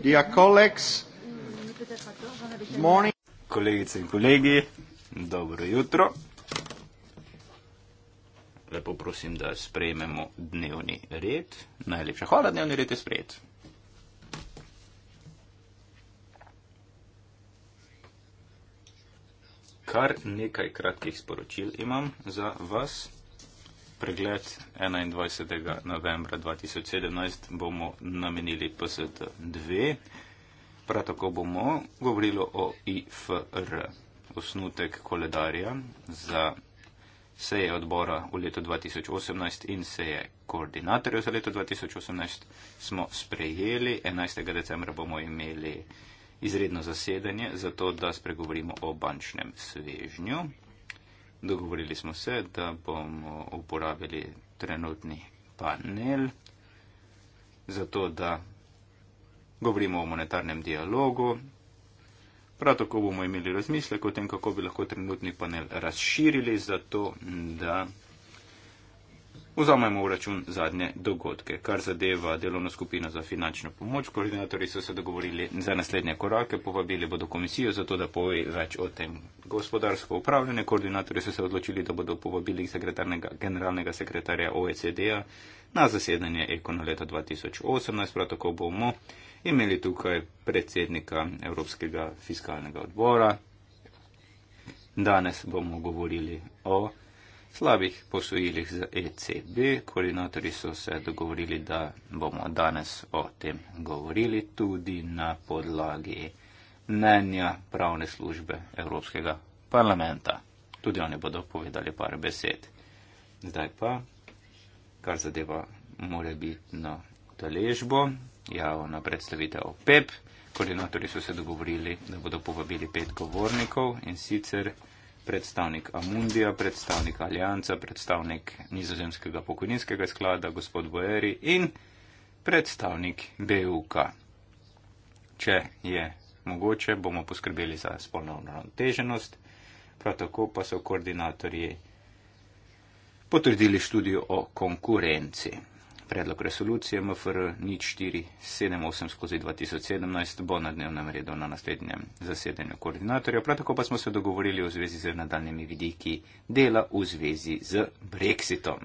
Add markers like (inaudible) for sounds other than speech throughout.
Dear colleagues, morning. Kolegice in kolegi, dobro jutro. Lepo prosim, da sprejmemo dnevni red. Najlepša hvala, dnevni red je sprejet. Kar nekaj kratkih sporočil imam za vas pregled 21. novembra 2017 bomo namenili PST2. Prav tako bomo govorili o IFR, osnutek koledarja za seje odbora v letu 2018 in seje koordinatorjev za leto 2018 smo sprejeli. 11. decembra bomo imeli izredno zasedanje, zato da spregovorimo o bančnem svežnju. Dogovorili smo se, da bomo uporabili trenutni panel za to, da govorimo o monetarnem dialogu. Prav tako bomo imeli razmislek o tem, kako bi lahko trenutni panel razširili za to, da Vzamemo v račun zadnje dogodke. Kar zadeva delovno skupino za finančno pomoč, koordinatori so se dogovorili za naslednje korake, povabili bodo komisijo za to, da pove več o tem gospodarsko upravljanje. Koordinatori so se odločili, da bodo povabili generalnega sekretarja OECD-a na zasedanje EKO na leto 2018. Prav tako bomo imeli tukaj predsednika Evropskega fiskalnega odbora. Danes bomo govorili o slabih posojilih z ECB. Koordinatorji so se dogovorili, da bomo danes o tem govorili tudi na podlagi mnenja pravne službe Evropskega parlamenta. Tudi oni bodo povedali par besed. Zdaj pa, kar zadeva more biti na deležbo, javna predstavitev PEP. E Koordinatorji so se dogovorili, da bodo povabili pet govornikov in sicer predstavnik Amundija, predstavnik Alianca, predstavnik nizozemskega pokojninskega sklada, gospod Boeri in predstavnik BUK. Če je mogoče, bomo poskrbeli za spolno uravnoteženost, prav tako pa so koordinatorji potrdili študijo o konkurenci. Predlog resolucije MFR 0478 skozi 2017 bo na dnevnem redu na naslednjem zasedanju koordinatorja. Prav tako pa smo se dogovorili v zvezi z nadaljnimi vidiki dela v zvezi z Brexitom.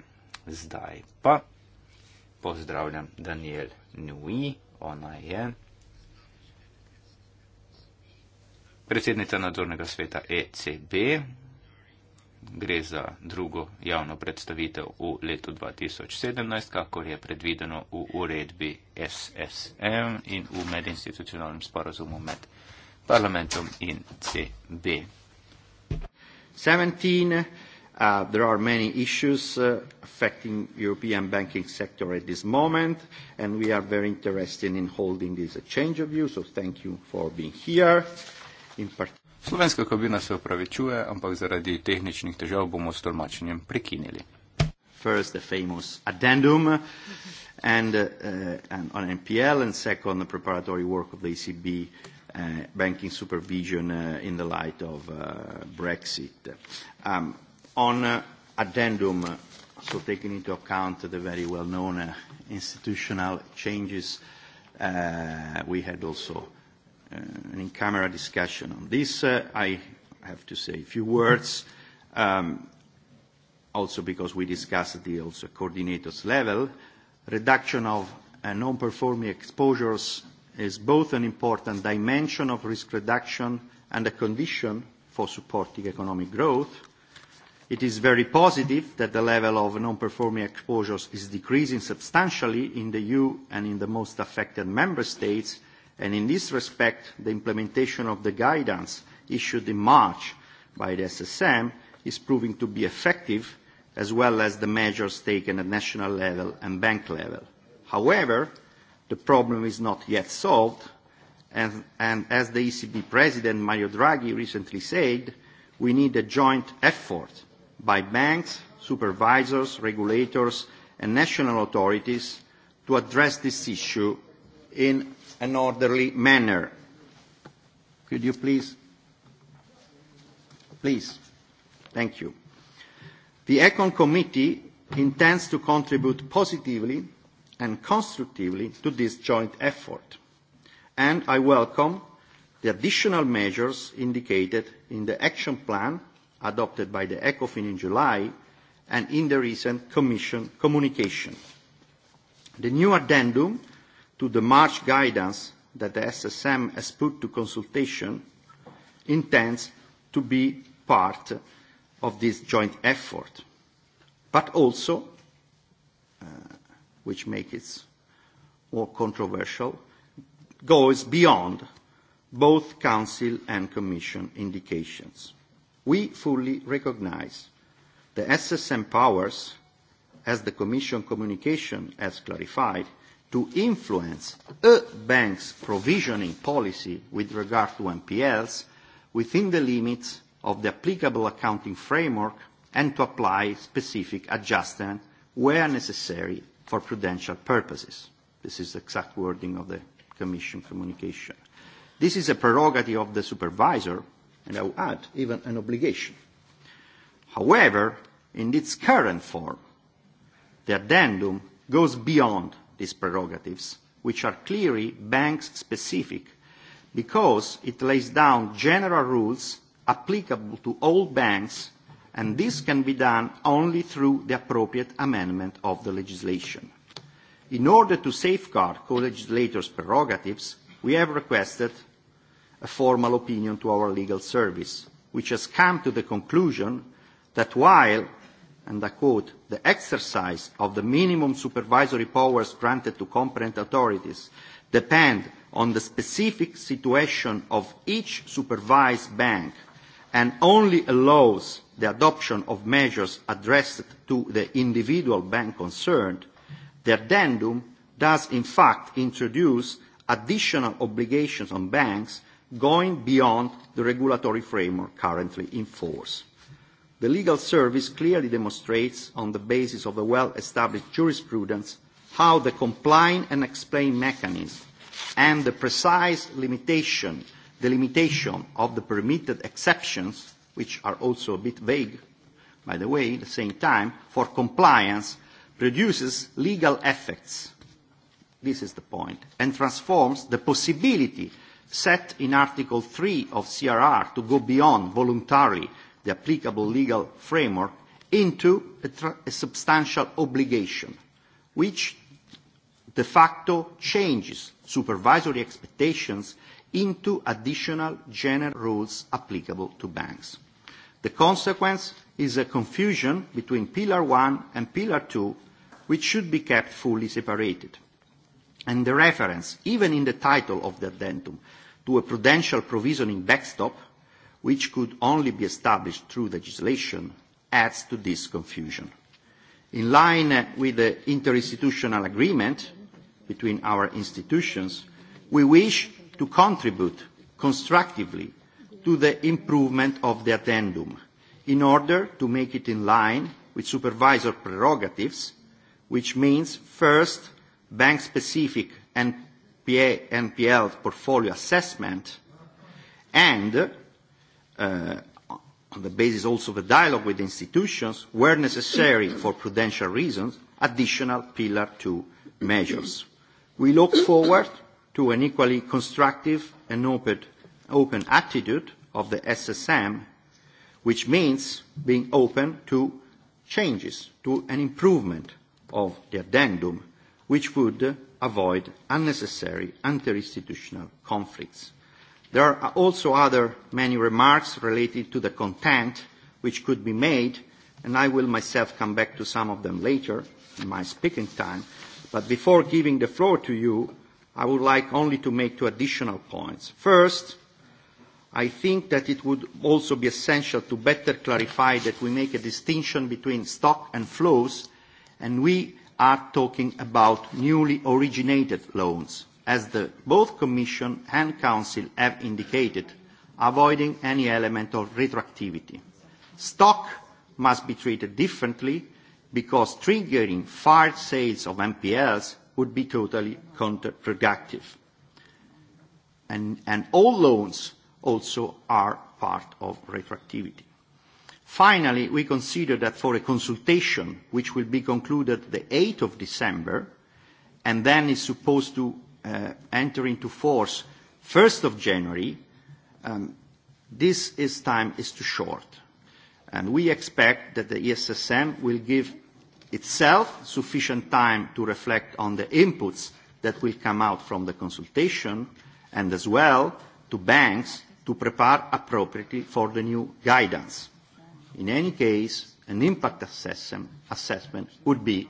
Zdaj pa pozdravljam Daniel Nui, ona je predsednica nadzornega sveta ECB gre za drugo javno predstavitev v letu 2017, kakor je predvideno v uredbi SSM in v medinstitucionalnem sporozumu med parlamentom in CB. 17. Uh, there are many issues uh, affecting European banking sector at this moment, and we are very interested in holding this exchange of views. So thank you for being here. In part- Slovenska kabina se upravičuje, ampak zaradi tehničnih težav bomo s tolmačenjem prekinili. First, the famous addendum and, uh, and on NPL, and second, the preparatory work of the ECB uh, banking supervision uh, in the light of uh, Brexit. Um, on uh, addendum, so taking into account the very well known uh, institutional changes, uh, we had also uh, Uh, an in-camera discussion on this. Uh, I have to say a few words, um, also because we discussed the also coordinators level. Reduction of uh, non-performing exposures is both an important dimension of risk reduction and a condition for supporting economic growth. It is very positive that the level of non-performing exposures is decreasing substantially in the EU and in the most affected member states, and in this respect, the implementation of the guidance issued in March by the SSM is proving to be effective, as well as the measures taken at national level and bank level. However, the problem is not yet solved, and, and as the ECB President Mario Draghi recently said, we need a joint effort by banks, supervisors, regulators and national authorities to address this issue in an orderly manner. Could you please? Please. Thank you. The ECON committee intends to contribute positively and constructively to this joint effort. And I welcome the additional measures indicated in the action plan adopted by the ECOFIN in July and in the recent Commission communication. The new addendum to the March guidance that the SSM has put to consultation intends to be part of this joint effort, but also, uh, which makes it more controversial, goes beyond both Council and Commission indications. We fully recognize the SSM powers, as the Commission communication has clarified, to influence a bank's provisioning policy with regard to NPLs within the limits of the applicable accounting framework and to apply specific adjustment where necessary for prudential purposes. This is the exact wording of the Commission communication. This is a prerogative of the supervisor, and I will add, even an obligation. However, in its current form, the addendum goes beyond these prerogatives, which are clearly bank specific because it lays down general rules applicable to all banks, and this can be done only through the appropriate amendment of the legislation. In order to safeguard co legislators' prerogatives, we have requested a formal opinion to our legal service, which has come to the conclusion that while and I quote, the exercise of the minimum supervisory powers granted to competent authorities depend on the specific situation of each supervised bank and only allows the adoption of measures addressed to the individual bank concerned, the addendum does in fact introduce additional obligations on banks going beyond the regulatory framework currently in force. The legal service clearly demonstrates, on the basis of a well-established jurisprudence, how the complying and explain mechanism and the precise limitation, the limitation of the permitted exceptions, which are also a bit vague, by the way, at the same time, for compliance, produces legal effects. This is the point, and transforms the possibility set in Article 3 of CRR to go beyond voluntarily the applicable legal framework into a, a substantial obligation, which de facto changes supervisory expectations into additional general rules applicable to banks. The consequence is a confusion between Pillar 1 and Pillar 2, which should be kept fully separated. And the reference, even in the title of the addendum, to a prudential provisioning backstop which could only be established through legislation, adds to this confusion. In line with the interinstitutional agreement between our institutions, we wish to contribute constructively to the improvement of the addendum in order to make it in line with supervisor prerogatives, which means first bank-specific NPL portfolio assessment and uh, on the basis also of a dialogue with institutions, where necessary for prudential reasons, additional Pillar 2 measures. We look forward to an equally constructive and open, open attitude of the SSM, which means being open to changes, to an improvement of the addendum, which would avoid unnecessary inter-institutional conflicts. There are also other many remarks related to the content which could be made, and I will myself come back to some of them later in my speaking time. But before giving the floor to you, I would like only to make two additional points. First, I think that it would also be essential to better clarify that we make a distinction between stock and flows, and we are talking about newly originated loans as the, both Commission and Council have indicated, avoiding any element of retroactivity. Stock must be treated differently because triggering fired sales of MPLs would be totally counterproductive. And, and all loans also are part of retroactivity. Finally, we consider that for a consultation which will be concluded the 8th of December and then is supposed to Uh, enter into force 1st of January, um, this is time is too short. And we expect that the ESSM will give itself sufficient time to reflect on the inputs that will come out from the consultation and as well to banks to prepare appropriately for the new guidance. In any case, an impact assessment, assessment would be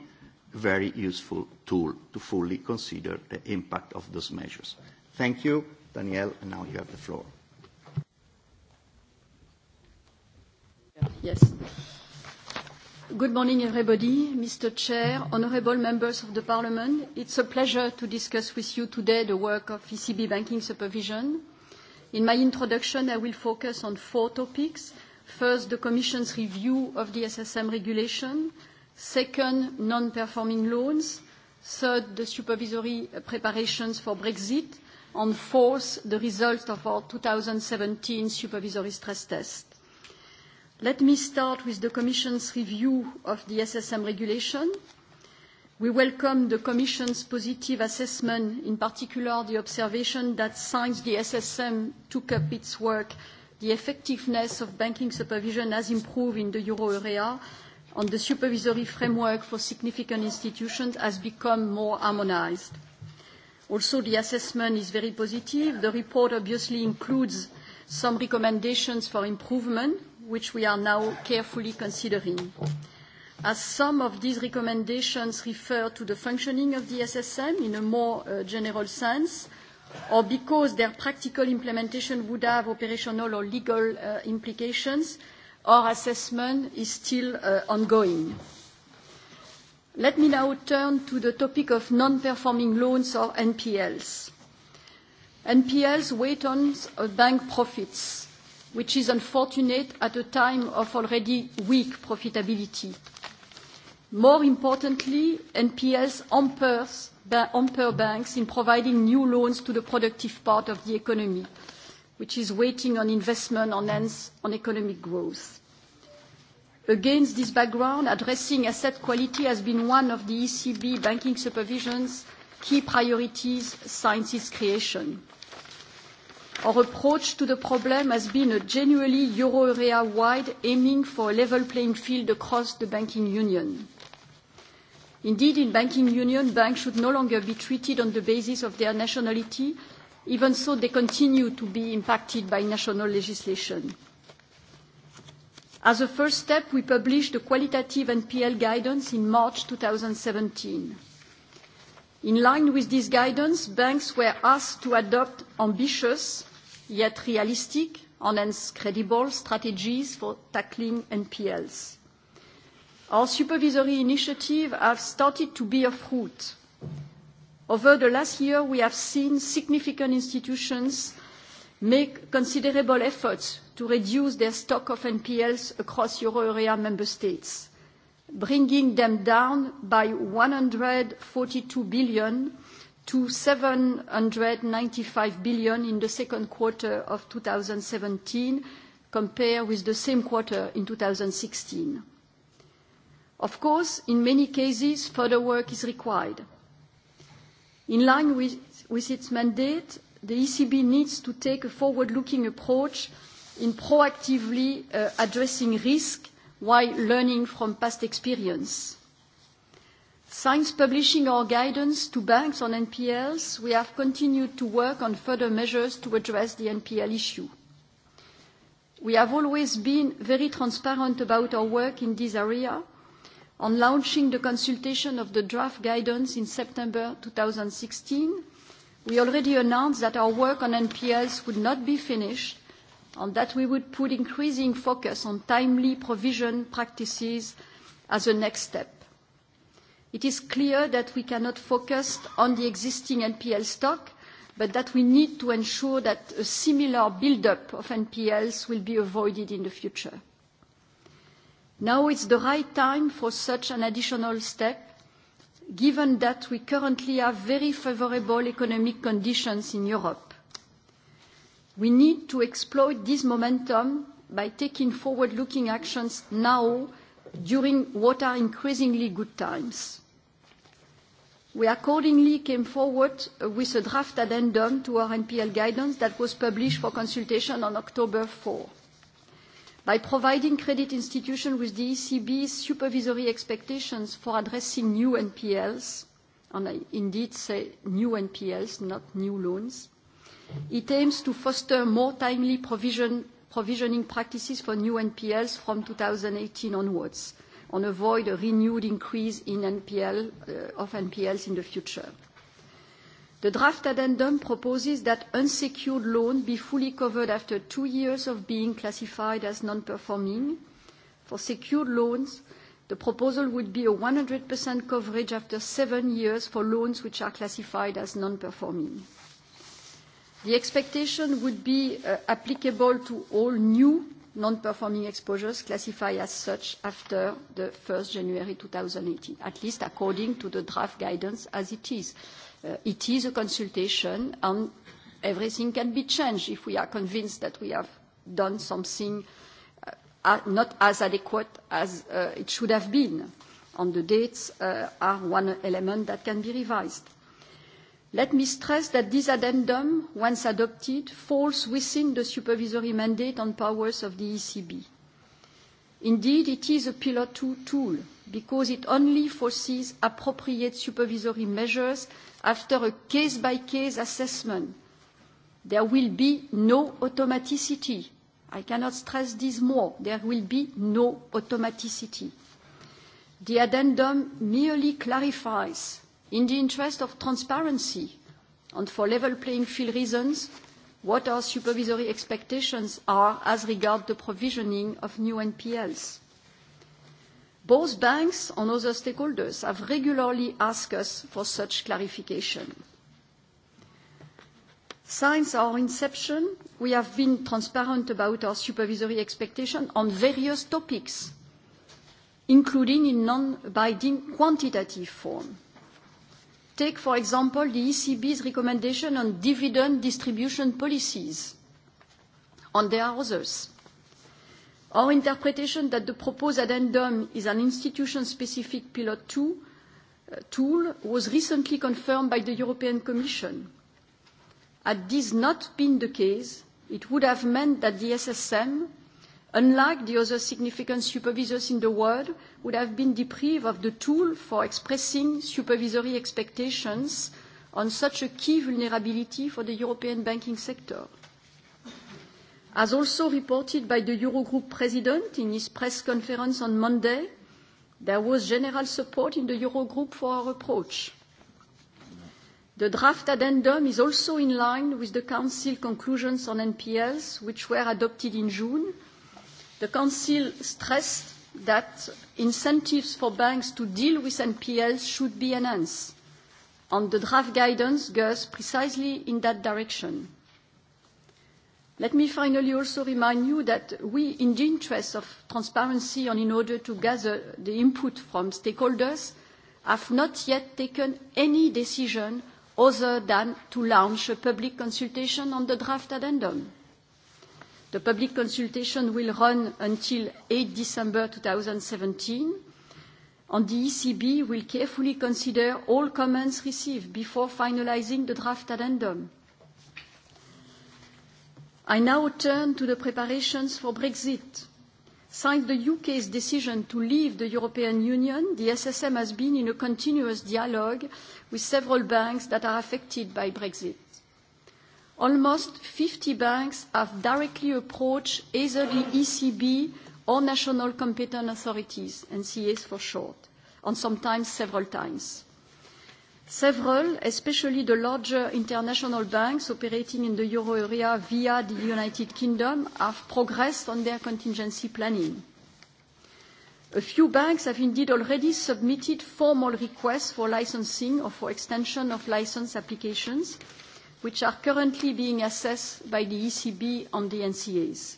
very useful tool to fully consider the impact of those measures. Thank you, Daniel, and now you have the floor. Yes. Good morning, everybody, Mr. Chair, honorable members of the Parliament. It's a pleasure to discuss with you today the work of ECB Banking Supervision. In my introduction, I will focus on four topics. First, the Commission's review of the SSM regulation. Second, non-performing loans. Third, the supervisory preparations for Brexit. And fourth, the result of our 2017 supervisory stress test. Let me start with the Commission's review of the SSM regulation. We welcome the Commission's positive assessment, in particular the observation that since the SSM took up its work, the effectiveness of banking supervision has improved in the Euro area, on the supervisory framework for significant institutions has become more harmonized. Also, the assessment is very positive. The report obviously includes some recommendations for improvement, which we are now carefully considering. As some of these recommendations refer to the functioning of the SSM in a more uh, general sense, or because their practical implementation would have operational or legal uh, implications, Our assessment is still uh, ongoing. Let me now turn to the topic of non-performing loans or NPLs. NPLs weigh on bank profits, which is unfortunate at a time of already weak profitability. More importantly, NPLs hamper banks in providing new loans to the productive part of the economy which is waiting on investment and hence on economic growth. Against this background, addressing asset quality has been one of the ECB banking supervision's key priorities since its creation. Our approach to the problem has been a genuinely euro area wide aiming for a level playing field across the banking union. Indeed, in banking union, banks should no longer be treated on the basis of their nationality, even so they continue to be impacted by national legislation. As a first step, we published the qualitative NPL guidance in March 2017. In line with this guidance, banks were asked to adopt ambitious, yet realistic, and hence credible strategies for tackling NPLs. Our supervisory initiative have started to bear fruit. Over the last year, we have seen significant institutions make considerable efforts to reduce their stock of NPLs across euro area member states, bringing them down by 142 billion to 795 billion in the second quarter of 2017, compared with the same quarter in 2016. Of course, in many cases, further work is required. In line with, with its mandate, the ECB needs to take a forward looking approach in proactively uh, addressing risk while learning from past experience. Since publishing our guidance to banks on NPLs, we have continued to work on further measures to address the NPL issue. We have always been very transparent about our work in this area on launching the consultation of the draft guidance in September 2016, we already announced that our work on NPLs would not be finished and that we would put increasing focus on timely provision practices as a next step. It is clear that we cannot focus on the existing NPL stock, but that we need to ensure that a similar build-up of NPLs will be avoided in the future. Now it's the right time for such an additional step, given that we currently have very favorable economic conditions in Europe. We need to exploit this momentum by taking forward-looking actions now during what are increasingly good times. We accordingly came forward with a draft addendum to our NPL guidance that was published for consultation on October 4th. By providing credit institutions with the ECB's supervisory expectations for addressing new NPLs, and I indeed say new NPLs, not new loans, it aims to foster more timely provision, provisioning practices for new NPLs from 2018 onwards and avoid a renewed increase in NPL, uh, of NPLs in the future. The draft addendum proposes that unsecured loan be fully covered after two years of being classified as non-performing. For secured loans, the proposal would be a 100% coverage after seven years for loans which are classified as non-performing. The expectation would be uh, applicable to all new non-performing exposures classified as such after the 1st January 2018, at least according to the draft guidance as it is uh, it is a consultation and everything can be changed if we are convinced that we have done something uh, not as adequate as uh, it should have been. And the dates uh, are one element that can be revised. Let me stress that this addendum, once adopted, falls within the supervisory mandate and powers of the ECB. Indeed, it is a Pillar 2 tool because it only foresees appropriate supervisory measures after a case by case assessment, there will be no automaticity. I cannot stress this more. There will be no automaticity. The addendum merely clarifies, in the interest of transparency and for level playing field reasons, what our supervisory expectations are as regards the provisioning of new NPLs. Both banks and other stakeholders have regularly asked us for such clarification. Since our inception, we have been transparent about our supervisory expectation on various topics, including in non-binding quantitative form. Take, for example, the ECB's recommendation on dividend distribution policies, and there are others. Our interpretation that the proposed addendum is an institution-specific Pillar 2 uh, tool was recently confirmed by the European Commission. Had this not been the case, it would have meant that the SSM, unlike the other significant supervisors in the world, would have been deprived of the tool for expressing supervisory expectations on such a key vulnerability for the European banking sector. As also reported by the Eurogroup president in his press conference on Monday, there was general support in the Eurogroup for our approach. The draft addendum is also in line with the Council conclusions on NPLs, which were adopted in June. The Council stressed that incentives for banks to deal with NPLs should be enhanced, and the draft guidance goes precisely in that direction. Let me finally also remind you that we, in the interest of transparency and in order to gather the input from stakeholders, have not yet taken any decision other than to launch a public consultation on the draft addendum. The public consultation will run until 8 December 2017, and the ECB will carefully consider all comments received before finalizing the draft addendum. I now turn to the preparations for Brexit. Since the UK's decision to leave the European Union, the SSM has been in a continuous dialogue with several banks that are affected by Brexit. Almost 50 banks have directly approached either the ECB or national competent authorities, NCAs for short, and sometimes several times. Several, especially the larger international banks operating in the euro area via the United Kingdom, have progressed on their contingency planning. A few banks have indeed already submitted formal requests for licensing or for extension of license applications, which are currently being assessed by the ECB on the NCAs.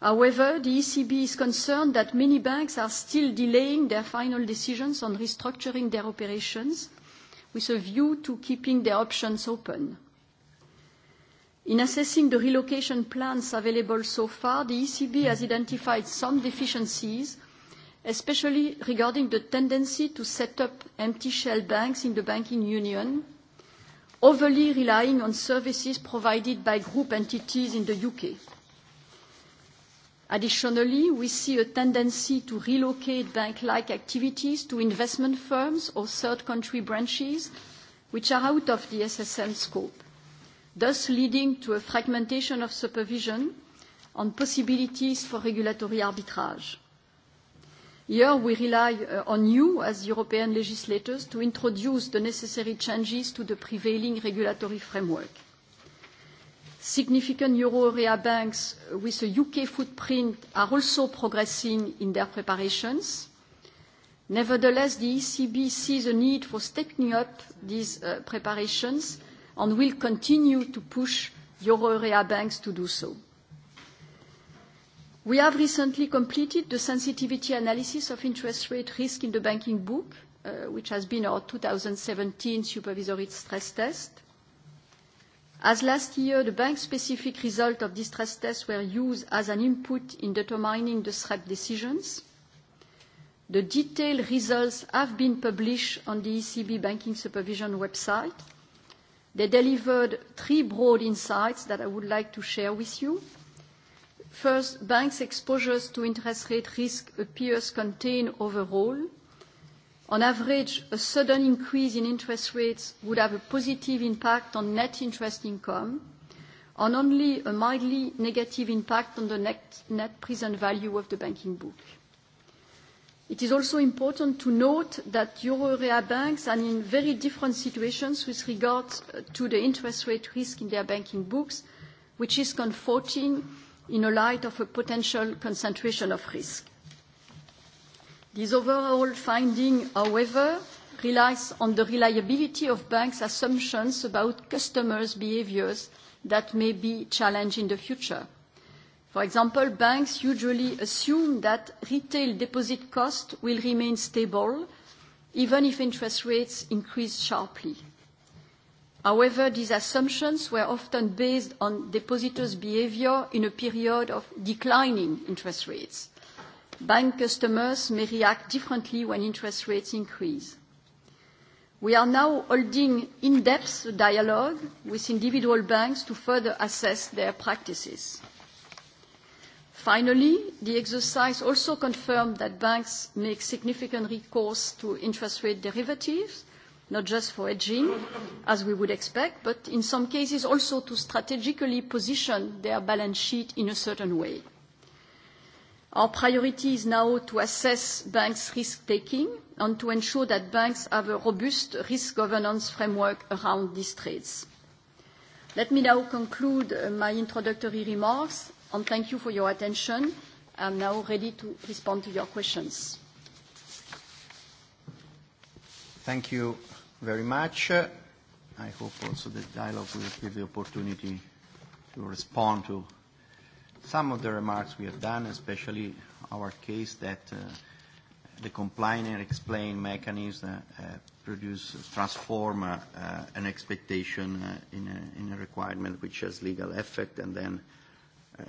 However, the ECB is concerned that many banks are still delaying their final decisions on restructuring their operations with a view to keeping their options open. In assessing the relocation plans available so far, the ECB has identified some deficiencies, especially regarding the tendency to set up empty shell banks in the banking union, overly relying on services provided by group entities in the U.K. Additionally, we see a tendency to relocate bank-like activities to investment firms or third-country branches, which are out of the SSM scope, thus leading to a fragmentation of supervision on possibilities for regulatory arbitrage. Here, we rely uh, on you as European legislators to introduce the necessary changes to the prevailing regulatory framework. Significant euro-area banks with a U.K. footprint are also progressing in their preparations. Nevertheless, the ECB sees a need for stepping up these uh, preparations and will continue to push euro-area banks to do so. We have recently completed the sensitivity analysis of interest rate risk in the banking book, uh, which has been our 2017 supervisory stress test. As last year, the bank-specific result of distress tests were used as an input in determining the SREP decisions. The detailed results have been published on the ECB Banking Supervision website. They delivered three broad insights that I would like to share with you. First, banks' exposures to interest rate risk appears contained overall. On average, a sudden increase in interest rates would have a positive impact on net interest income and only a mildly negative impact on the net present value of the banking book. It is also important to note that euro area banks are in very different situations with regards uh, to the interest rate risk in their banking books, which is comforting in light of a potential concentration of risk. These overall findings, however, relies on the reliability of banks' assumptions about customers' behaviours that may be challenged in the future. For example, banks usually assume that retail deposit costs will remain stable even if interest rates increase sharply. However, these assumptions were often based on depositors' behaviour in a period of declining interest rates. Bank customers may react differently when interest rates increase. We are now holding in-depth dialogue with individual banks to further assess their practices. Finally, the exercise also confirmed that banks make significant recourse to interest rate derivatives, not just for hedging, as we would expect, but in some cases also to strategically position their balance sheet in a certain way. Our priority is now to assess banks' risk-taking and to ensure that banks have a robust risk governance framework around these trades. Let me now conclude uh, my introductory remarks, and thank you for your attention. I'm now ready to respond to your questions. Thank you very much. I hope also the dialogue will give the opportunity to respond to some of the remarks we have done, especially our case that uh, the compliant and explain mechanism uh, produce, transform uh, uh, an expectation uh, in, a, in a requirement which has legal effect and then uh,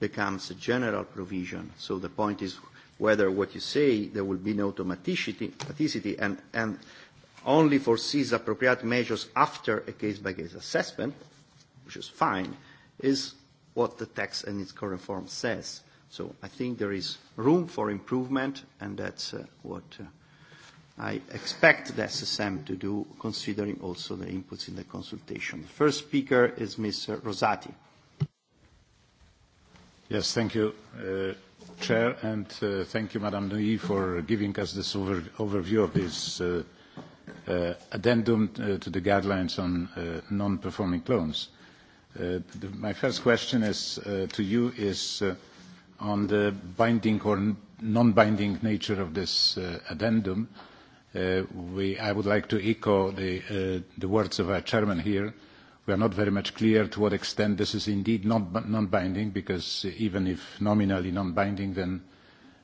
becomes a general provision. So the point is whether what you say there will be no automaticity and, and only foresees appropriate measures after a case-by-case assessment, which is fine, is what the text in its current form says. So I think there is room for improvement, and that's uh, what uh, I expect the SSM to do, considering also the inputs in the consultation. The first speaker is Mr. Rosati. Yes, thank you, uh, Chair, and uh, thank you, Madam Nui, for giving us this over- overview of this uh, uh, addendum t- uh, to the guidelines on uh, non-performing loans. Uh, my first question uh, to you is uh, on the binding or non binding nature of this uh, addendum. Uh, we, I would like to echo the, uh, the words of our chairman here. We are not very much clear to what extent this is indeed non binding, because even if nominally non binding, then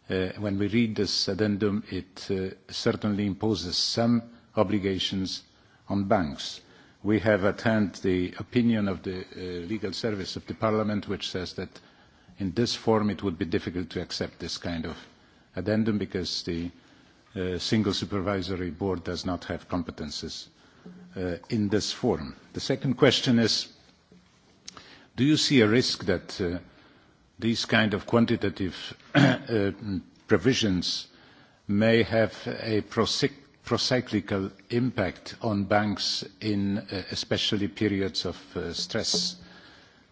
uh, when we read this addendum, it uh, certainly imposes some obligations on banks. Uh, we have attend the opinion of the uh, legal service of the parliament which says that in this form it would be difficult to accept this kind of addendum because the uh, single supervisory board does not have competences uh, in this form. The second question is, do you see a risk that uh, these kind of quantitative (coughs) uh, provisions may have a prosic- procyclical impact on banks in uh, especially periods of uh, stress.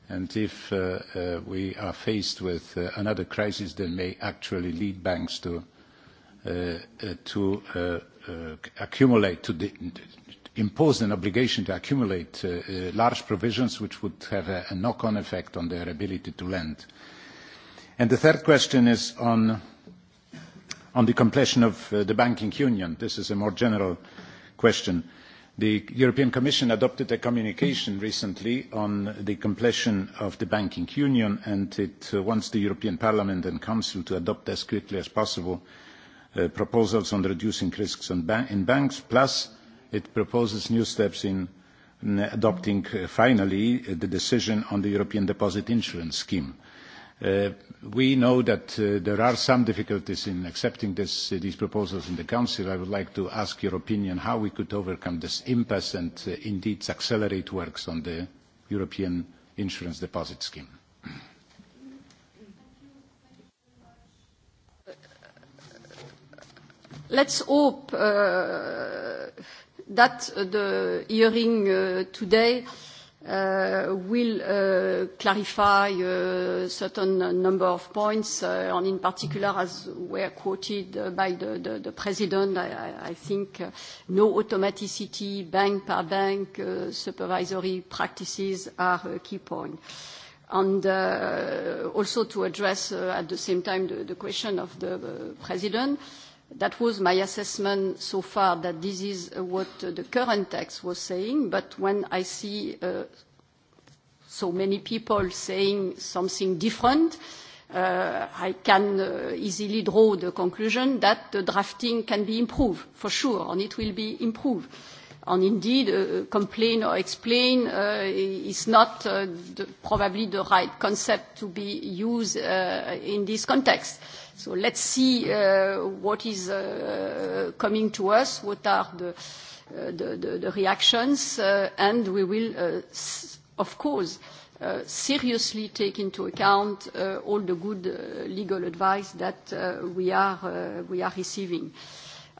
And if uh, uh, we are faced with uh, another crisis, then may actually lead banks to, uh, uh, to uh, uh, accumulate, to impose an obligation to accumulate uh, uh, large provisions, which would have a, a knock-on effect on their ability to lend. And the third question is on uh, on the completion of uh, the banking union this is a more general question the european commission adopted a communication recently on the completion of the banking union and it uh, wants the european parliament and council to adopt as quickly as possible uh, proposals on reducing risks in banks plus it proposes new steps in adopting finally the decision on the european deposit insurance scheme. Uh, we know that uh, there are some difficulties in accepting this, uh, these proposals in the Council. I would like to ask your opinion how we could overcome this impasse and uh, indeed accelerate works on the European Insurance Deposit Scheme. Let's hope uh, that the hearing uh, today uh, Uh, will uh, clarify uh, certain number of points, and in particular, as were quoted by the president, I think no automaticity, bank per bank supervisory practices are a key point. Also to address at the same time the question of the president, That was my assessment so far that this is uh, what the current text was saying, but when I see uh, so many people saying something different, uh, I can uh, easily draw the conclusion that the drafting can be improved, for sure, and it will be improved. And indeed, uh, complain or explain uh, is not uh, the, probably the right concept to be used uh, in this context. Uh, So let's see uh, what is uh, coming to us, what are the uh, reactions, and we will, of course, seriously take into account all the good legal advice that we are receiving.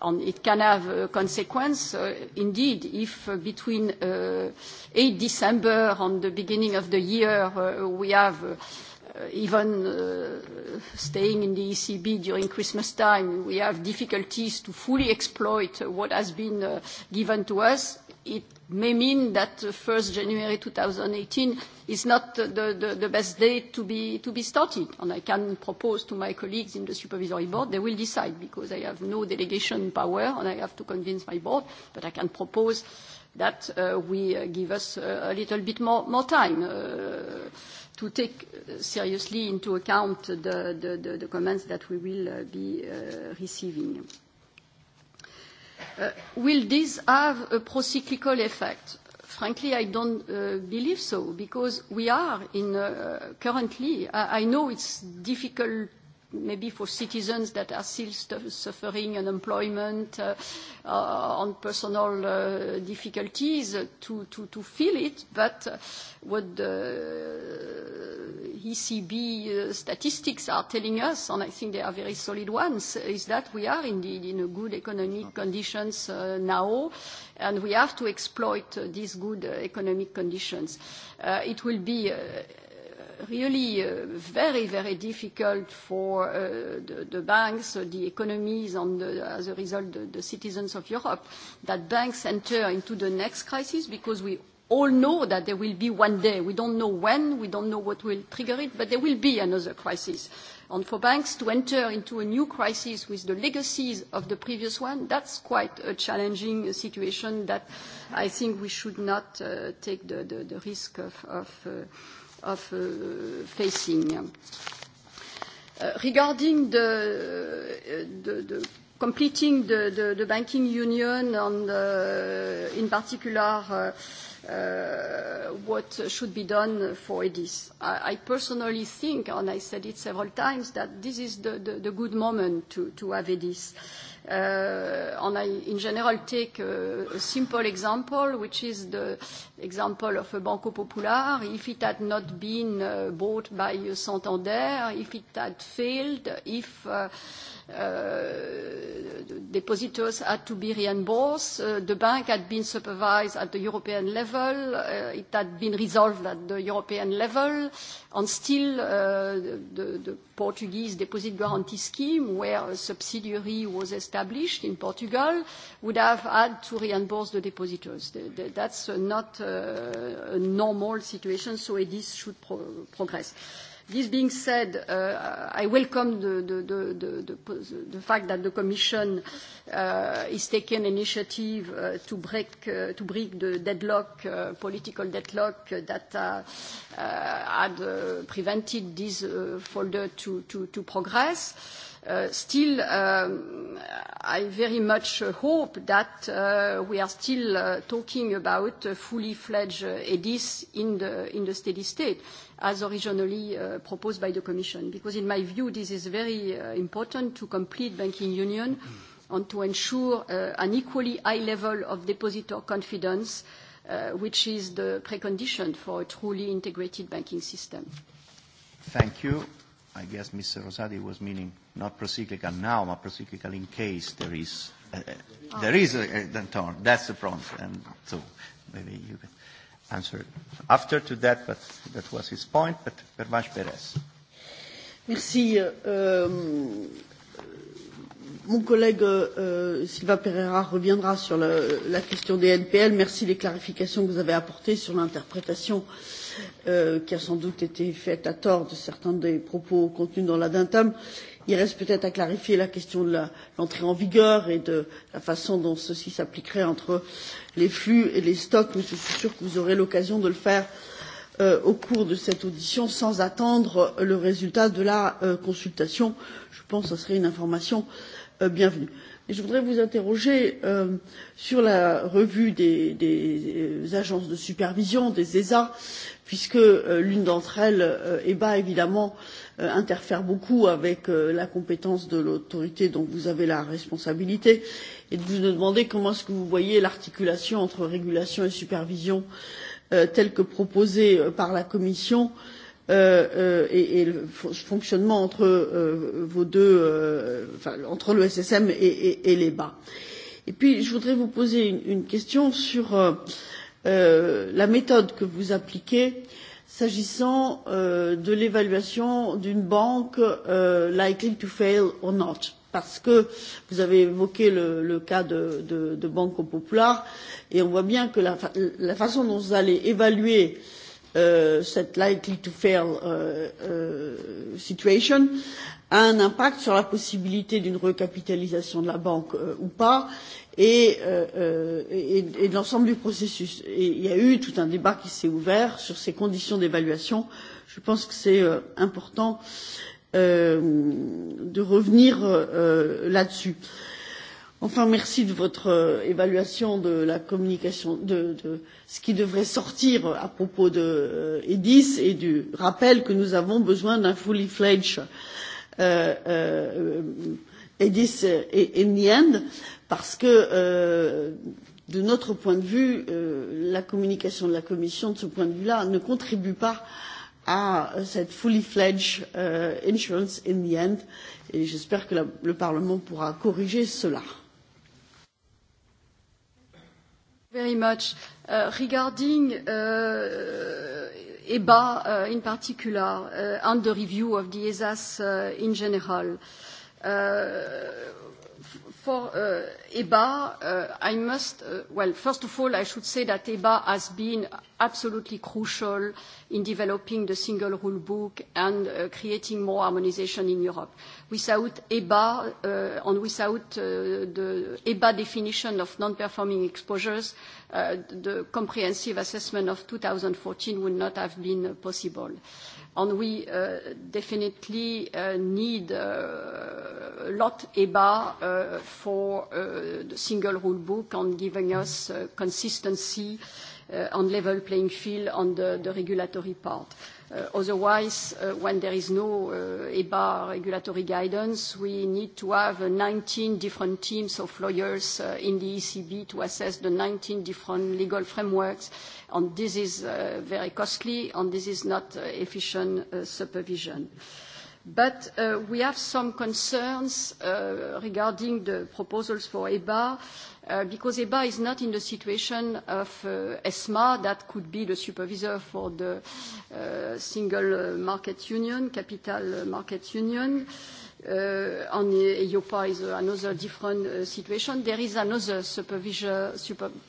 It can have a consequence, indeed, if between 8 December and the beginning of the year, we have Uh, even uh, staying in the ECB during Christmas time, we have difficulties to fully exploit uh, what has been given to us. It may mean that 1st January 2018 is not the best date to be starting. I can propose to my colleagues in the supervisory board, they will decide, because I have no delegation power, and I have to convince my board. I can propose that we give us a little bit more time to take uh, seriously into account the, the, the comments that we will uh, be uh, receiving. Uh, will this have a procyclical effect? Frankly, I don't uh, believe so because we are in uh, currently, I, I know it's difficult maybe for citizens that are still st suffering unemployment uh, uh, on personal uh, difficulties uh, to, to, to feel it, but uh, what the ECB uh, statistics are telling us, and I think they are very solid ones, is that we are indeed in a good economic conditions uh, now, and we have to exploit uh, these good uh, economic conditions. Uh, it will be uh, really uh, very, very difficult for uh, the banks, the economies, and as a result, the citizens of Europe, that banks enter into the next crisis because we all know that there will be one day. We don't know when, we don't know what will trigger it, but there will be another crisis. For banks to enter into a new crisis with the legacies of the previous one, that's quite a challenging situation that I think we should not uh, take the risk of of uh, facing. Uh, regarding uh, completing the banking union and, in particular, what should be done for this, I personally think, and I said it several times, that this is the good moment to have this uh, on a, in general take a, euh, a simple example, which is the example of a Banco Popular. If it had not been uh, bought by uh, Santander, if it had failed, if uh, Uh, depositors had to be reimbursed. Uh, the bank had been supervised at the European level. Uh, it had been resolved at the European level. And still, uh, the, the Portuguese deposit guarantee scheme, where a subsidiary was established in Portugal, would have had to reimburse the depositors. The, the, that's uh, not uh, a normal situation, so this should pro progress. Uh, This being said, uh, I welcome the fact that the Commission uh, is taking initiative uh, to break the deadlock, political deadlock that had prevented this folder to progress. Still, um, I very much hope that we are still talking about a fully fledged EDIS in the steady state as originally uh, proposed by the Commission. Because in my view, this is very uh, important to complete banking union mm-hmm. and to ensure uh, an equally high level of depositor confidence, which is the precondition for a truly integrated banking system. Thank you. I guess Mr. Rosati was meaning not procyclical now, but procyclical in case there is ah. a downturn. That's the problem. And so maybe you can answer after to that, but that was his point. But Pervanche Perez. Merci. Euh, euh mon collègue euh, Silva Pereira reviendra sur la, la question des NPL. Merci des clarifications que vous avez apportées sur l'interprétation euh, qui a sans doute été faite à tort de certains des propos contenus dans la DINTAM il reste peut être à clarifier la question de l'entrée en vigueur et de la façon dont ceci s'appliquerait entre les flux et les stocks mais je suis sûr que vous aurez l'occasion de le faire euh, au cours de cette audition sans attendre le résultat de la euh, consultation. je pense que ce serait une information euh, bienvenue. Et je voudrais vous interroger euh, sur la revue des, des agences de supervision, des ESA, puisque euh, l'une d'entre elles, euh, EBA évidemment, euh, interfère beaucoup avec euh, la compétence de l'autorité dont vous avez la responsabilité, et de vous demander comment est-ce que vous voyez l'articulation entre régulation et supervision euh, telle que proposée euh, par la Commission euh, Euh, euh, et, et le fonctionnement entre euh, vos deux, euh, enfin, entre le SSM et, et, et les bas. Et puis, je voudrais vous poser une, une question sur euh, euh, la méthode que vous appliquez s'agissant euh, de l'évaluation d'une banque euh, likely to fail or not. Parce que vous avez évoqué le, le cas de, de, de Banque Populaire et on voit bien que la, fa la façon dont vous allez évaluer euh, cette likely to fail uh, uh, situation a un impact sur la possibilité d'une recapitalisation de la banque uh, ou pas et, euh, euh, et, et de l'ensemble du processus. Et il y a eu tout un débat qui s'est ouvert sur ces conditions d'évaluation. Je pense que c'est euh, important euh, de revenir euh, là-dessus. Euh, enfin merci de votre euh, évaluation de la communication de, de ce qui devrait sortir à propos de euh, edis et du rappel que nous avons besoin d'un fully fledged euh, euh, edis et in the end parce que euh, de notre point de vue, euh, la communication de la Commission, de ce point de vue-là, ne contribue pas à cette fully fledged euh, insurance in the end. Et j'espère que la, le Parlement pourra corriger cela. very much. Uh, regarding uh, EBA uh, in particular uh, and the review of the ESAS uh, in general, uh, for uh, EBA, uh, I must, uh, well, first of all, I should say that EBA has been absolutely crucial in developing the single rule book and uh, creating more harmonization in Europe. Without EBA, uh, and without uh, the EBA definition of non-performing exposures, uh, the comprehensive assessment of 2014 would not have been possible. Uh, and we uh, definitely uh, need uh, a lot EBA for the Single Rule Book on giving us consistency on level playing field on the regulatory part. Otherwise, when there is no EBA regulatory guidance, we need to have 19 different teams of lawyers in the ECB to assess the 19 different legal frameworks and this is uh, very costly and this is not uh, efficient uh, supervision. But uh, we have some concerns uh, regarding the proposals for EBA uh, because EBA is not in the situation of uh, ESMA that could be the supervisor for the uh, single market union, capital market union. Uh, Uh, EIOPA is another different uh, situation. There is another supervisor,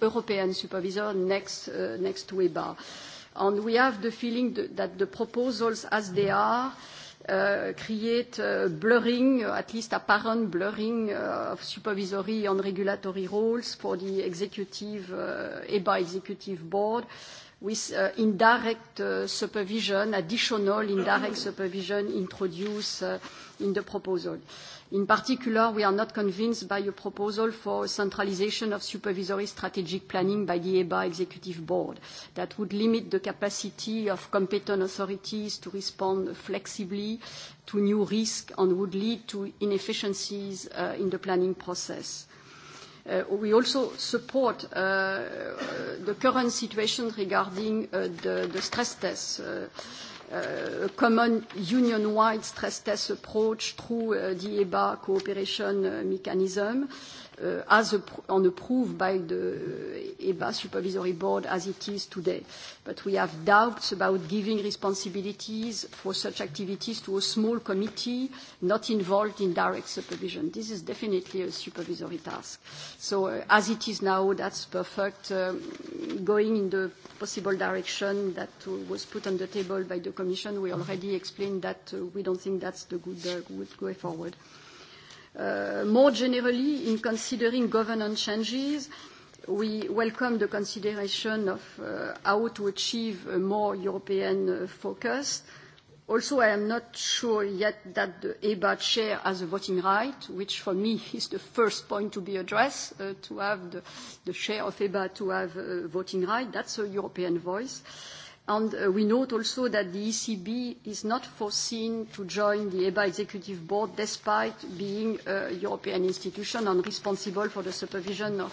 European supervisor next uh, to EBA. We have the feeling that the proposals as they are create blurring, at least apparent blurring, of supervisory and regulatory roles for the EBA executive board, with uh, indirect uh, supervision, additional indirect supervision introduced uh, in the proposal. In particular, we are not convinced by a proposal for centralization of supervisory strategic planning by the EBA Executive Board that would limit the capacity of competent authorities to respond flexibly to new risks and would lead to inefficiencies uh, in the planning process. Uh, we also support uh, uh, the current situation regarding the stress tests, a common union-wide stress test approach through the EBA cooperation mechanism. Euh, as on approved by the EBA Supervisory Board as it is today. But we have doubts about giving responsibilities for such activities to a small committee not involved in direct supervision. This is definitely a supervisory task. So uh, as it is now, that's perfect, uh, going in the possible direction that uh, was put on the table by the Commission. We already explained that uh, we don't think that's the good, uh, good way forward. Uh, more generally, in considering governance changes, we welcome the consideration of uh, how to achieve a more European uh, focus. Also, I am not sure yet that the EBA chair has a voting right, which for me (laughs) is the first point to be addressed, uh, to have the, the chair of EBA to have a voting right. That's a European voice. Uh, Uh, we note also that the ECB is not foreseen to join the EBA Executive Board despite being a European institution and responsible for the supervision of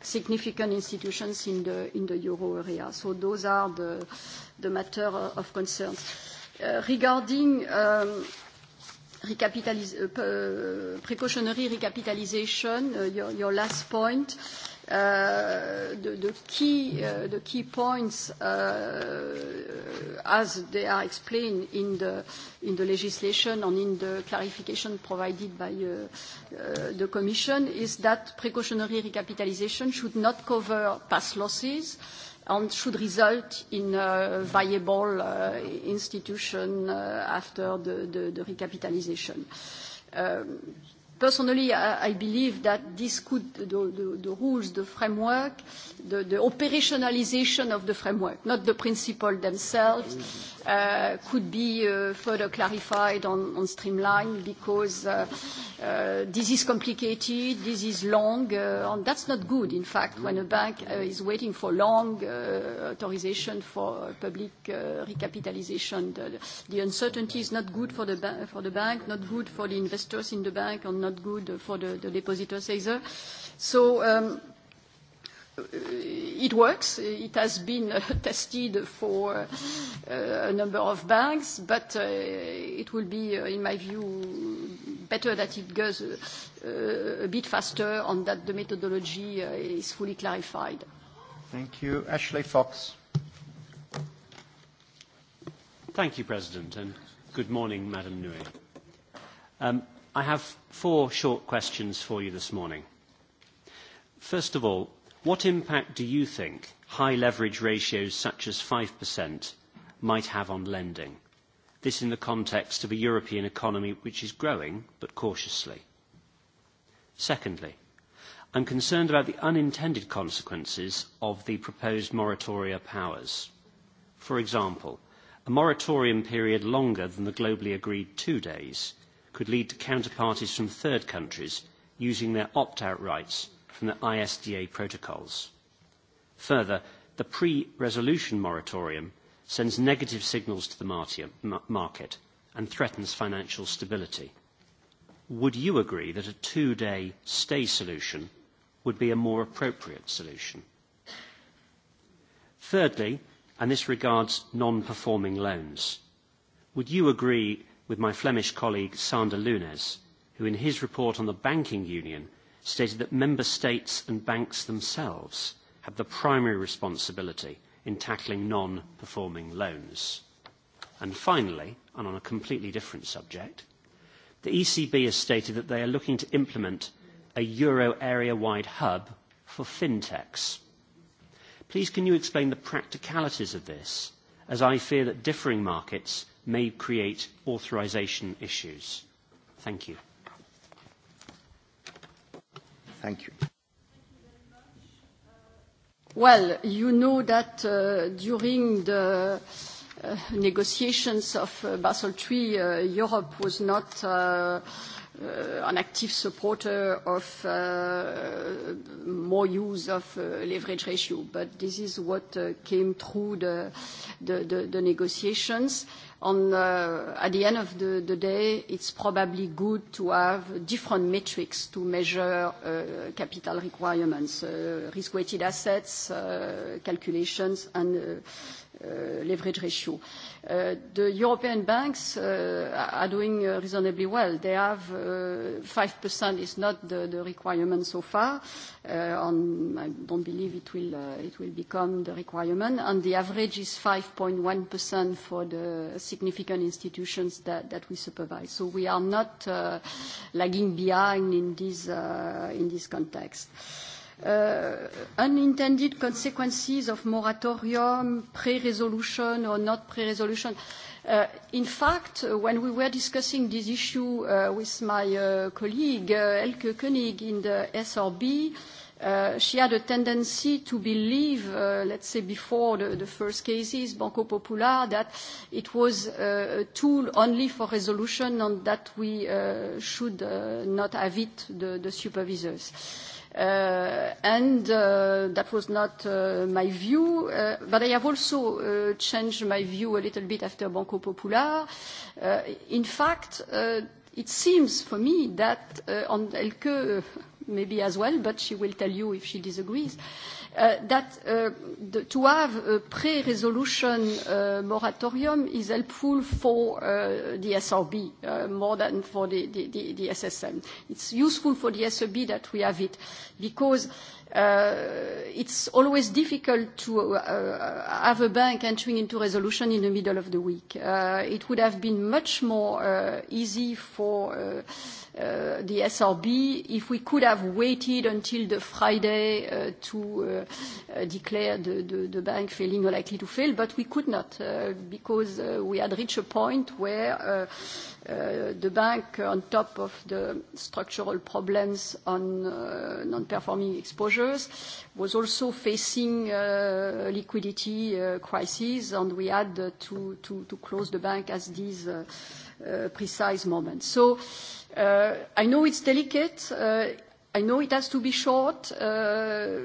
significant institutions in the euro area. Those are the matter uh, of concern. Uh, regarding um, precautionary recapitalization, your last point. Uh, the, the key uh, the key points uh, as they are explained in the in the legislation and in the clarification provided by uh, uh, the commission is that precautionary recapitalization should not cover past losses and should result in a viable uh, institution uh, after the, the, the recapitalization. Um, Personally, I believe that this could, the, the, the rules, the framework, the, the operationalization of the framework, not the principle themselves, uh, could be uh, further clarified on, on streamline because uh, uh, this is complicated, this is long, uh, and that's not good, in fact, when a bank uh, is waiting for long uh, authorization for public uh, recapitalization. The, the uncertainty is not good for the, ba- for the bank, not good for the investors in the bank, and not not good for the depositors either. So um, it works. It has been uh, (laughs) tested for uh, a number of banks, but uh, it will be, in my view, better that it goes a bit faster on that the methodology is fully clarified. Thank you. Ashley Fox. Thank you, President, and good morning, Madam Nouyé. I have four short questions for you this morning. First of all, what impact do you think high leverage ratios such as 5% might have on lending? This in the context of a European economy which is growing, but cautiously. Secondly, I'm concerned about the unintended consequences of the proposed moratoria powers. For example, a moratorium period longer than the globally agreed two days – could lead to counterparties from third countries using their opt-out rights from the ISDA protocols. Further, the pre-resolution moratorium sends negative signals to the market and threatens financial stability. Would you agree that a two-day stay solution would be a more appropriate solution? Thirdly, and this regards non-performing loans, would you agree with my Flemish colleague Sander Lunes, who in his report on the banking union stated that member states and banks themselves have the primary responsibility in tackling non-performing loans. And finally, and on a completely different subject, the ECB has stated that they are looking to implement a euro area-wide hub for fintechs. Please can you explain the practicalities of this, as I fear that differing markets may create authorization issues? Thank you. Thank you. Well, you know that uh, during the uh, negotiations of uh, Basel III, Europe was not Uh, an active supporter of uh, more use of uh, leverage ratio. But this is what came through the negotiations. At the end of the day, it's probably good to have different metrics to measure capital requirements, risk-weighted assets, calculations, and Euh, leverage ratio. Euh, the European banks euh, are doing uh, reasonably well. They have 5% uh, is not the requirement so far. Uh, I don't believe it will become the requirement, and the average is 5.1% for the significant institutions that we supervise. So we are not lagging behind in this context. Uh, unintended consequences of moratorium, pre-resolution or not pre-resolution. Uh, in fact, uh, when we were discussing this issue with my colleague, Elke Koenig in the SRB, she had a tendency to believe, let's say before the first cases, Banco Popular, that it was a tool only for resolution and that we should not have it, the supervisors. Uh, and uh, that was not uh, my view. Uh, but I have also uh, changed my view a little bit after Banco Popular. Uh, in fact, uh, it seems for me that uh, on Elke, uh, maybe as well, but she will tell you if she disagrees. Uh, that euh, euh, to have a pre-resolution euh, moratorium is helpful for the SRB uh, more than for the SSM. It's useful for the SRB that we have it, because uh, it's always difficult to uh, have a bank entering into resolution in the middle of the week. It would have been much more easy for the Uh, SRB if we could have waited until Friday uh, to uh, declare the bank failing or likely to fail. But we could not because we had reached a point where the bank, on top of the structural problems on non-performing exposures, was also facing a liquidity crisis, and we had to close the bank as these Uh, precise moment. So uh, I know it's delicate. Uh, I know it has to be short. Uh,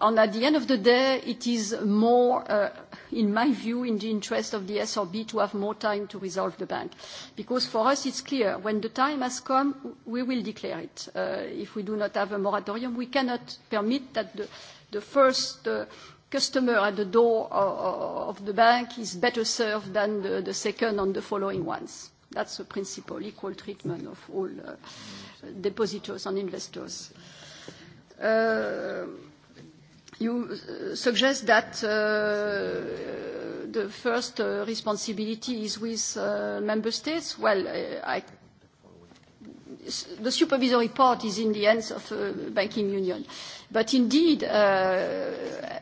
and at the end of the day, it is more, uh, in my view, in the interest of the SRB to have more time to resolve the bank. Because for us, it's clear. When the time has come, we will declare it. Uh, if we do not have a moratorium, we cannot permit that the, the first... Uh, customer at the door of the bank is better served than the, the second and the following ones. That's the principle, equal treatment of all uh, depositors and investors. Uh, you uh, suggest that uh, the first uh, responsibility is with uh, member states. Well, uh, I, I, the supervisory part is in the hands of a uh, banking union. But indeed, uh,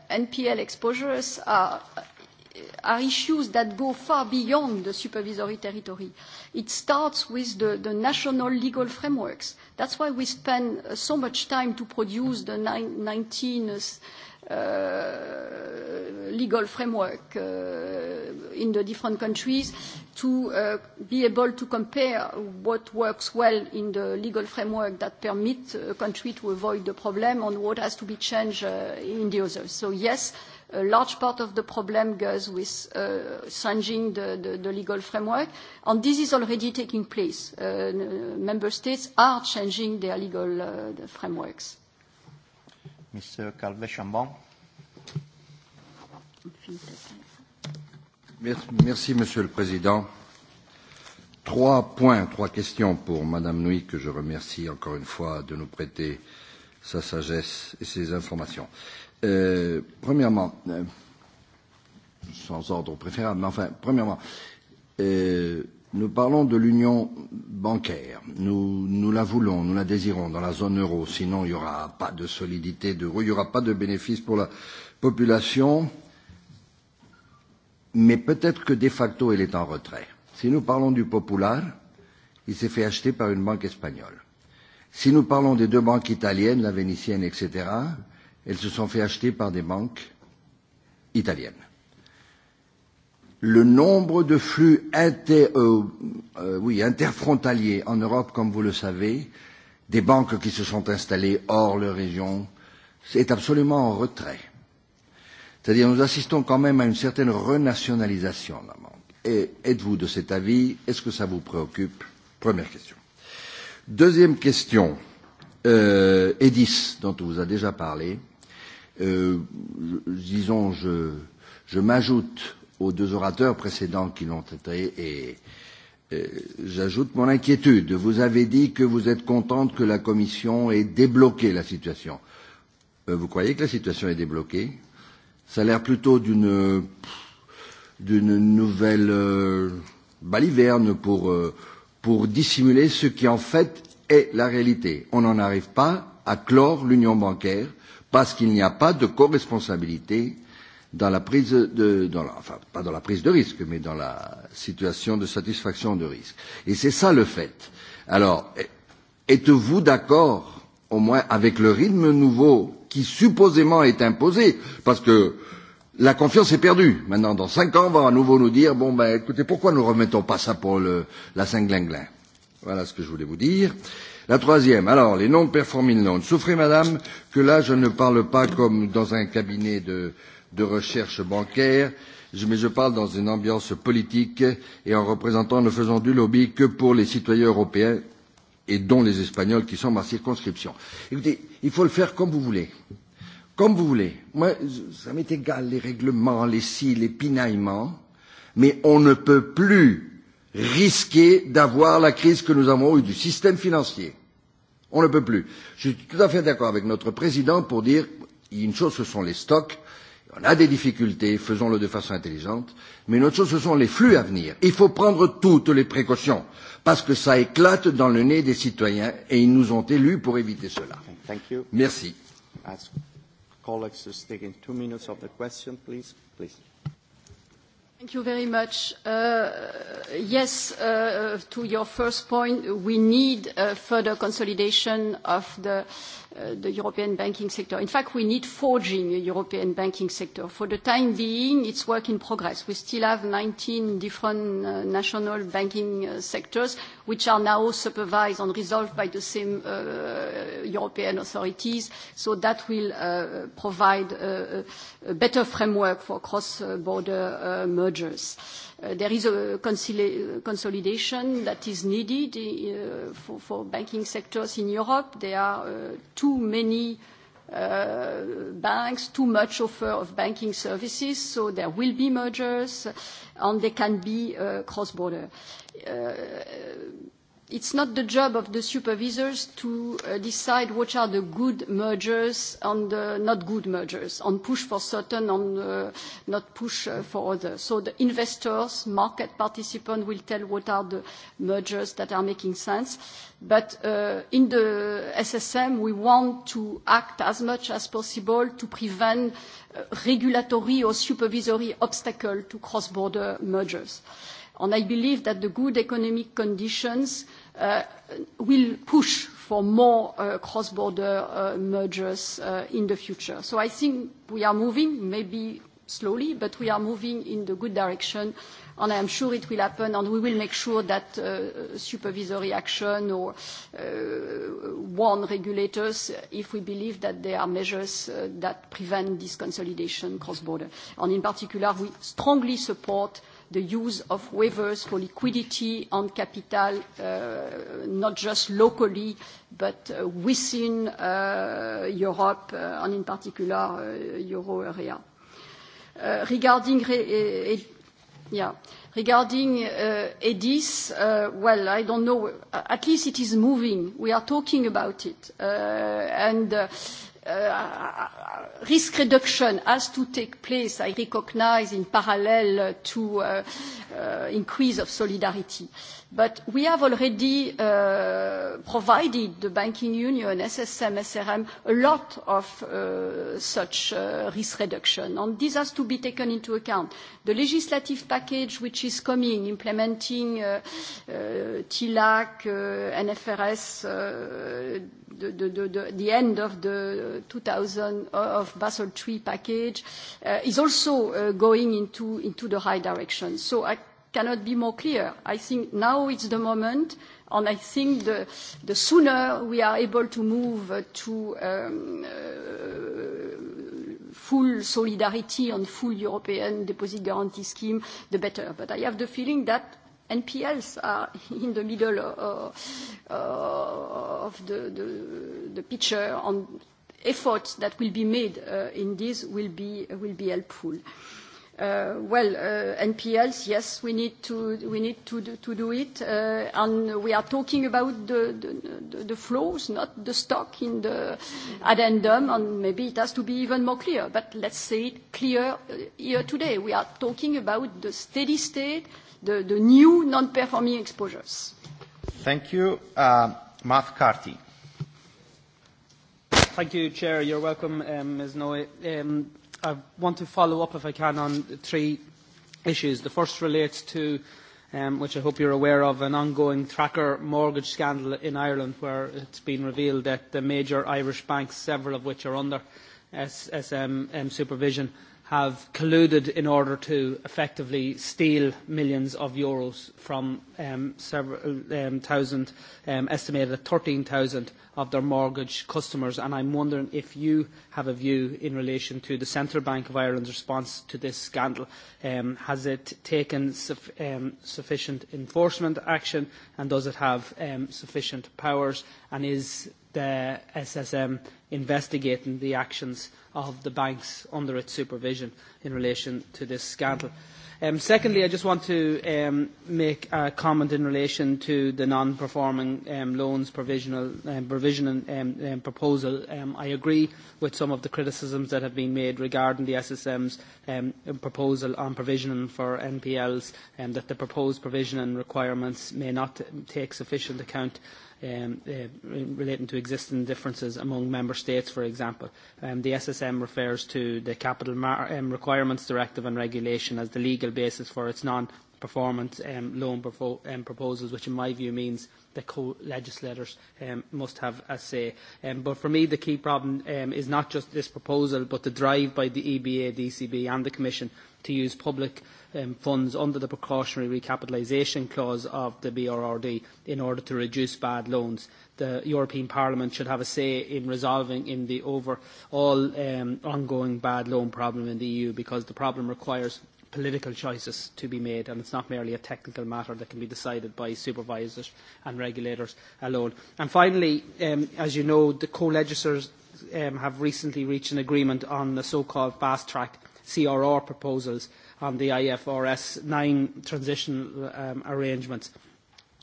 NPL exposures are are issues that go far beyond the supervisory territory. It starts with the, the national legal frameworks. That's why we spend uh, so much time to produce the 19 uh, legal framework uh, in the different countries to uh, be able to compare what works well in the legal framework that permit a country to avoid the problem and what has to be changed uh, in the others. So yes, large part of the problem goes with uh, changing the, the, the legal framework. And this is already taking place. Uh, member states are changing their legal uh, the frameworks. Mr. Calvet-Chambon. Merci, Monsieur le Président. Trois points, trois questions pour Madame Nui, que je remercie encore une fois de nous prêter sa sagesse et ses informations. Euh, premièrement, euh, sans ordre préférable, mais enfin, premièrement, euh, nous parlons de l'union bancaire. Nous, nous la voulons, nous la désirons dans la zone euro. Sinon, il n'y aura pas de solidité d'euro, il n'y aura pas de bénéfice pour la population. Mais peut-être que de facto, elle est en retrait. Si nous parlons du Popular, il s'est fait acheter par une banque espagnole. Si nous parlons des deux banques italiennes, la vénitienne, etc., elles se sont fait acheter par des banques italiennes. Le nombre de flux inter, euh, euh, oui, interfrontaliers en Europe, comme vous le savez, des banques qui se sont installées hors leur région, c'est absolument en retrait. C'est-à-dire, nous assistons quand même à une certaine renationalisation de la banque. Et êtes-vous de cet avis Est-ce que ça vous préoccupe Première question. Deuxième question. Euh, Edis, dont on vous a déjà parlé, euh, euh, disons, je, je m'ajoute aux deux orateurs précédents qui l'ont été et, et j'ajoute mon inquiétude. Vous avez dit que vous êtes contente que la Commission ait débloqué la situation. Euh, vous croyez que la situation est débloquée Ça a l'air plutôt d'une d'une nouvelle euh, baliverne pour, euh, pour dissimuler ce qui en fait est la réalité. On n'en arrive pas à clore l'union bancaire parce qu'il n'y a pas de co-responsabilité dans la prise de, dans la, enfin, pas dans la prise de risque, mais dans la situation de satisfaction de risque. Et c'est ça le fait. Alors, eh, êtes-vous d'accord, au moins, avec le rythme nouveau qui supposément est imposé? Parce que la confiance est perdue. Maintenant, dans cinq ans, on va à nouveau nous dire, bon, ben, écoutez, pourquoi ne remettons pas ça pour le, la cinglingling? Voilà ce que je voulais vous dire. La troisième, alors, les nombres performing loans. Souffrez, madame, que là, je ne parle pas comme dans un cabinet de, de recherche bancaire, mais je parle dans une ambiance politique et en représentant, ne faisant du lobby que pour les citoyens européens et dont les Espagnols qui sont ma circonscription. Écoutez, il faut le faire comme vous voulez. Comme vous voulez. Moi, ça m'est égal, les règlements, les si, les pinaillements, mais on ne peut plus risquer d'avoir la crise que nous avons eue du système financier. On ne peut plus. Je suis tout à fait d'accord avec notre président pour dire une chose, ce sont les stocks. On a des difficultés, faisons-le de façon intelligente. Mais une autre chose, ce sont les flux à venir. Il faut prendre toutes les précautions parce que ça éclate dans le nez des citoyens et ils nous ont élus pour éviter cela. Thank you. Merci. Ask colleagues to stick in two minutes of the question, please. please. Thank you very much. Uh, yes, uh, to your first point, we need uh, further consolidation of the uh, Uh, the European banking sector. In fact, we need forging a European banking sector. For the time being, it's work in progress. We still have 19 different uh, national banking uh, sectors, which are now supervised and resolved by the same uh, European authorities. So that will uh, provide a, a better framework for cross-border uh, mergers. Uh, Uh, there is a consolidation that is needed uh, for, for banking sectors in Europe. There are uh, too many uh, banks, too much offer of banking services, so there will be mergers and they can be uh, cross-border. Uh, it's not the job of the supervisors to uh, decide what are the good mergers and the not good mergers, on push for certain and uh, not push uh, for others. So the investors, market participants will tell what are the mergers that are making sense. But uh, in the SSM, we want to act as much as possible to prevent uh, regulatory or supervisory obstacles to cross-border mergers. And I believe that the good economic conditions uh, Uh, will push for more uh, cross-border uh, mergers uh, in the future. So I think we are moving, maybe slowly, but we are moving in the good direction, and I am sure it will happen, and we will make sure that uh, supervisory action or uh, warn regulators if we believe that there are measures uh, that prevent this consolidation cross-border. And in particular, we strongly support uh, the use of waivers for liquidity on capital, uh, not just locally, but uh, within uh, Europe, uh, and in particular, uh, euro area. Uh, regarding re e e yeah. regarding uh, EDIS, uh, well, I don't know. At least it is moving. We are talking about it. Uh, and... Uh, uh, risk reduction has to take place, I recognize, in parallel to uh, uh, increase of solidarity. Uh, But we have already uh, provided the banking union, SSM, SRM, a lot of uh, such uh, risk reduction, and this has to be taken into account. The legislative package, which is coming, implementing TLAC, NFRS, the end of the 2000 of Basel III package, is also going into the right direction. So I cannot be more clear. I think now is the moment, and I think the sooner we are able to move to um, uh, full solidarity on full European deposit guarantee scheme, the better. But I have the feeling that NPLs are (laughs) in the middle uh, uh, of the picture, and efforts that will be made in this will be helpful. Uh, uh, NPLs, yes, we need to do it. Uh, we are talking about the flows, not the stock in the addendum, and maybe it has to be even more clear. But let's say it clear here today. We are talking about the steady state, the new non-performing exposures. Thank you. Matt Carthy. Thank you, Chair. You're welcome, Ms. Noe. Um, I want to follow up, if I can, on three issues. The first relates to, um, which I hope you're aware of, an ongoing tracker mortgage scandal in Ireland, where it's been revealed that the major Irish banks, several of which are under SM supervision, have colluded in order to effectively steal millions of euros from um, several um, thousand, um, estimated at 13,000 of their mortgage customers. And I'm wondering if you have a view in relation to the Central Bank of Ireland's response to this scandal. Um, has it taken suf um, sufficient enforcement action and does it have um, sufficient powers? And is the SSM investigating the actions of the banks under its supervision in relation to this scandal. Um, secondly, I just want to um, make a comment in relation to the non-performing um, loans provisional um, provision and, um, um, proposal. Um, I agree with some of the criticisms that have been made regarding the SSM's um, proposal on provisioning for NPLs and um, that the proposed provisioning requirements may not take sufficient account um, uh, relating to existing differences among member states, for example. Um, the SSM refers to the Capital Mar- um, Requirements Directive and Regulation as the legal basis for its non performance um, loan um, proposals, which in my view means the co-legislators um, must have a say. Um, but for me, the key problem um, is not just this proposal, but the drive by the EBA, the ECB and the Commission to use public um, funds under the precautionary recapitalisation clause of the BRRD in order to reduce bad loans. The European Parliament should have a say in resolving in the overall um, ongoing bad loan problem in the EU because the problem requires political choices to be made, and it's not merely a technical matter that can be decided by supervisors and regulators alone. And finally, um, as you know, the co-legislators um, have recently reached an agreement on the so-called fast-track CRR proposals on the IFRS 9 transition um, arrangements.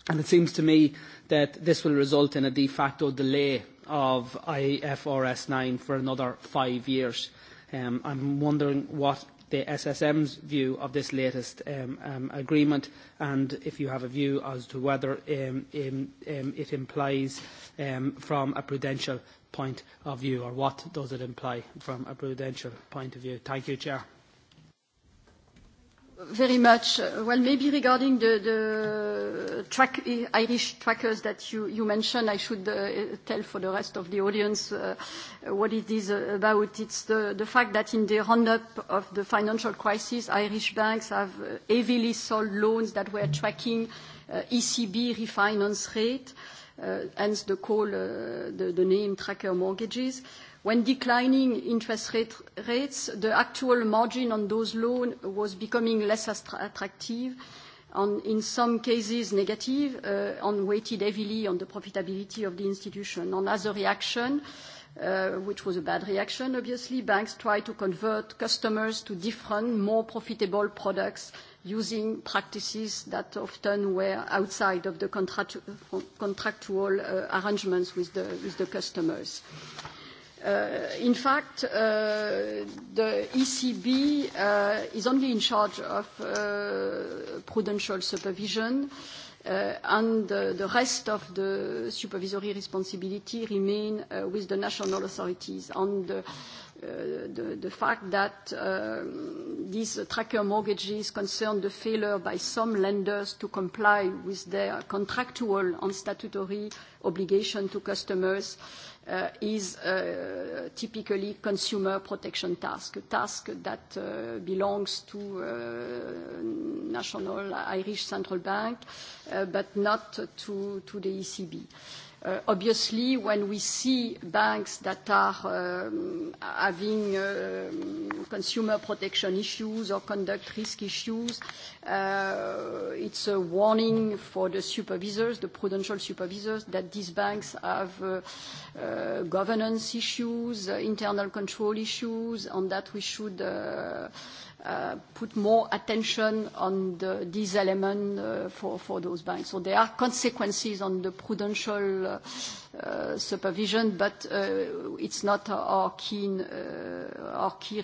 And it seems to me that this will result in a de facto delay of IFRS 9 for another five years. Um, I'm wondering what the SSM's view of this latest um, um, agreement and if you have a view as to whether um, um, um, it implies um, from a prudential point of view or what does it imply from a prudential point of view. Thank you, Chair. Very much. Uh, well, maybe regarding the Irish trackers that you mentioned, I should uh, tell for the rest of the audience uh, what it is about. It's the fact that in the run-up of the financial crisis, Irish banks have heavily sold loans that were tracking ECB refinance rate, hence the call, the name tracker mortgages. When declining interest rates, the actual margin on those loans was becoming less attractive, and in some cases negative, and uh, weighed heavily on the profitability of the institution. And as a reaction, uh, which was a bad reaction, obviously, banks tried to convert customers to different, more profitable products using practices that often were outside of the contractual uh, arrangements with the customers. Uh, in fact, uh, the ECB uh, is only in charge of uh, prudential supervision, uh, and uh, the rest of the supervisory responsibility remain uh, with the national authorities. And uh, the, the fact that um, these tracker mortgages concern the failure by some lenders to comply with their contractual and statutory obligation to customers uh, Uh, is typically consumer protection task, task that uh, belongs to uh, national Irish Central Bank, but not to the ECB. Uh, obviously, when we see banks that are um, having um, consumer protection issues or conduct risk issues, uh, it's a warning for the supervisors, the prudential supervisors, that these banks have uh, governance issues, internal control issues, and that we should Uh, put more attention on these element uh, for those banks. There are consequences on the prudential uh, supervision, but it's not our key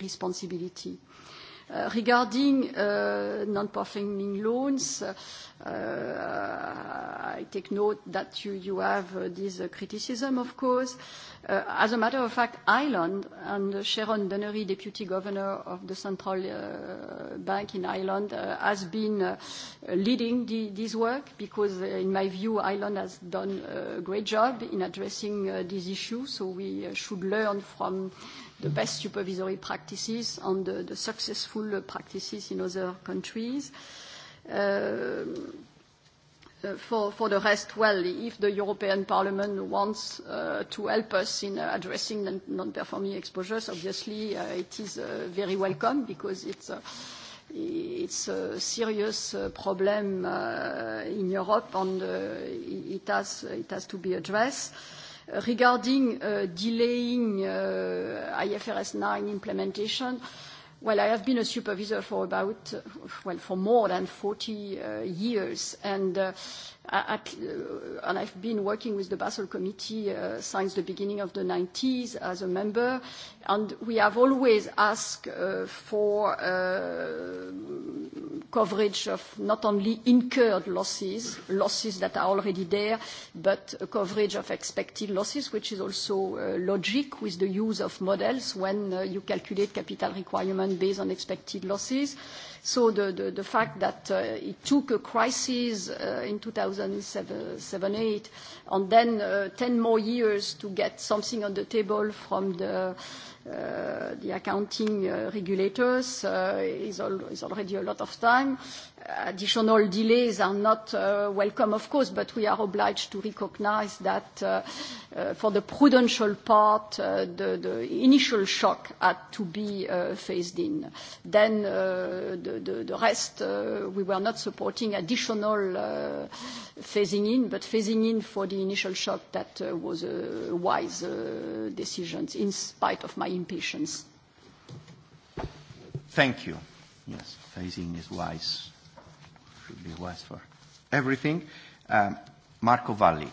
responsibility. Uh, regarding uh, non-performing loans, uh, I take note that you have this criticism, of course. As a matter of fact, Ireland and Sharon Dunnery, Deputy Governor of the Central Bank in Ireland, has been leading this work because, in my view, Ireland has done a great job in addressing this issue. We should learn from the best supervisory practices on the successful practices in other countries. Uh, uh, for the rest, well, if the European Parliament wants uh, to help us in addressing the non-performing exposures, obviously, it is very welcome because it's a serious problem in Europe, and it has to be addressed. Regarding uh, delaying uh, IFRS 9 implementation, well, I have been a supervisor for about, uh, well, for more than 40 years, and Uh, I've been working with the Basel Committee uh, since the beginning of the 1990s as a member, and we have always asked uh, for coverage of not only incurred losses that are already there, but coverage of expected losses, which is also logic with the use of models when you calculate capital requirement based on expected losses. The fact that uh, it took a crisis uh, in 2007, 2008, and then 10 uh, more years to get something on the table from the Uh, the accounting uh, regulators. Uh, It's already a lot of time. Additional delays are not welcome, of course, but we are obliged to recognize that for the prudential part, the initial shock had to be phased in. Then the rest, we were not supporting additional phasing in, but phasing in for the initial shock, that was a wise decision in spite of my impatience. Thank you. Yes, phasing is wise. Should be wise for everything. Um, Marco Valli.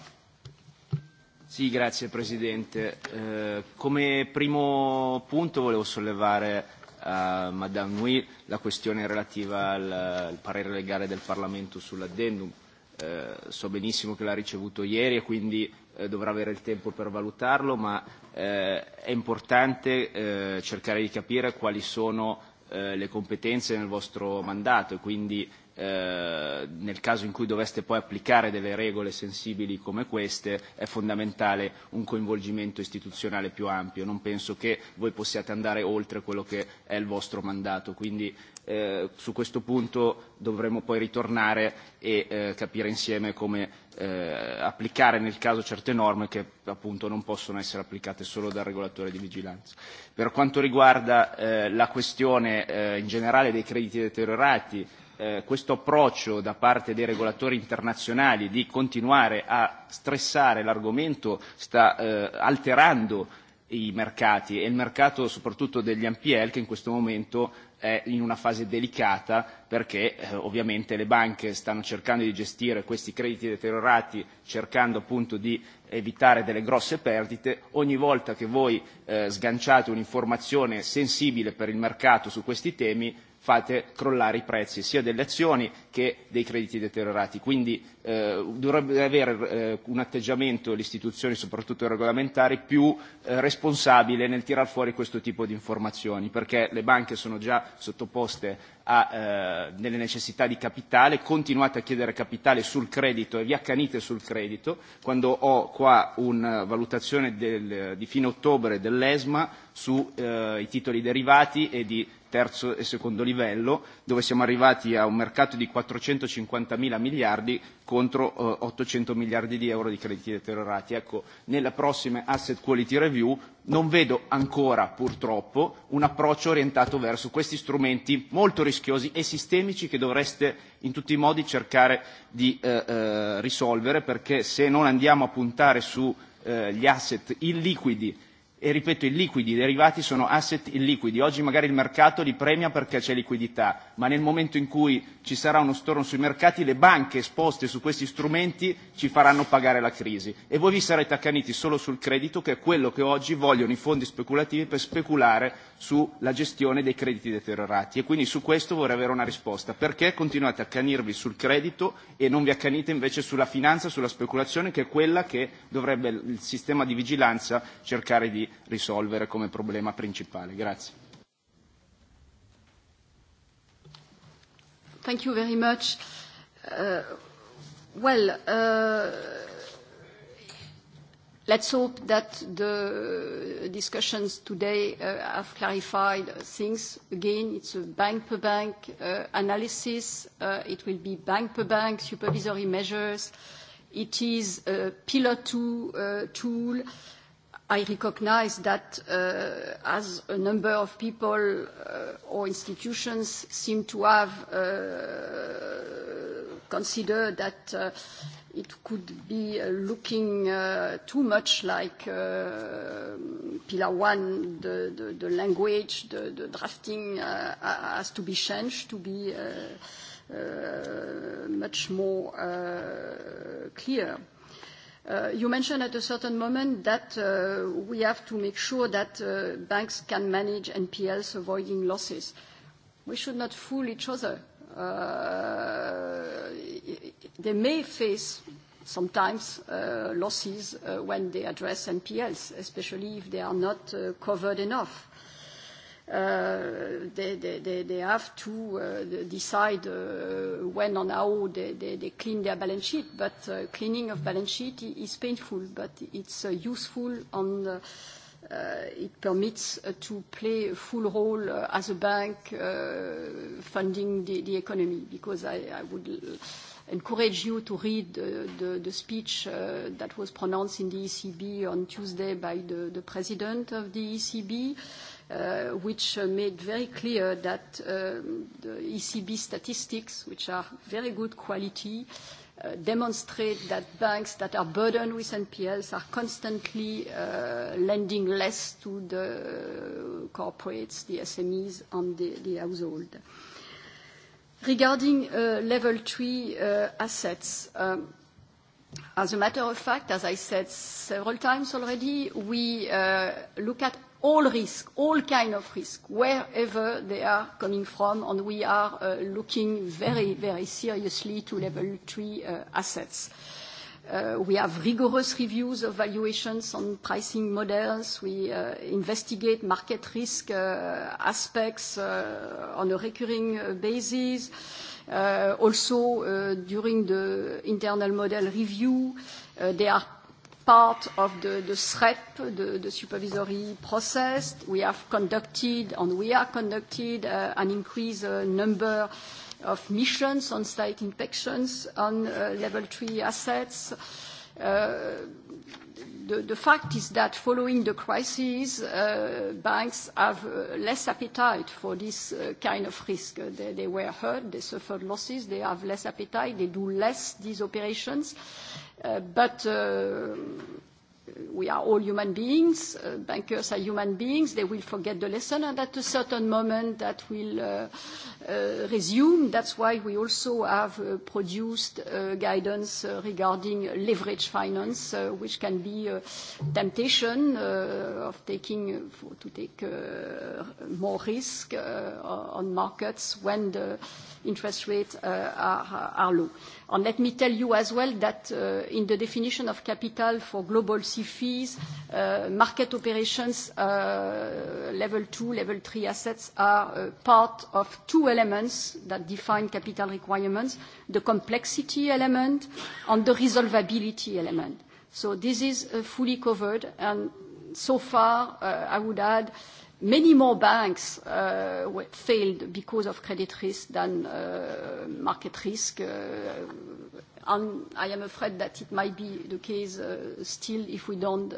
Sì, grazie Presidente. Eh, come primo punto volevo sollevare a eh, Madame Nui la questione relativa al, al parere legale del Parlamento sull'addendum. Eh, so benissimo che l'ha ricevuto ieri e quindi Eh, dovrà avere il tempo per valutarlo, ma eh, è importante eh, cercare di capire quali sono eh, le competenze nel vostro mandato e quindi eh, nel caso in cui doveste poi applicare delle regole sensibili come queste è fondamentale un coinvolgimento istituzionale più ampio. Non penso che voi possiate andare oltre quello che è il vostro mandato. Quindi eh, su questo punto dovremo poi ritornare e eh, capire insieme come eh, applicare nel caso certe norme che appunto non possono essere applicate solo dal regolatore di vigilanza. Per quanto riguarda eh, la questione eh, in generale dei crediti deteriorati, eh, questo approccio da parte dei regolatori internazionali di continuare a stressare l'argomento sta eh, alterando i mercati e il mercato soprattutto degli NPL che in questo momento è in una fase delicata perché eh, ovviamente le banche stanno cercando di gestire questi crediti deteriorati, cercando appunto di evitare delle grosse perdite. Ogni volta che voi eh, sganciate un'informazione sensibile per il mercato su questi temi, fate crollare i prezzi sia delle azioni che dei crediti deteriorati. Quindi eh, dovrebbe avere eh, un atteggiamento le istituzioni, soprattutto regolamentari, più eh, responsabile nel tirar fuori questo tipo di informazioni, perché le banche sono già sottoposte a eh, delle eh, necessità di capitale, continuate a chiedere capitale sul credito e vi accanite sul credito. Quando ho qua una eh, valutazione del, di fine ottobre dell'ESMA sui eh, titoli derivati e di terzo e secondo livello, dove siamo arrivati a un mercato di 450 mila miliardi contro eh, 800 miliardi di euro di crediti deteriorati. Ecco, nella prossima Asset Quality Review non vedo ancora, purtroppo, un approccio orientato verso questi strumenti molto rischiosi e sistemici che dovreste in tutti i modi cercare di eh, eh, risolvere, perché se non andiamo a puntare sugli eh, asset illiquidi E ripeto, i liquidi, i derivati sono asset illiquidi. Oggi magari il mercato li premia perché c'è liquidità, ma nel momento in cui ci sarà uno storno sui mercati, le banche esposte su questi strumenti ci faranno pagare la crisi. E voi vi sarete accaniti solo sul credito, che è quello che oggi vogliono i fondi speculativi per speculare sulla gestione dei crediti deteriorati e quindi su questo vorrei avere una risposta. Perché continuate a accanirvi sul credito e non vi accanite invece sulla finanza, sulla speculazione che è quella che dovrebbe il sistema di vigilanza cercare di risolvere come problema principale? Grazie. Thank you very much. Uh, well, uh let's hope that the discussions today uh, have clarified things. Again, it's a bank-per-bank -bank, uh, analysis. Uh, it will be bank-per-bank -bank supervisory measures. It is a pillar two uh, tool. I recognize that uh, as a number of people uh, or institutions seem to have uh, consider that uh, it could be uh, looking uh, too much like Pillar One. The language, the drafting has to be changed to be much more clear. You mentioned at a certain moment that we have to make sure that banks can manage NPLs avoiding losses. We should not fool each other. Uh, they may face sometimes uh, losses uh, when they address NPLs, especially if they are not uh, covered enough. Uh, they, they, they, they have to uh, decide uh, when and how they, they, they clean their balance sheet, but uh, cleaning of balance sheet is painful, but it's uh, useful on uh, Uh, it permits uh, to play a full role uh, as a bank funding the economy. Because I would encourage you to read the speech that was pronounced in the ECB on Tuesday by the president of the ECB, which made very clear that um, the ECB statistics, which are very good quality, Uh, demonstrate that banks that are burdened with NPLs are constantly uh, lending less to the corporates, the SMEs, and the household. Regarding uh, Level 3 assets, um, as a matter of fact, as I said several times already, we look at all risk, all kind of risk, wherever they are coming from, and we are uh, looking very, very seriously to level three uh, assets. Uh, we have rigorous reviews of valuations on pricing models. We uh, investigate market risk uh, aspects uh, on a recurring uh, basis. Uh, also, uh, during the internal model review, uh, there are part of the, the SREP, the, the supervisory process. We have conducted and we are conducted uh, an increased uh, number of missions on site inspections on uh, level three assets. Uh, Uh, the fact is that following the crisis, uh, banks have uh, less appetite for this kind of risk. They were hurt, they suffered losses, they have less appetite, they do less these operations. But we are all human beings. Uh, bankers are human beings. They will forget the lesson, and at a certain moment, that will uh, uh, resume. That's why we also have uh, produced uh, guidance uh, regarding leverage finance, uh, which can be a temptation uh, of taking uh, for, to take uh, more risk uh, on markets when the uh, interest rates uh, are low. Let me tell you as well that uh, in the definition of capital for global SIFIs, uh, market operations, level two, level three assets are part of two elements that define capital requirements, the complexity element and the resolvability element. This is fully covered, and so far, I would add, many more banks uh, failed because of credit risk than uh, market risk. And uh, I am afraid that it might be the case still if we don't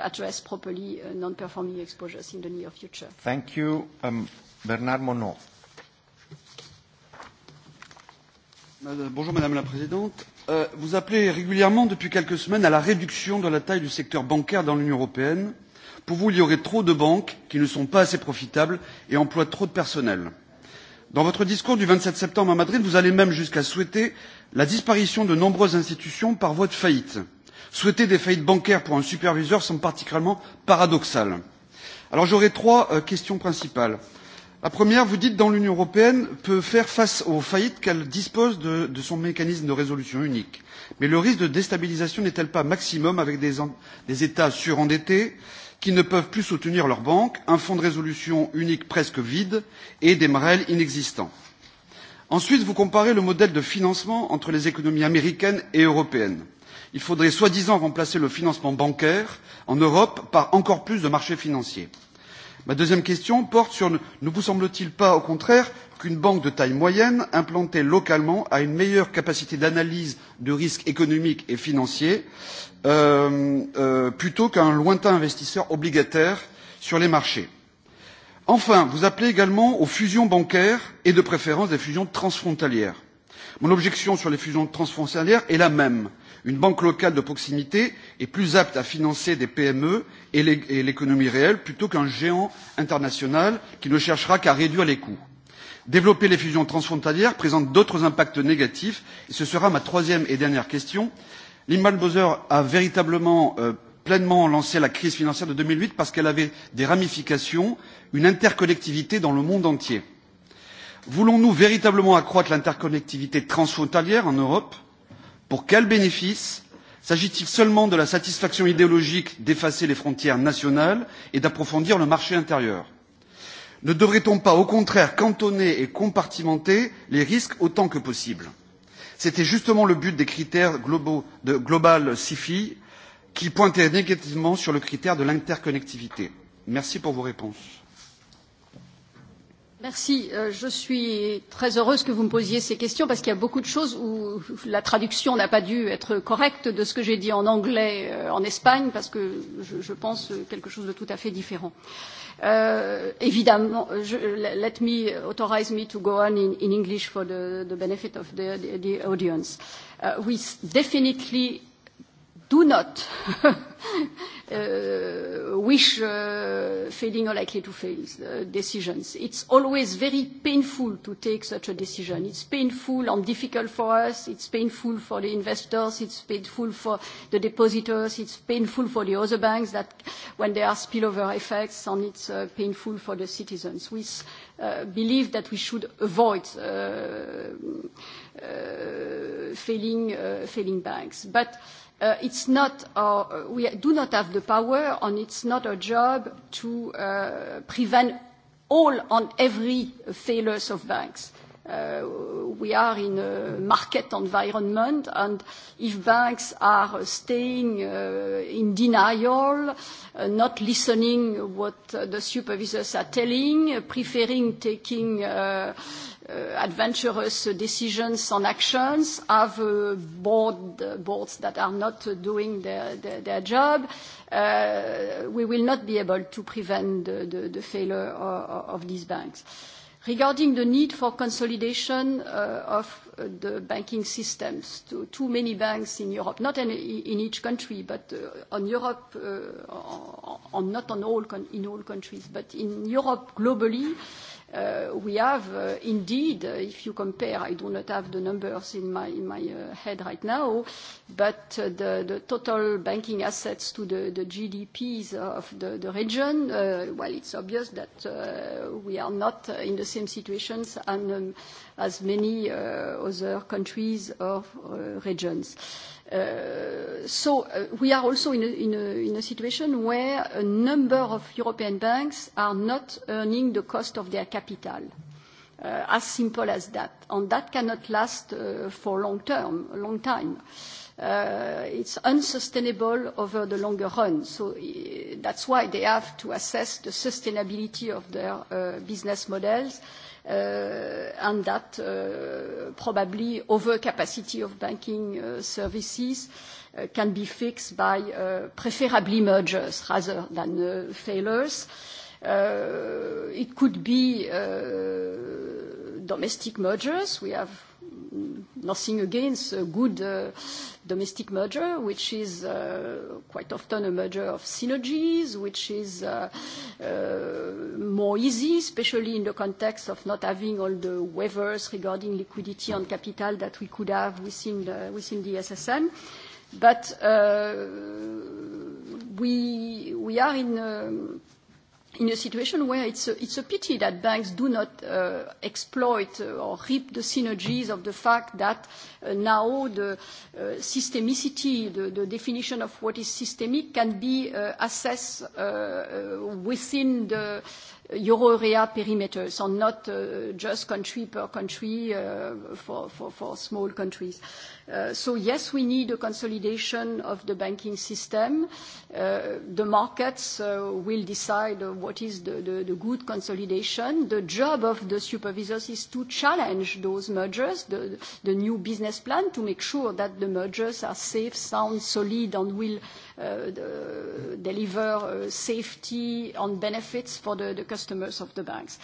address properly non-performing exposures in the near future. Thank you. Um, Bernard Monod. Bonjour, madame la présidente. Euh, vous appelez régulièrement, depuis quelques semaines, à la réduction de la taille du secteur bancaire dans l'Union européenne. Pour vous, il y aurait trop de banques qui ne sont pas assez profitables et emploient trop de personnel. Dans votre discours du 27 septembre à Madrid, vous allez même jusqu'à souhaiter la disparition de nombreuses institutions par voie de faillite. Souhaiter des faillites bancaires pour un superviseur semble particulièrement paradoxal. Alors j'aurai trois euh, questions principales. La première, vous dites dans l'Union européenne peut faire face aux faillites qu'elle dispose de, de son mécanisme de résolution unique. Mais le risque de déstabilisation n'est-elle pas maximum avec des, des États surendettés qui ne peuvent plus soutenir leurs banques, un fonds de résolution unique presque vide et des MREL inexistants. Ensuite, vous comparez le modèle de financement entre les économies américaines et européennes. Il faudrait soi-disant remplacer le financement bancaire en Europe par encore plus de marchés financiers. Ma deuxième question porte sur ne vous semble-t-il pas au contraire qu'une banque de taille moyenne implantée localement a une meilleure capacité d'analyse de risques économiques et financiers Euh, euh, plutôt qu'un lointain investisseur obligataire sur les marchés. Enfin, vous appelez également aux fusions bancaires et de préférence des fusions transfrontalières. Mon objection sur les fusions transfrontalières est la même. Une banque locale de proximité est plus apte à financer des PME et l'économie réelle plutôt qu'un géant international qui ne cherchera qu'à réduire les coûts. Développer les fusions transfrontalières présente d'autres impacts négatifs et ce sera ma troisième et dernière question. Euh, Lehman Brothers a véritablement euh, pleinement lancé la crise financière de 2008 parce qu'elle avait des ramifications, une interconnectivité dans le monde entier. Voulons-nous véritablement accroître l'interconnectivité transfrontalière en Europe Pour quel bénéfice S'agit-il seulement de la satisfaction idéologique d'effacer les frontières nationales et d'approfondir le marché intérieur Ne devrait-on pas au contraire cantonner et compartimenter les risques autant que possible C'était justement le but des critères globaux de Global SIFI qui pointaient négativement sur le critère de l'interconnectivité. Merci pour vos réponses. Merci. Euh, je suis très heureuse que vous me posiez ces questions parce qu'il y a beaucoup de choses où la traduction n'a pas dû être correcte de ce que j'ai dit en anglais euh, en Espagne parce que je, je pense quelque chose de tout à fait différent. Uh, évidemment, je, let me authorize me to go on in, in English for the, the benefit of the, the, the audience. Uh, we definitely do not (laughs) uh, wish uh, failing or likely to fail uh, decisions. It's always very painful to take such a decision. It's painful and difficult for us. It's painful for the investors. It's painful for the depositors. It's painful for the other banks that when there are spillover effects, and it's uh, painful for the citizens. We uh, believe that we should avoid uh, uh, failing, uh, failing banks. But, Uh, it's not our, uh, we do not have the power and it's not our job to uh, prevent all and every failures of banks. Uh, we are in a market environment, and if banks are staying uh, in denial, uh, not listening what the supervisors are telling, preferring taking adventurous decisions on actions, have boards that are not doing their job, we will not be able to prevent the failure of these banks. Regarding the need for consolidation uh, of uh, the banking systems, too, too many banks in Europe, not in, in each country, but uh, on Europe, uh, on, on, not on all con- in all countries, but in Europe globally, uh, Uh, we have uh, indeed, uh, if you compare, I do not have the numbers in my, in my uh, head right now, but uh, the, the total banking assets to the, the GDPs of the, the region, uh, well, it's obvious that uh, we are not uh, in the same situations and, um, as many uh, other countries or uh, regions. Uh, Uh, so uh, we are also in a situation where a number of European banks are not earning the cost of their capital. Uh, as simple as that. And that cannot last for long term, a long time. It's unsustainable over the longer run. So that's why they have to assess the sustainability of their business models Uh, and that uh, probably overcapacity of banking uh, services can be fixed by preferably mergers rather than failures. It could be domestic mergers. We have nothing against a good uh, domestic merger, which is uh, quite often a merger of synergies, which is uh, more easy, especially in the context of not having all the waivers regarding liquidity and capital that we could have within the SSM. But we are in um, in a situation where it's a, it's a pity that banks do not uh, exploit uh, or reap the synergies of the fact that uh, now the uh, systemicity, the, the definition of what is systemic can be uh, assessed uh, uh within the uh, Euro-area perimeter, so not uh, just country per country uh, for small countries. Uh, so yes, we need a consolidation of the banking system. The markets will decide what is the good consolidation. The job of the supervisors is to challenge those mergers, the new business plan, to make sure that the mergers are safe, sound, solid, and will Uh, uh, deliver uh, safety and benefits for the customers of the banks.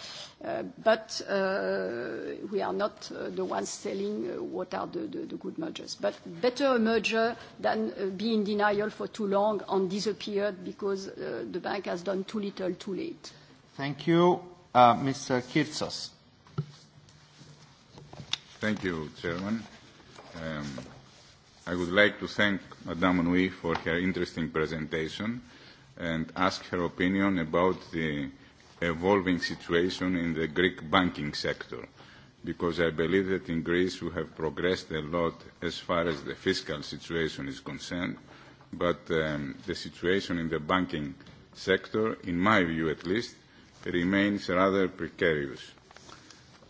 But we are not the ones selling what are the good mergers. But better a merger than be in denial for too long and disappear because the bank has done too little too late. Thank you. Mr. Kyrtsos. Thank you, Chairman. Um, I would like to thank Madame Nui for her interesting presentation and ask her opinion about the evolving situation in the Greek banking sector because I believe that in Greece we have progressed a lot as far as the fiscal situation is concerned, but um, the situation in the banking sector, in my view at least, remains rather precarious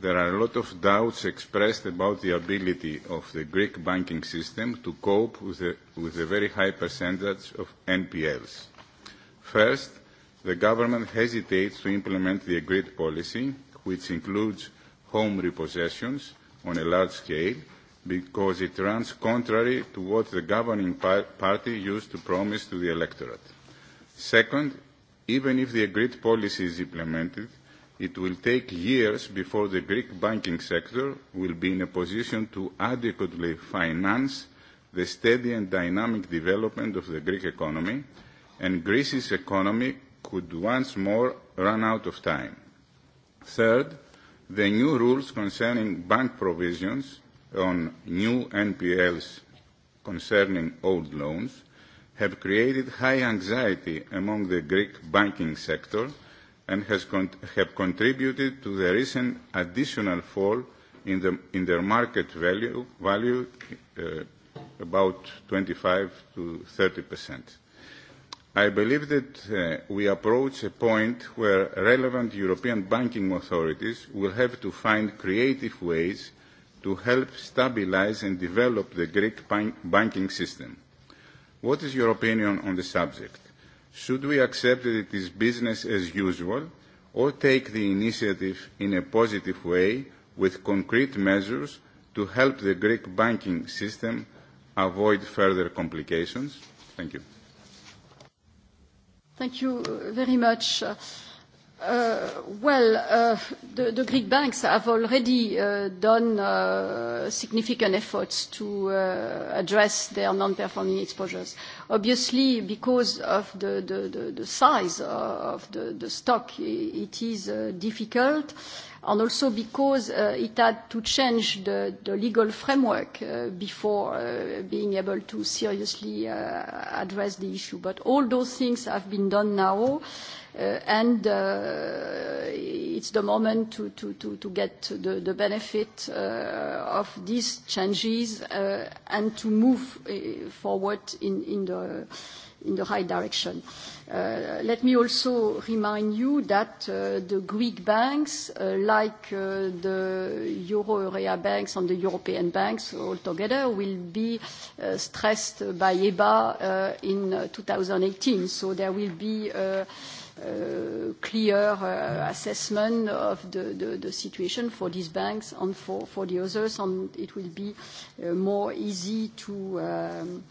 there are a lot of doubts expressed about the ability of the Greek banking system to cope with a, with a very high percentage of NPLs. First, the government hesitates to implement the agreed policy, which includes home repossessions on a large scale, because it runs contrary to what the governing par- party used to promise to the electorate. Second, even if the agreed policy is implemented, it will take years before the Greek banking sector will be in a position to adequately finance the steady and dynamic development of the Greek economy, and Greece's economy could once more run out of time. Third, the new rules concerning bank provisions on new NPLs concerning old loans have created high anxiety among the Greek banking sector – and have contributed to the recent additional fall in their market value, uh, about 25%-30%. I believe that uh, we approach a point where relevant European banking authorities will have to find creative ways to help stabilize and develop the Greek banking system. What is your opinion on the subject? Should we accept that it is business as usual or take the initiative in a positive way with concrete measures to help the Greek banking system avoid further complications? Thank you. Thank you very much. Uh, well, uh, the, the Greek banks have already uh, done uh, significant efforts to uh, address their non-performing exposures. Obviously, because of the, the, the, the size uh, of the, the stock, it is uh, difficult. Uh, and also because uh, it had to change the, the legal framework uh, before uh, being able to seriously uh, address the issue. But all those things have been done now, uh, and uh, it's the moment to, to, to, to get the, the benefit uh, of these changes uh, and to move uh, forward in, in the uh, in the right direction. Uh, let me also remind you that uh, the Greek banks, uh, like the Euro area banks and the European banks altogether, will be stressed by EBA in 2018. There will be a clear assessment of the situation for these banks and for the others, and it will be more easy to um,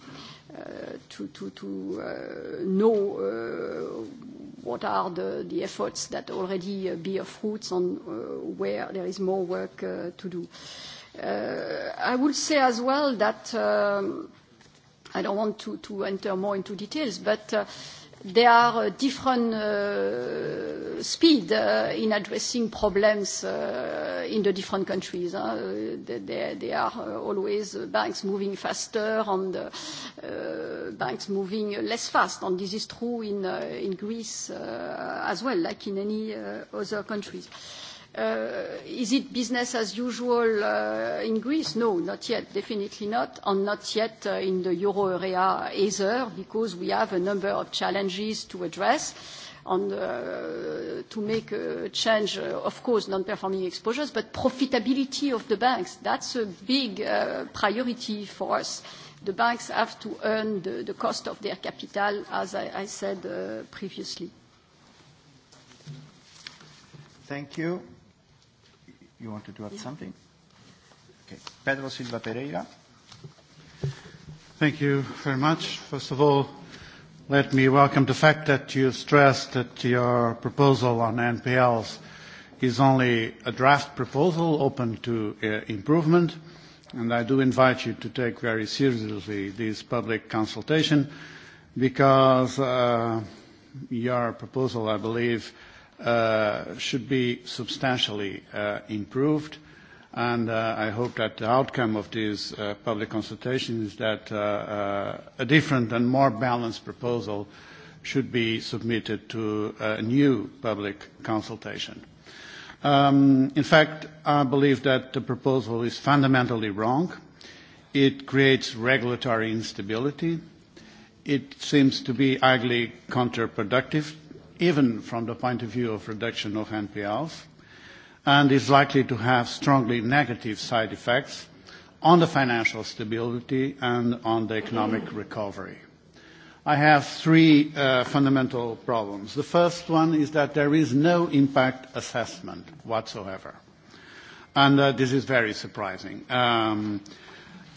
Uh, to, to, to uh, know uh, what are the, the efforts that already uh, bear fruits on uh, where there is more work uh, to do. Uh, I would say as well that um, I don't want to, to enter more into details, but uh, there are uh, different uh, speed uh, in addressing problems uh, in the different countries. Uh, there, there are uh, always uh, banks moving faster and uh, uh, banks moving less fast, and this is true in, uh, in greece uh, as well, like in any uh, other countries. Uh, Uh, is it business as usual uh, in Greece? No, not yet. Definitely not, and not yet uh, in the euro area either, because we have a number of challenges to address and to make a change, of course, non-performing exposures, but profitability of the banks. That's a big priority for us. The banks have to earn the cost of their capital, as I said previously. Thank you you wanted to add something? Okay. Pedro Silva Pereira. Thank you very much. First of all, let me welcome the fact that you stressed that your proposal on NPLs is only a draft proposal open to uh, improvement. I do invite you to take very seriously this public consultation because uh, your proposal, I believe, Uh, should be substantially uh, improved. And uh, I hope that the outcome of these uh, public consultations is that uh, uh, a different and more balanced proposal should be submitted to a new public consultation. Um, in fact, I believe that the proposal is fundamentally wrong. It creates regulatory instability. It seems to be highly counterproductive even from the point of view of reduction of NPLs, and is likely to have strongly negative side effects on the financial stability and on the economic recovery. I have three uh, fundamental problems. The first one is that there is no impact assessment whatsoever, and uh, this is very surprising. Um,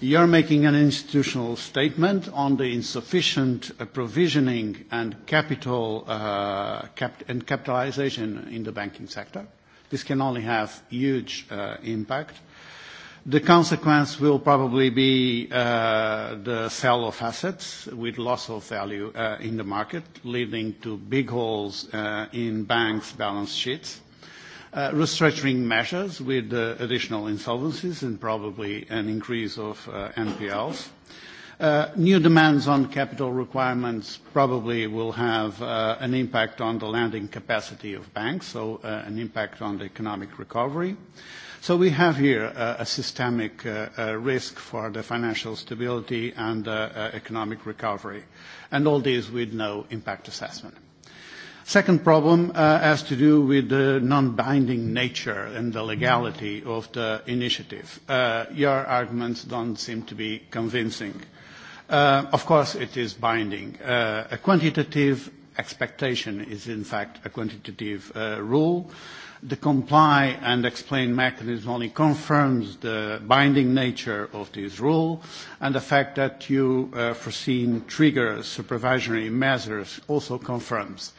You're making an institutional statement on the insufficient uh, provisioning and capital uh, and capitalization in the banking sector. This can only have huge uh, impact. The consequence will probably be the sale of assets with loss of value in the market, leading to big holes in banks' balance sheets. Uh, restructuring measures with uh, additional insolvencies and probably an increase of uh, NPLs. New demands on capital requirements probably will have an impact on the lending capacity of banks, so an impact on the economic recovery. So we have here a systemic risk for the financial stability and economic recovery, and all this with no impact assessment. Second problem uh, has to do with the non-binding nature and the legality of the initiative. Uh, your arguments don't seem to be convincing. Uh, of course, it is binding. A quantitative expectation is, in fact, a quantitative rule. The comply and explain mechanism only confirms the binding nature of this rule, and the fact that you foreseen trigger supervisory measures also confirms.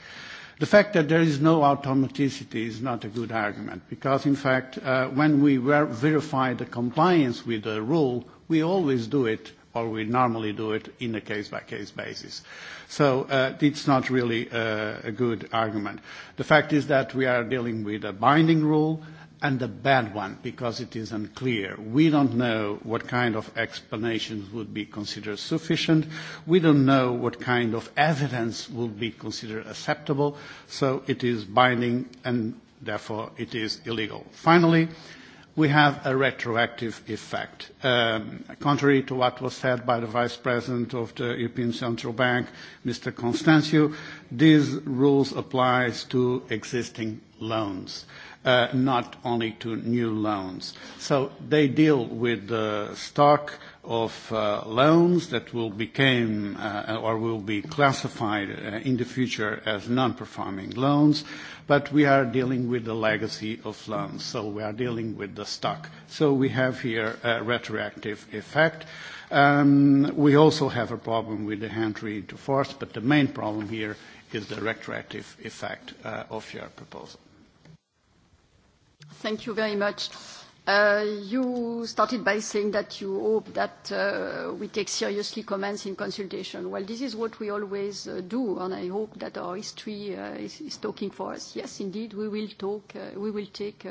The fact that there is no automaticity is not a good argument because, in fact, uh, when we verify the compliance with the rule, we always do it, or we normally do it, in a case-by-case basis. So uh, it's not really uh, a good argument. The fact is that we are dealing with a binding rule and the bad one because it is unclear. We don't know what kind of explanations would be considered sufficient. We don't know what kind of evidence would be considered acceptable. So it is binding and therefore it is illegal. Finally, we have a retroactive effect. Um, contrary to what was said by the Vice President of the European Central Bank, Mr. Constantio, these rules applies to existing loans. Uh, not only to new loans. They deal with the stock of uh, loans that will became uh, or will be classified in the future as non-performing loans, but we are dealing with the legacy of loans, so we are dealing with the stock. We have here a retroactive effect. Um, we also have a problem with the entry into force, but the main problem here is the retroactive effect of your proposal. Thank you very much. Uh, you started by saying that you hope that uh, we take seriously comments in consultation. Well, this is what we always uh, do, and I hope that our history is talking for us. Yes, indeed, we will talk, we will take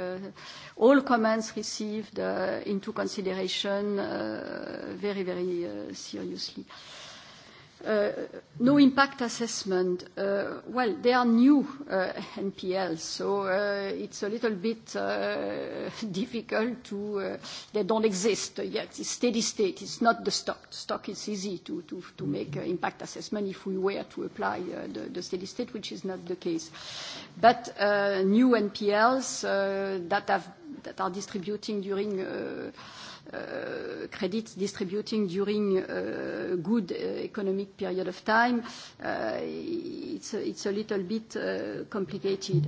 all comments received into consideration very, very seriously. Uh, no impact assessment. Uh, well, they are new uh, (laughs) NPLs, so it's a little bit (laughs) difficult to. They don't exist yet. It's steady state. It's not the stock. Stock is easy to mm-hmm. make an impact assessment if we were to apply the steady state, which is not the case. But new NPLs that are distributing during Uh, credits distributing during uh, good uh, economic period of time, it's a little bit complicated.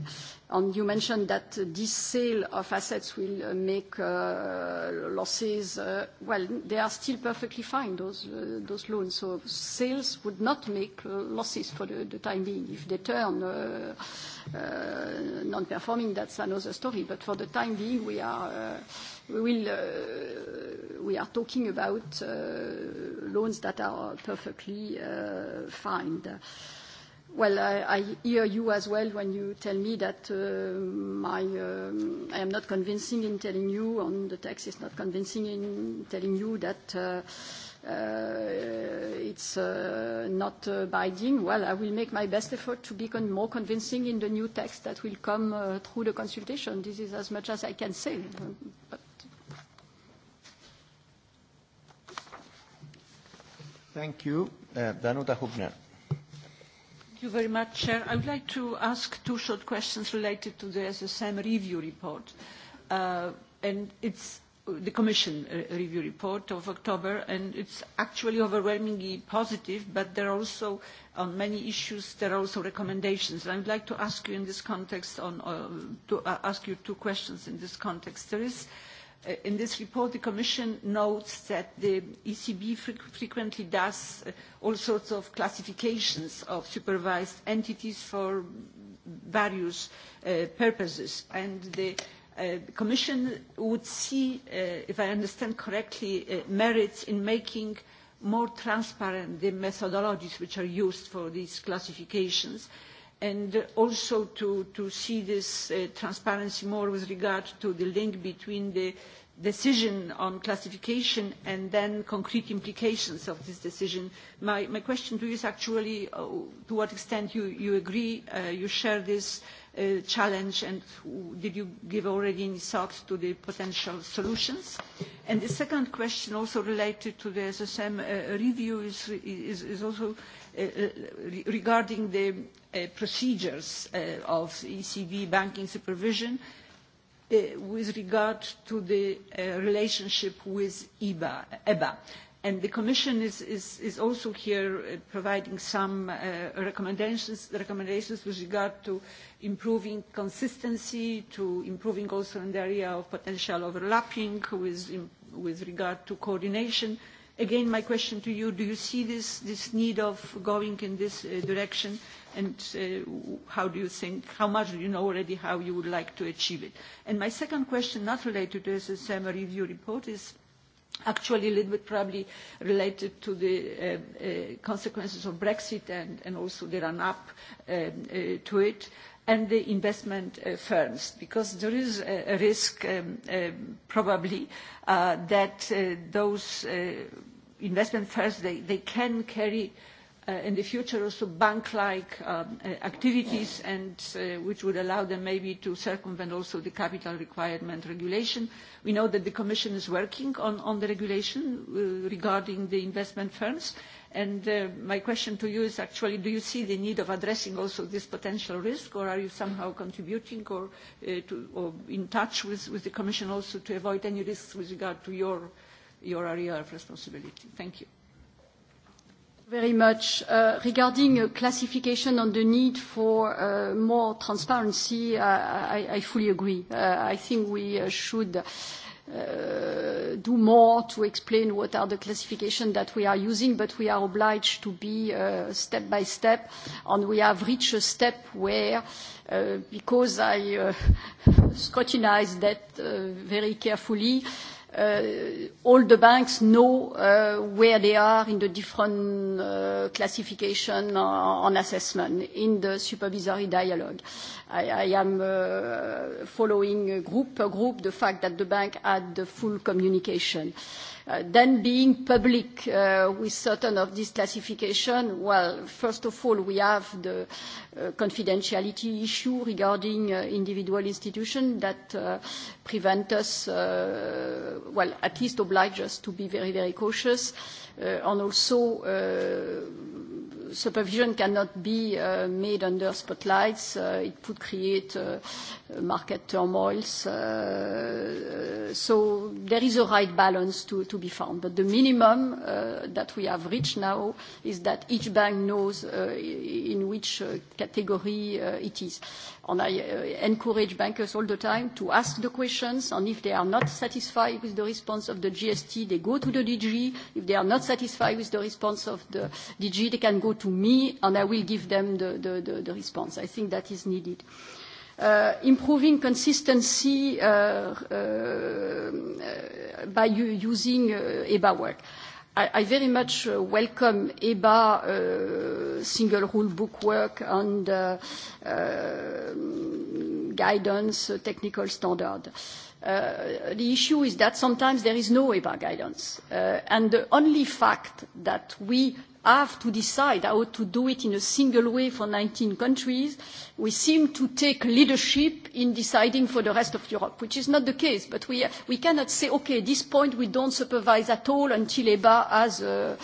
You mentioned that this sale of assets will make losses. Well, they are still perfectly fine, those loans. So sales would not make losses for the time being. If they turn, Uh, non-performing. That's another story. But for the time being, we are uh, uh, talking about loans that are perfectly fine. Well, I hear you as well when you tell me that I am not convincing in telling you, and the text is not convincing in telling you that Uh, it's uh, not uh, binding. Well, I will make my best effort to become more convincing in the new text that will come through the consultation. This is as much as I can say. Thank you. Danuta Hubner. Thank you very much, Chair. I would like to ask two short questions related to the SSM review report. It's the Commission uh, review report of October, and it's actually overwhelmingly positive, but there are also, on many issues, there are also recommendations. And I'd like to ask you in this context, on, uh, to uh, ask you two questions in this context. There is, uh, in this report, the Commission notes that the ECB frequ frequently does uh, all sorts of classifications of supervised entities for various uh, purposes, and the uh, Uh, commission would see, uh, if I understand correctly, uh, merits in making more transparent the methodologies which are used for these classifications and also to, to see this uh, transparency more with regard to the link between the decision on classification and then concrete implications of this decision. My, my question to you is actually uh, to what extent you, you agree, uh, you share this uh, challenge and did you give already any thought to the potential solutions? And the second question also related to the SSM uh, review is, is, is also uh, re regarding the uh, procedures uh, of ECB banking supervision. Uh, Uh, with regard to the uh, relationship with EBA, EBA. And the Commission is, is, is also here uh, providing some uh, recommendations, recommendations with regard to improving consistency, to improving also in the area of potential overlapping with, in, with regard to coordination. Uh, again my question to you do you see this, this need of going in this uh, direction and uh, how do you think how much do you know already how you would like to achieve it and my second question not related to the SSM review report is actually a little bit probably related to the uh, uh, consequences of Brexit and, and also the run-up um, uh, to it and the investment uh, firms, because there is a, a risk, um, um, probably, uh, that uh, those uh, investment firms, they, they can carry uh, in the future also bank-like um, uh, activities, and uh, which would allow them maybe to circumvent also the capital requirement regulation. We know that the Commission is working on, on the regulation uh, regarding the investment firms, And uh, my question to you is actually, do you see the need of addressing also this potential risk, or are you somehow contributing or, uh, to, or in touch with, with the Commission also to avoid any risks with regard to your, your area of responsibility? Thank you. Very much. Uh, regarding uh, classification on the need for uh, more transparency, uh, I, I fully agree. Uh, I think we uh, should uh, Uh, do more to explain what are the classifications that we are using, but we are obliged to be uh, step by step, and we have reached a step where, uh, because I uh, (laughs) scrutinized that uh, very carefully, uh, Uh, all the banks know uh, where they are in the different uh, classification on assessment in the supervisory dialogue. I am following group per group the fact that the bank had the full communication. Uh, then being public uh, with certain of this classification, well, first of all, we have the uh, confidentiality issue regarding individual institution that prevent us, well, at least oblige us to be very, very cautious. And also, supervision cannot be uh, made under spotlights. Uh, it could create uh, market turmoils. So there is a right balance to be found. But the minimum that we have reached now is that each bank knows in which category it is and I uh, encourage bankers all the time to ask the questions, and if they are not satisfied with the response of the GST, they go to the DG. If they are not satisfied with the response of the DG, they can go to me, and I will give them the response. I think that is needed. Uh, improving consistency uh, by using EBA Work. I very much uh, welcome EBA uh, single rule book work and uh, uh, guidance uh, technical standard. Uh, the issue is that sometimes there is no EBA guidance. Uh, and the only fact that we have to decide how to do it in a single way for 19 countries uh, we seem to take leadership in deciding for the rest of Europe, which is not the case. But we, we cannot say, OK, at this point we don't supervise at all until EBA has a,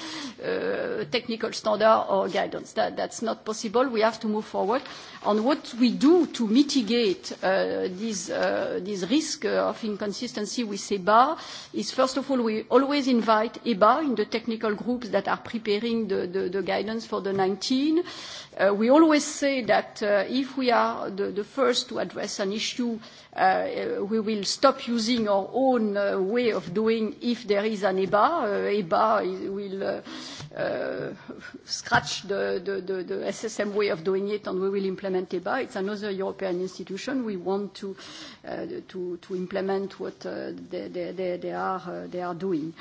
a technical standard or guidance. That, that's not possible. We have to move forward. On what we do to mitigate uh, this, uh, this risk of inconsistency with EBA is, first of all, we always invite EBA in the technical groups that are preparing the, the, the guidance for the 19. Uh, we always say that uh, if we are the, the first to address an issue, uh, uh we will stop using our own uh, way of doing if there is an EBA. Uh, EBA will uh, Uh, scratch the, the, the, the SSM way of doing it and we will implement EBA. It's another European institution. We want to, uh, to, to implement what uh, they, they, they, are, uh, they are doing.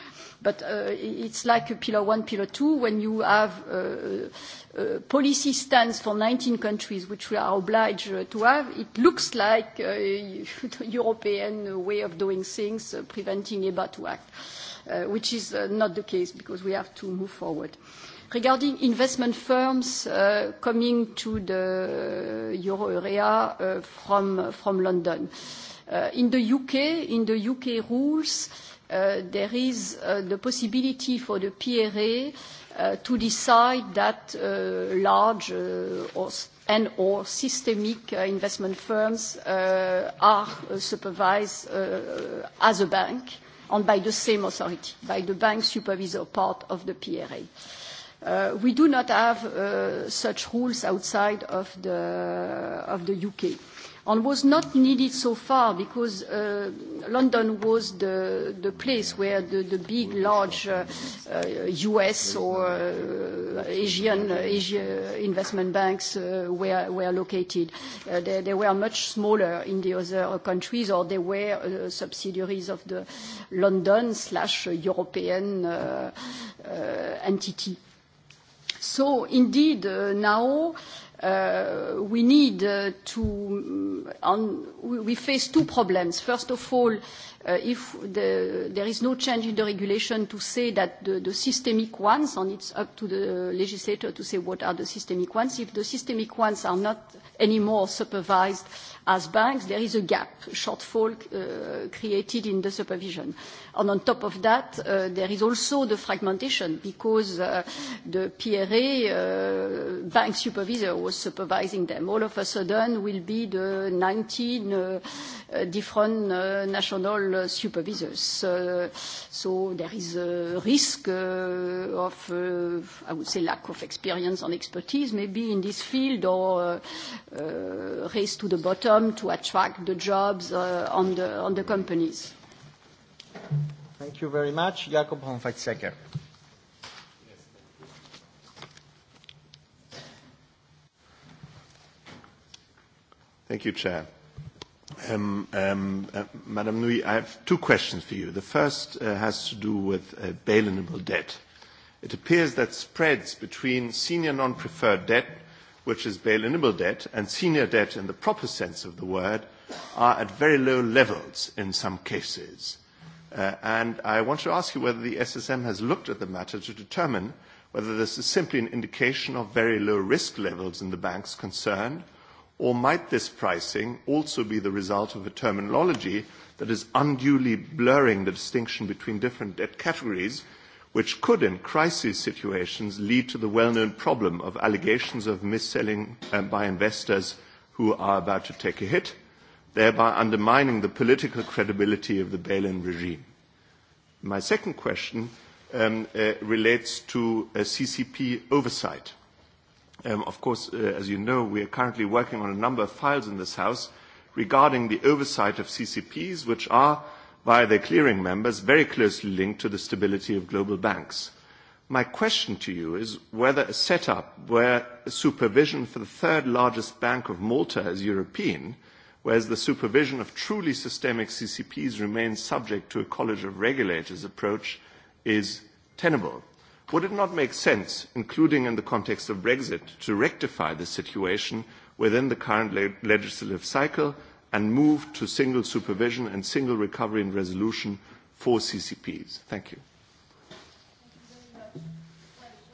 But uh, it's like a pillar one, pillar two, when you have uh, a uh, policy stance for 19 countries, which we are obliged uh, to have, it looks like a (laughs) European way of doing things, uh, preventing EBA to act. Uh, Uh, which is uh, not the case because we have to move forward. Regarding investment firms uh, coming to the euro area from London. In the U.K. rules, there is the possibility for the PRA to decide that large and/or systemic investment firms are supervised as a bank and by the same authority, by the bank supervisor part of the PRA. Uh, we do not have uh, such rules outside of the U.K and was not needed so far because uh, London was the, the place where the, the big, large uh, uh, US or uh, Asian uh, Asia investment banks uh, were, were located. Uh, they, they were much smaller in the other countries or they were uh, subsidiaries of the London slash European uh, uh, entity. So indeed, uh, now, uh, we need uh, to um, we face two problems first of all uh, if the, there is no change in the regulation to say that the, the systemic ones and it's up to the legislator to say what are the systemic ones if the systemic ones are not anymore supervised uh, As banks, there is a gap, shortfall uh, created in the supervision. On top of that, uh, there is also the fragmentation because uh, the PRA bank supervisor was supervising them. All of a sudden will be the 19 different national supervisors. There is a risk of, I would say, lack of experience and expertise maybe in this field or race to the bottom momentum to attract the jobs uh, on the companies. Thank you very much. Jakob Hohenfeldt-Sieker. Thank you, Chair. Um, um, uh, Madam Nouy, I have two questions for you. The first uh, has to do with bail-in-able debt. It appears that spreads between senior non-preferred debt which is bail-inable debt, and senior debt in the proper sense of the word, are at very low levels in some cases. Uh, and I want to ask you whether the SSM has looked at the matter to determine whether this is simply an indication of very low risk levels in the banks concerned, or might this pricing also be the result of a terminology that is unduly blurring the distinction between different debt categories – which could, in crisis situations, lead to the well-known problem of allegations of mis-selling uh, by investors who are about to take a hit, thereby undermining the political credibility of the bail-in regime. My second question um, uh, relates to uh, CCP oversight. Um, of course, uh, as you know, we are currently working on a number of files in this House regarding the oversight of CCPs, which are, via their clearing members very closely linked to the stability of global banks. My question to you is whether a setup where supervision for the third largest bank of Malta is European, whereas the supervision of truly systemic CCPs remains subject to a college of regulators approach is tenable. Would it not make sense, including in the context of Brexit, to rectify the situation within the current le legislative cycle and move to single supervision and single recovery and resolution for CCPs? Thank you.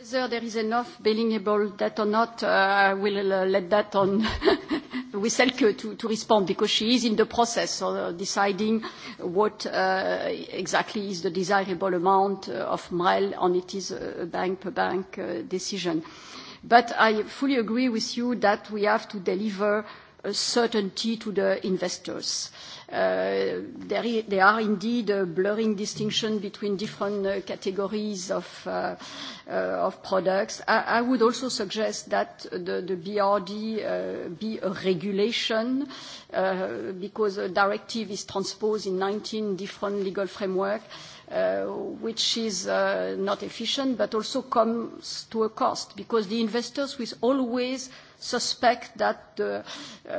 Whether there is enough billable debt or not, uh, I will uh, let that on (laughs) Wieselke to respond, because she is in the process of uh, deciding what exactly is the desirable amount of MREL, and it is a bank-per-bank decision. But I fully agree with you that we have to deliver certainty to the investors. Uh, there, there are indeed a blurring distinction between different uh, categories of, uh, uh, of products. I, I would also suggest that the, the BRD uh, be a regulation uh, because a directive is transposed in 19 different legal frameworks. Uh, which is uh, not efficient, but also comes to a cost, because the investors will always suspect that the, uh,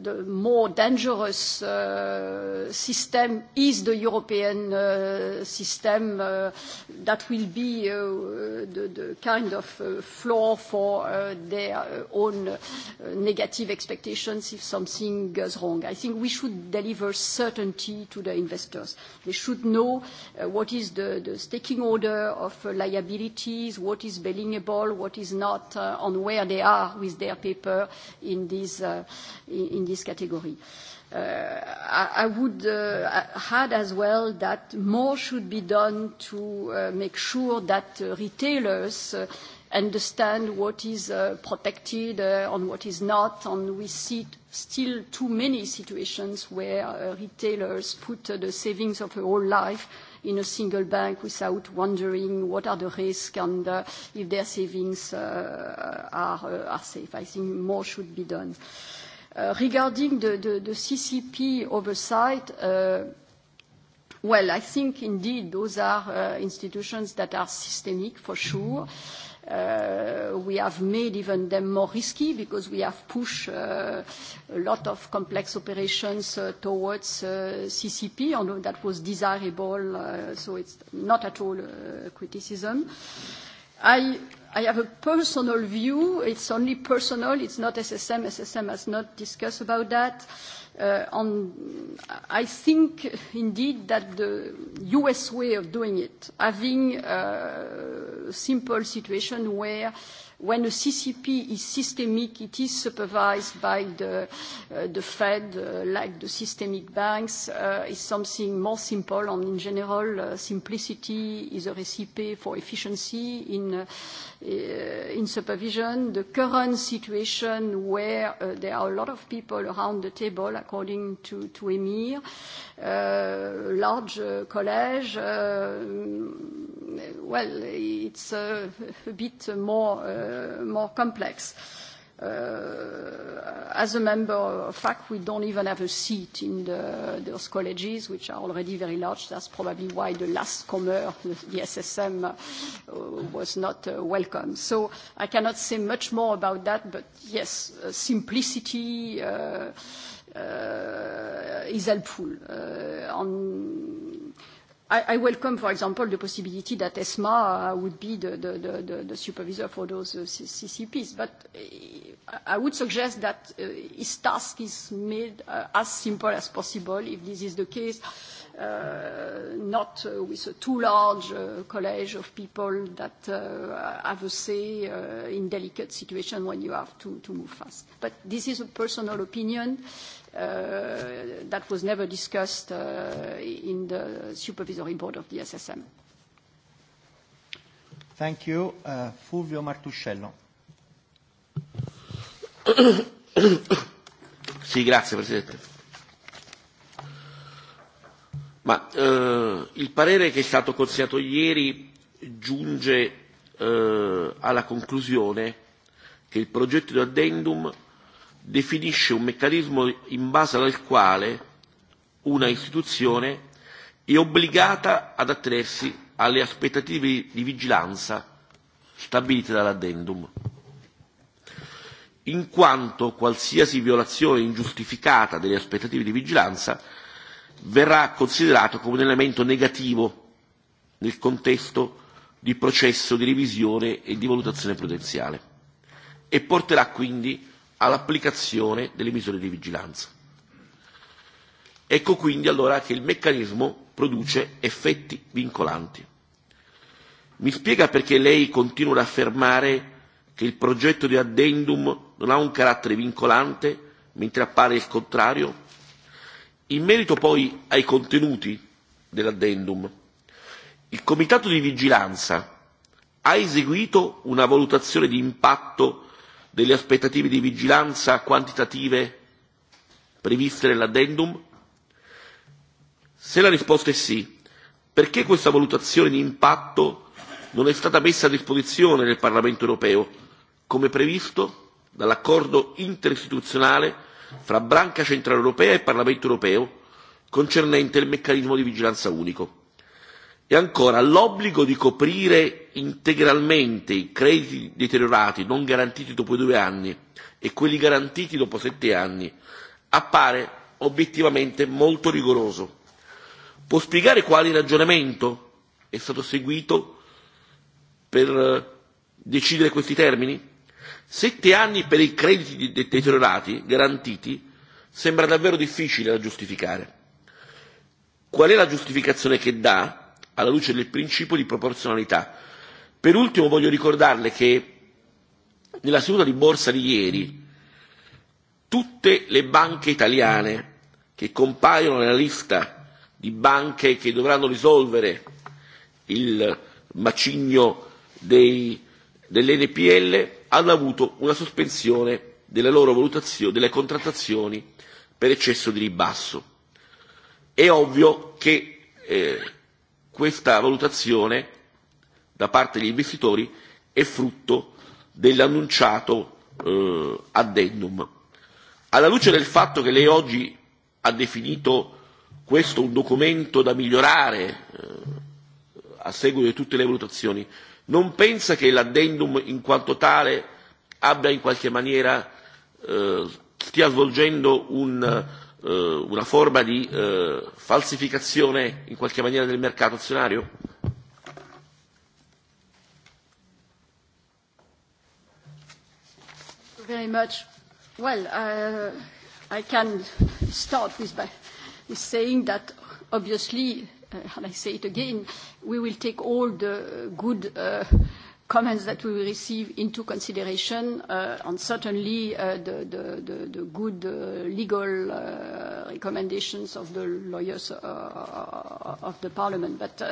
the more dangerous uh, system is the European uh, system uh, that will be uh, the, the kind of uh, floor for uh, their uh, own uh, negative expectations if something goes wrong. I think we should deliver certainty to the investors. They should know uh, what is the, the staking order of uh, liabilities, what is billingable, what is not, uh, on where they are with their paper in this uh, category. Uh, I would uh, add as well that more should be done to make sure that retailers understand what is protected and what is not, and we see still too many situations where retailers put the savings of a whole life in a single bank without wondering what are the risks and uh, if their savings uh, are, uh, are safe. I think more should be done. Uh, regarding the, the, the CCP oversight, uh, well, I think indeed those are uh, institutions that are systemic for sure. Mm-hmm. Uh, we have made even them more risky because we have pushed uh, a lot of complex operations uh, towards CCP, although that was desirable, so it's not at all a criticism. I have a personal view. It's only personal. It's not SSM. SSM has not discussed about that. Uh, i think indeed that the us way of doing it having a simple situation where when a ccp is systemic it is supervised by the uh, fed uh, like the systemic banks is something more simple and in general simplicity is a recipe for efficiency in Uh, in supervision, the current situation where uh, there are a lot of people around the table, according to, to Emir, uh, large uh, college, uh, well, it's uh, (laughs) a bit more, uh, more complex. Uh, Uh, as a member of fact, we don't even have a seat in the, those colleges, which are already very large. That's probably why the last comer, the SSM, uh, was not uh, welcome. So I cannot say much more about that, but yes, uh, simplicity uh, uh, is helpful. Uh, on, I welcome, for example, the possibility that ESMA uh, would be the, the, the, the supervisor for those uh, CCPs. But uh, I would suggest that uh, his task is made uh, as simple as possible, if this is the case, uh, not uh, with a too large uh, college of people that uh, have a say uh, in delicate situation when you have to, to move fast. But this is a personal opinion. Uh, Uh, that was never discussed uh, in the supervisory board of the SSM. Thank you. Uh, Fulvio Martuscello. sì, grazie Presidente. Ma eh, il parere che è stato consegnato ieri giunge eh, alla conclusione che il progetto di addendum definisce un meccanismo in base al quale una istituzione è obbligata ad attenersi alle aspettative di vigilanza stabilite dall'addendum, in quanto qualsiasi violazione ingiustificata delle aspettative di vigilanza verrà considerato come un elemento negativo nel contesto di processo di revisione e di valutazione prudenziale e porterà quindi all'applicazione delle misure di vigilanza. Ecco quindi allora che il meccanismo produce effetti vincolanti. Mi spiega perché lei continua ad affermare che il progetto di addendum non ha un carattere vincolante, mentre appare il contrario? In merito poi ai contenuti dell'addendum, il Comitato di Vigilanza ha eseguito una valutazione di impatto delle aspettative di vigilanza quantitative previste nell'addendum? Se la risposta è sì, perché questa valutazione di impatto non è stata messa a disposizione del Parlamento europeo, come previsto dall'accordo interistituzionale fra Branca Centrale Europea e Parlamento europeo concernente il meccanismo di vigilanza unico? E ancora l'obbligo di coprire integralmente i crediti deteriorati non garantiti dopo due anni e quelli garantiti dopo sette anni appare obiettivamente molto rigoroso. Può spiegare quale ragionamento è stato seguito per eh, decidere questi termini? Sette anni per i crediti deteriorati garantiti sembra davvero difficile da giustificare. Qual è la giustificazione che dà? alla luce del principio di proporzionalità. Per ultimo voglio ricordarle che nella seduta di borsa di ieri tutte le banche italiane che compaiono nella lista di banche che dovranno risolvere il macigno dei, dell'NPL hanno avuto una sospensione delle loro valutazioni, delle contrattazioni per eccesso di ribasso. È ovvio che eh, questa valutazione da parte degli investitori è frutto dell'annunciato eh, addendum. Alla luce del fatto che lei oggi ha definito questo un documento da migliorare eh, a seguito di tutte le valutazioni, non pensa che l'addendum in quanto tale abbia in qualche maniera eh, stia svolgendo un, eh, una forma di eh, falsificazione in qualche maniera del mercato azionario? Very much. Well, uh, I can start with by saying that obviously, uh, and I say it again, we will take all the good uh, comments that we receive into consideration, and uh, certainly uh, the good uh, legal recommendations of the lawyers of the parliament. But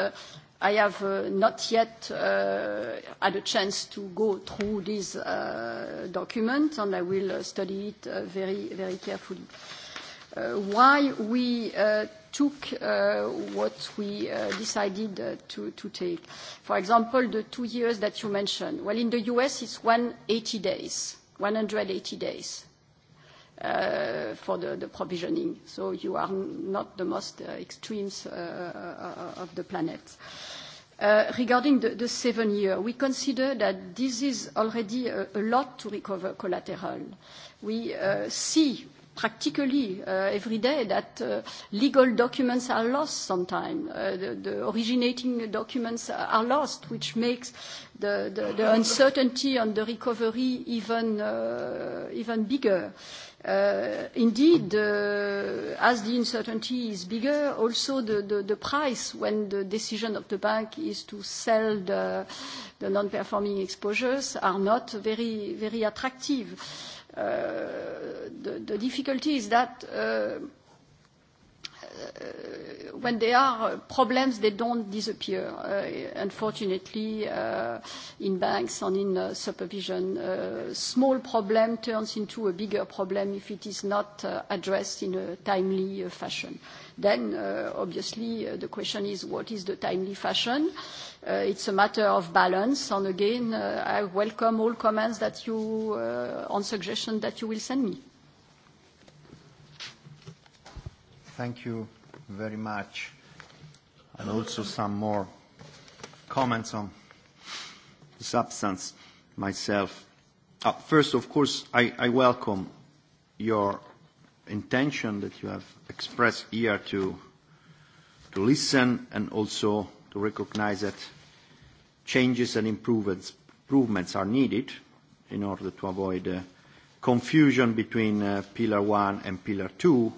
I have not yet had a chance to go through this document, and I will study it very carefully. Why we took uh, what we uh, decided uh, to, to take. For example, the two years that you mentioned. Well, in the US, it's 180 days, 180 days uh, for the, the provisioning. So you are n- not the most uh, extremes uh, uh, of the planet. Uh, regarding the, the seven year, we consider that this is already a, a lot to recover collateral. We uh, see practically uh, every day that uh, legal documents are lost sometimes. Uh, the, the originating documents are lost, which makes the, the, the uncertainty on the recovery even, uh, even bigger. Uh, indeed, uh, as the uncertainty is bigger, also the, the, the price when the decision of the bank is to sell the, the non-performing exposures are not very, very attractive. Uh, Uh, the difficulty is that uh, uh, when there are problems, they don't disappear. Uh, unfortunately, uh, in banks and in uh, supervision, uh, small problem turns into a bigger problem if it is not uh, addressed in a timely uh, fashion. Uh, Uh, obviously, uh, the question is, what is the timely fashion? Uh, it's a matter of balance. Again, I welcome all comments that you on suggestion that you will send me. Thank you very much. Also some more comments on the substance myself. First, of course, I welcome your intention that you have expressed here to to listen and also to recognize that changes and improvements improvements are needed in order to avoid uh, confusion between uh, pillar 1 and pillar 2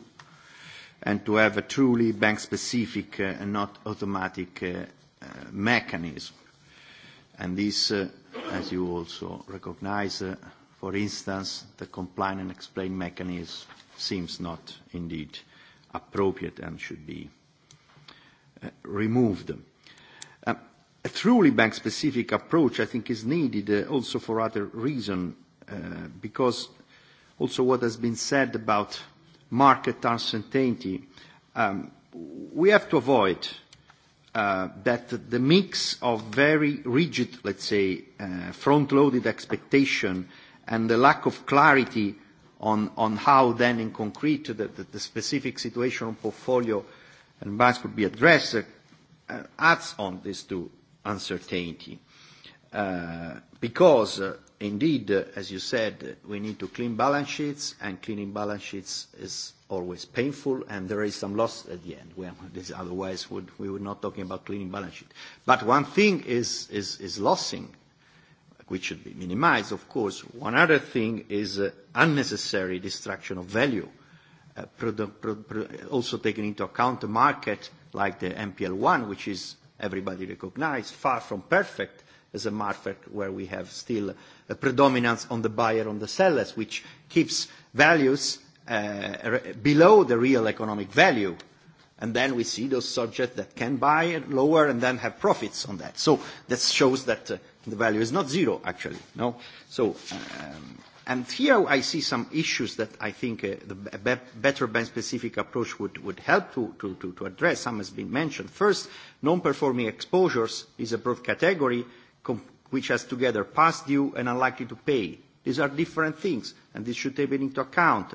and to have a truly bank specific uh, and not automatic uh, uh, mechanism and this uh, as you also recognize uh, for instance the compliant and explain mechanism seems not indeed appropriate and should be uh, removed. Uh, a truly bank-specific approach, I think, is needed uh, also for other reason, uh, because also what has been said about market uncertainty, um, we have to avoid uh, that the mix of very rigid, let's say, uh, front-loaded expectation and the lack of clarity on how then in concrete the specific situation on portfolio and banks could be addressed uh, adds on this to uncertainty. Uh, because uh, indeed, as you said, we need to clean balance sheets, and cleaning balance sheets is always painful, and there is some loss at the end. Well, (laughs) otherwise we would not talking about cleaning balance sheet. One thing is losing which should be minimized, of course. One other thing is uh, unnecessary destruction of value, uh, also taking into account a market like the NPL1, which is everybody recognized, far from perfect as a market where we have still a predominance on the buyer, on the sellers, which keeps values uh, below the real economic value and then we see those subjects that can buy lower and then have profits on that. So that shows that uh, the value is not zero, actually. No. So, um, and here I see some issues that I think uh, the be- better band-specific approach would, would help to, to, to, to address. Some has been mentioned. First, non-performing exposures is a broad category com- which has together past due and unlikely to pay. These are different things, and this should be taken into account.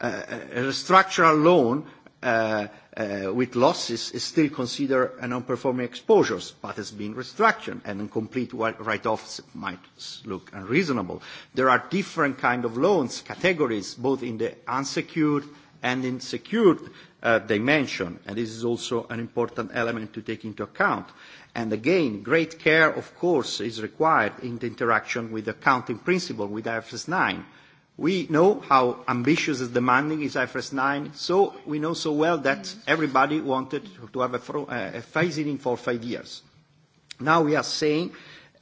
Uh, a structural loan Uh, uh, with losses is still considered a non-performing exposures, but has been restructured and in complete write-offs might look unreasonable. There are different kind of loans categories, both in the unsecured and in secured uh, dimension, and this is also an important element to take into account. And again, great care, of course, is required in the interaction with the accounting principle with IFRS 9, We know how ambitious and demanding is IFRS 9, so we know so well that everybody wanted to have a phasing for five years. Now we are saying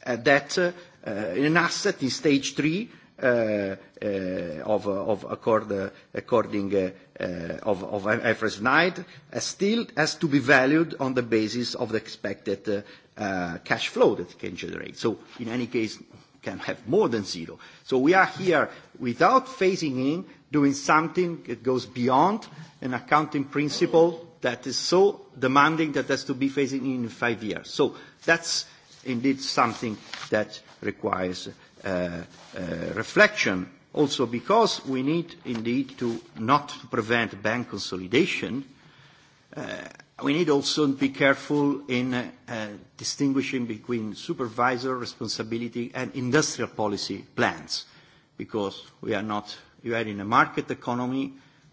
uh, that in uh, uh, an asset in stage three of IFRS 9 still has to be valued on the basis of the expected cash flow that it can generate. In any case, can have more than zero. So we are here without phasing in, doing something that goes beyond an accounting principle that is so demanding that has to be phasing in in five years. So that's indeed something that requires uh, uh, reflection. Also because we need indeed to not prevent bank consolidation, uh, We need also to be careful in uh, uh, distinguishing between supervisor responsibility and industrial policy plans, because we are not. We are in a market economy.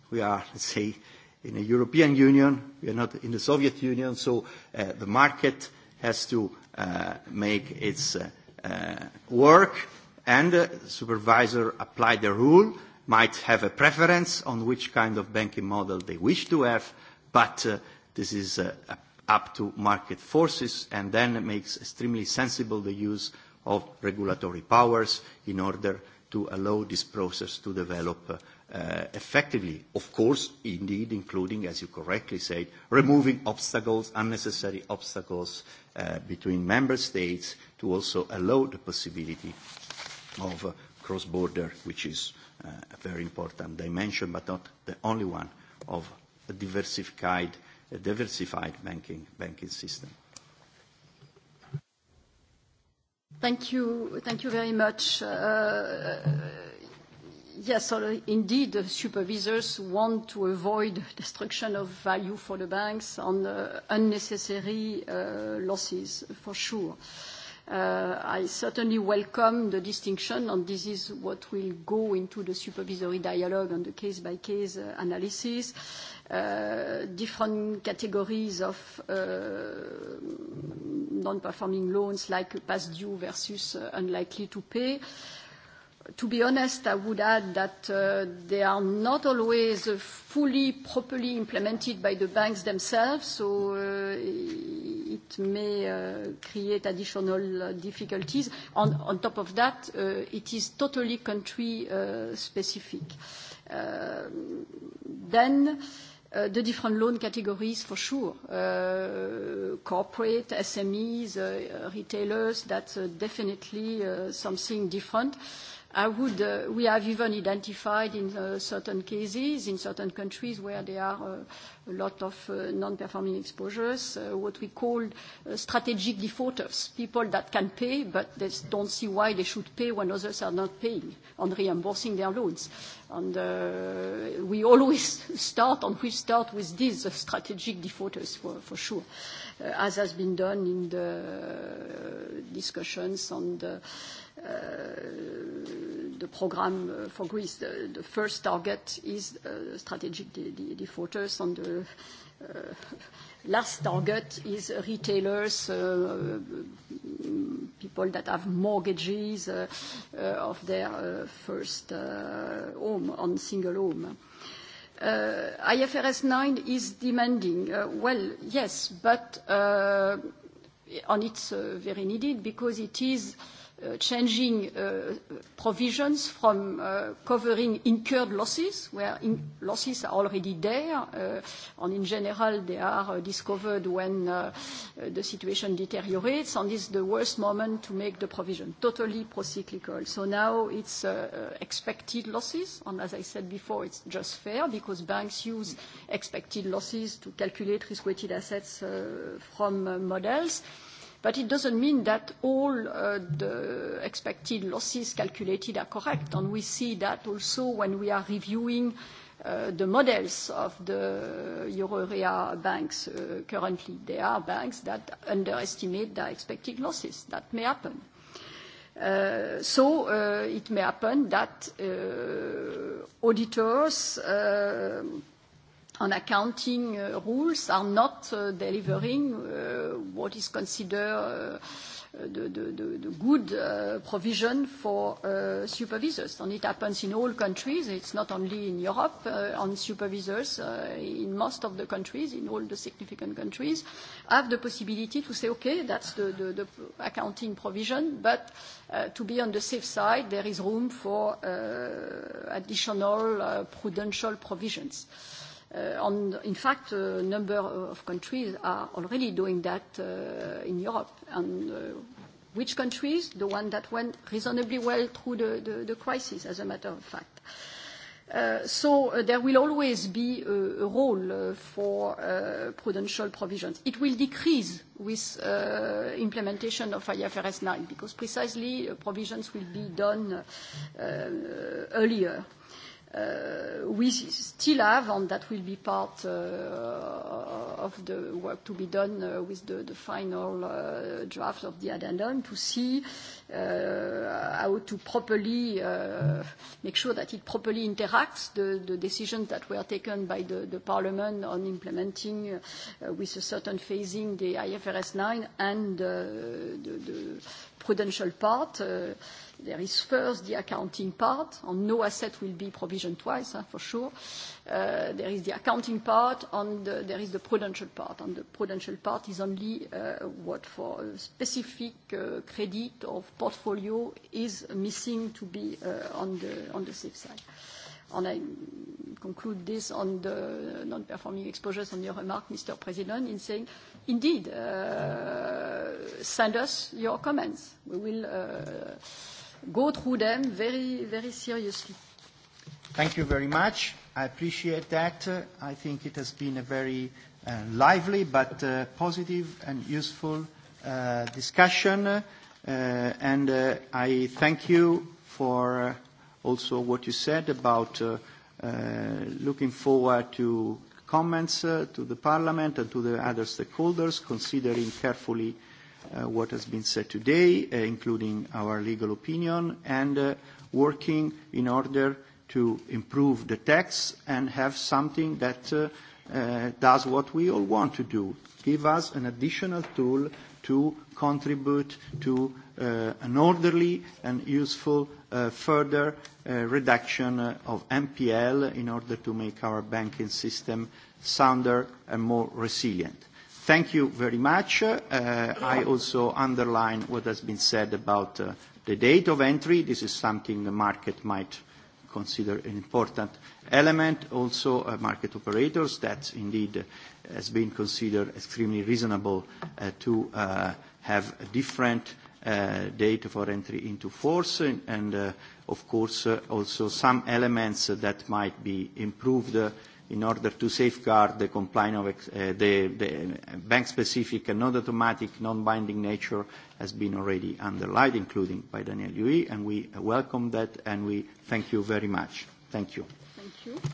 We are, let's say, in a European Union. We are not in the Soviet Union, so uh, the market has to make its work, and the supervisor apply the rule, might have a preference on which kind of banking model they wish to have, but this is uh, up to market forces and then makes extremely sensible the use of regulatory powers in order to allow this process to develop uh, effectively. Of course, indeed, including, as you correctly said, removing obstacles, unnecessary obstacles uh, between member states to also allow the possibility of uh, cross-border, which is uh, a very important dimension, but not the only one, of a diversified uh, diversified banking system. Thank you. Thank you very much. Uh, uh, yes, indeed, the supervisors want to avoid destruction of value for the banks on uh, unnecessary losses, for sure. Uh, I certainly welcome the distinction, and this is what will go into the supervisory dialogue on the case-by-case uh, analysis. Uh, different categories of non-performing loans, like past due versus unlikely to pay to be honest, I would add that uh, they are not always uh, fully properly implemented by the banks themselves, so uh, it may uh, create additional uh, difficulties. On, on top of that, uh, it is totally country uh, specific. Uh, then, uh, the different loan categories for sure. Uh, corporate, SMEs, uh, retailers, that's uh, definitely uh, something different. Uh, would, uh, we have even identified in uh, certain cases, in certain countries where there are uh, a lot of non-performing exposures, what we call strategic defaulters, people that can pay, but they don't see why they should pay when others are not paying on reimbursing their loans. And we always (laughs) start, and we start with these strategic defaulters for sure, as has been done in the discussions Uh, the program uh, for Greece, the first target is uh, strategic defaulters, and the last target is retailers, people that have mortgages of their first home on single home. IFRS 9 is demanding. Well, yes, but and it's very needed because it is Uh, changing uh, provisions from uh, covering incurred losses, where losses are already there. In general, they are discovered when the situation deteriorates, and this is the worst moment to make the provision. Totally procyclical. Now it's expected losses. As I said before, it's just fair because banks use expected losses to calculate risk-weighted assets from models but it doesn't mean that all uh, the expected losses calculated are correct. And we see that also when we are reviewing uh, the models of the euro area banks uh, currently. There are banks that underestimate their expected losses. That may happen. Uh, so uh, it may happen that uh, auditors uh, on accounting uh, rules are not uh, delivering uh, what is considered the good provision for supervisors. It happens in all countries. It's not only in Europe on supervisors. In most of the countries, in all the significant countries, have the possibility to say, "Okay, that's the accounting provision." To be on the safe side, there is room for additional prudential provisions. Uh, on, in fact, a uh, number of countries are already doing that uh, in Europe. And which countries? The one that went reasonably well through the crisis, as a matter of fact. So there will always be a role for prudential provisions. It will decrease with implementation of IFRS 9, because precisely, provisions will be done earlier. Uh, we still have, and that will be part uh, of the work to be done uh, with the final draft of the addendum to see how to properly make sure that it properly interacts the decisions that were taken by the parliament on implementing with a certain phasing the IFRS 9 and the prudential part. There is first the accounting part. On no asset will be provisioned twice, for sure. Uh, there is the accounting part, and there is the prudential part, and the prudential part is only uh, what for a specific uh, credit or portfolio is missing to be on the safe side. I conclude this on the non-performing exposures on your remark, Mr. President, in saying, indeed, send us your comments. We will go through them very, very seriously. Thank you very much. I appreciate that. Uh, I think it has been a very uh, lively but uh, positive and useful uh, discussion. Uh, and uh, I thank you for uh, also what you said about uh, uh, looking forward to comments uh, to the Parliament and to the other stakeholders, considering carefully uh, Uh, what has been said today, uh, including our legal opinion, and uh, working in order to improve the tax and have something that does what we all want to do, give us an additional tool to contribute to an orderly and useful further reduction of NPL in order to make our banking system sounder and more resilient. Thank you very much. Uh, I also underline what has been said about uh, the date of entry. This is something the market might consider an important element. Also, uh, market operators, that indeed has been considered extremely reasonable to have a different date for entry into force. Of course, also some elements that might be improved in order to safeguard the compliance of ex, uh, the, the bank-specific and not automatic, non-binding nature has been already underlined, including by Daniel Yui, and we welcome that, and we thank you very much. Thank you. Thank you.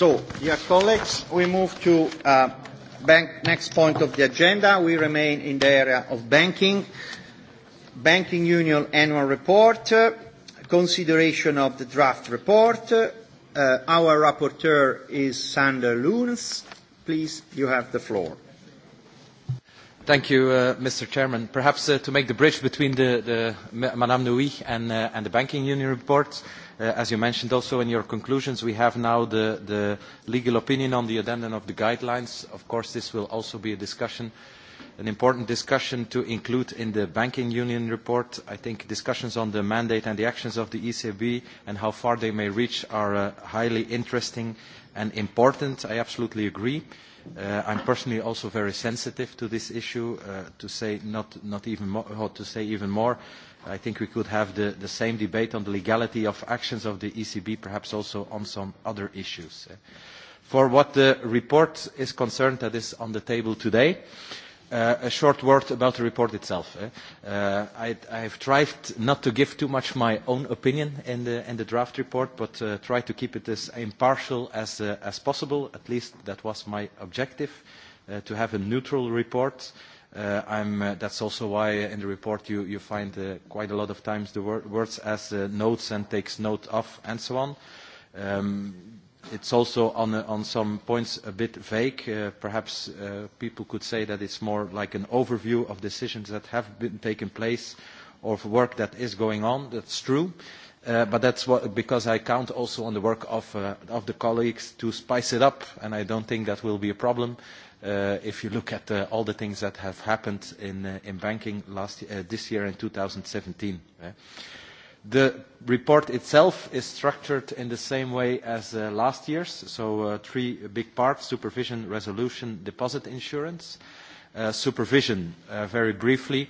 So, dear colleagues, we move to uh, next point of the agenda. We remain in the area of banking. Banking Union annual report, uh, consideration of the draft report. Uh, our rapporteur is Sander Lunz. Please, you have the floor. Thank you, Mr. Chairman. Perhaps to make the bridge between the Madame Nouy and the Banking Union reports, uh, as you mentioned also in your conclusions, we have now the, the legal opinion on the addendum of the guidelines. Of course, this will also be a discussion, an important discussion to include in the Banking Union report. I think discussions on the mandate and the actions of the ECB and how far they may reach are uh, highly interesting and important. I absolutely agree. Uh, I'm personally also very sensitive to this issue, uh, to say not, not even more, to say even more. I think we could have the, the same debate on the legality of actions of the ECB, perhaps also on some other issues. Eh? For what the report is concerned that is on the table today, uh, a short word about the report itself. Eh? Uh, I, I've tried not to give too much my own opinion in the, in the draft report, but uh, try to keep it as impartial as, uh, as possible. At least that was my objective, uh, to have a neutral report. Uh, uh, I'm, uh, that's also why in the report you, you find uh, quite a lot of times the wor words as uh, notes and takes note of and so on. Um, it's also on, uh, on some points a bit vague. Uh, perhaps uh, people could say that it's more like an overview of decisions that have been taken place or of work that is going on. That's true. Uh, but that's what, because I count also on the work of, uh, of the colleagues to spice it up, and I don't think that will be a problem. Uh, if you look at uh, all the things that have happened in, uh, in banking last, uh, this year in 2017. Yeah. The report itself is structured in the same way as uh, last year's, so uh, three big parts, supervision, resolution, deposit insurance. Uh, supervision, uh, very briefly,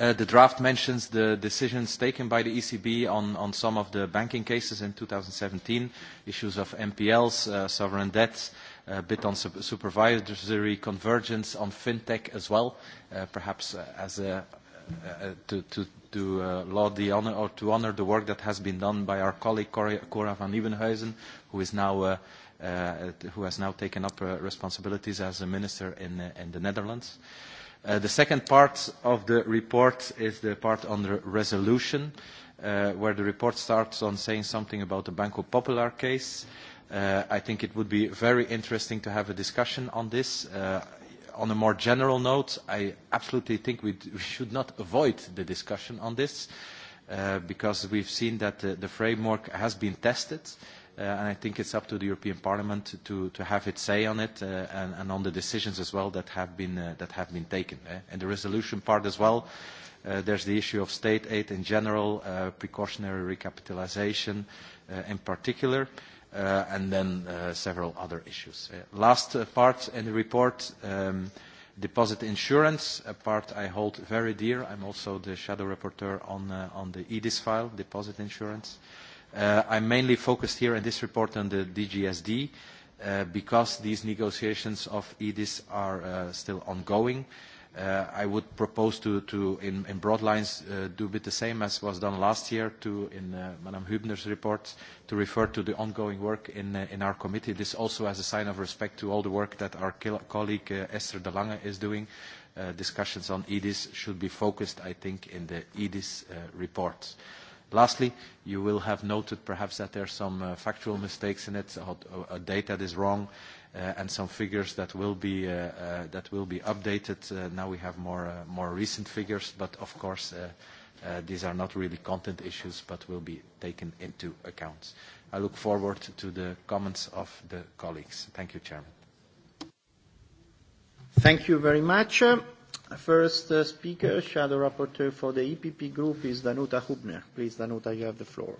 uh, the draft mentions the decisions taken by the ECB on, on some of the banking cases in 2017, issues of MPLs, uh, sovereign debts, a bit on supervisory convergence on fintech as well, uh, perhaps uh, as a, uh, uh, to, to, to uh, laud the honor or to honor the work that has been done by our colleague Cora van Evenhuizen, who is now uh, uh, who has now taken up uh, responsibilities as a minister in, uh, in the Netherlands. Uh, the second part of the report is the part on the resolution, uh, where the report starts on saying something about the Banco Popular case. Uh, Uh, I think it would be very interesting to have a discussion on this. Uh, on a more general note, I absolutely think we should not avoid the discussion on this uh, because we've seen that the, the framework has been tested uh, and I think it's up to the European Parliament to, to have its say on it uh, and, and on the decisions as well that have been, uh, that have been taken. Eh? And the resolution part as well, uh, there's the issue of state aid in general, uh, precautionary recapitalization uh, in particular. Uh, uh, and then uh, several other issues. Uh, last uh, part in the report, um, deposit insurance, a part I hold very dear. I'm also the shadow reporter on, uh, on the EDIS file, deposit insurance. Uh, I'm mainly focused here in this report on the DGSD uh, because these negotiations of EDIS are uh, still ongoing. Uh, uh, I would propose to, to in, in broad lines, uh, do a bit the same as was done last year to, in uh, Madame Hübner's report, to refer to the ongoing work in, uh, in our committee. This also as a sign of respect to all the work that our colleague uh, Esther de Lange is doing. Uh, discussions on EDIS should be focused, I think, in the EDIS uh, report. Lastly, you will have noted perhaps that there are some uh, factual mistakes in it, or, or data that is wrong. Uh, and some figures that will be uh, uh, updated. Now we have more recent figures, but of course, these are not really content issues, but will be taken into account. I look forward to the comments of the colleagues. Thank you, Chairman. Thank you very much. First speaker, Shadow Rapporteur for the EPP Group is Danuta Hübner. Please, Danuta, you have the floor.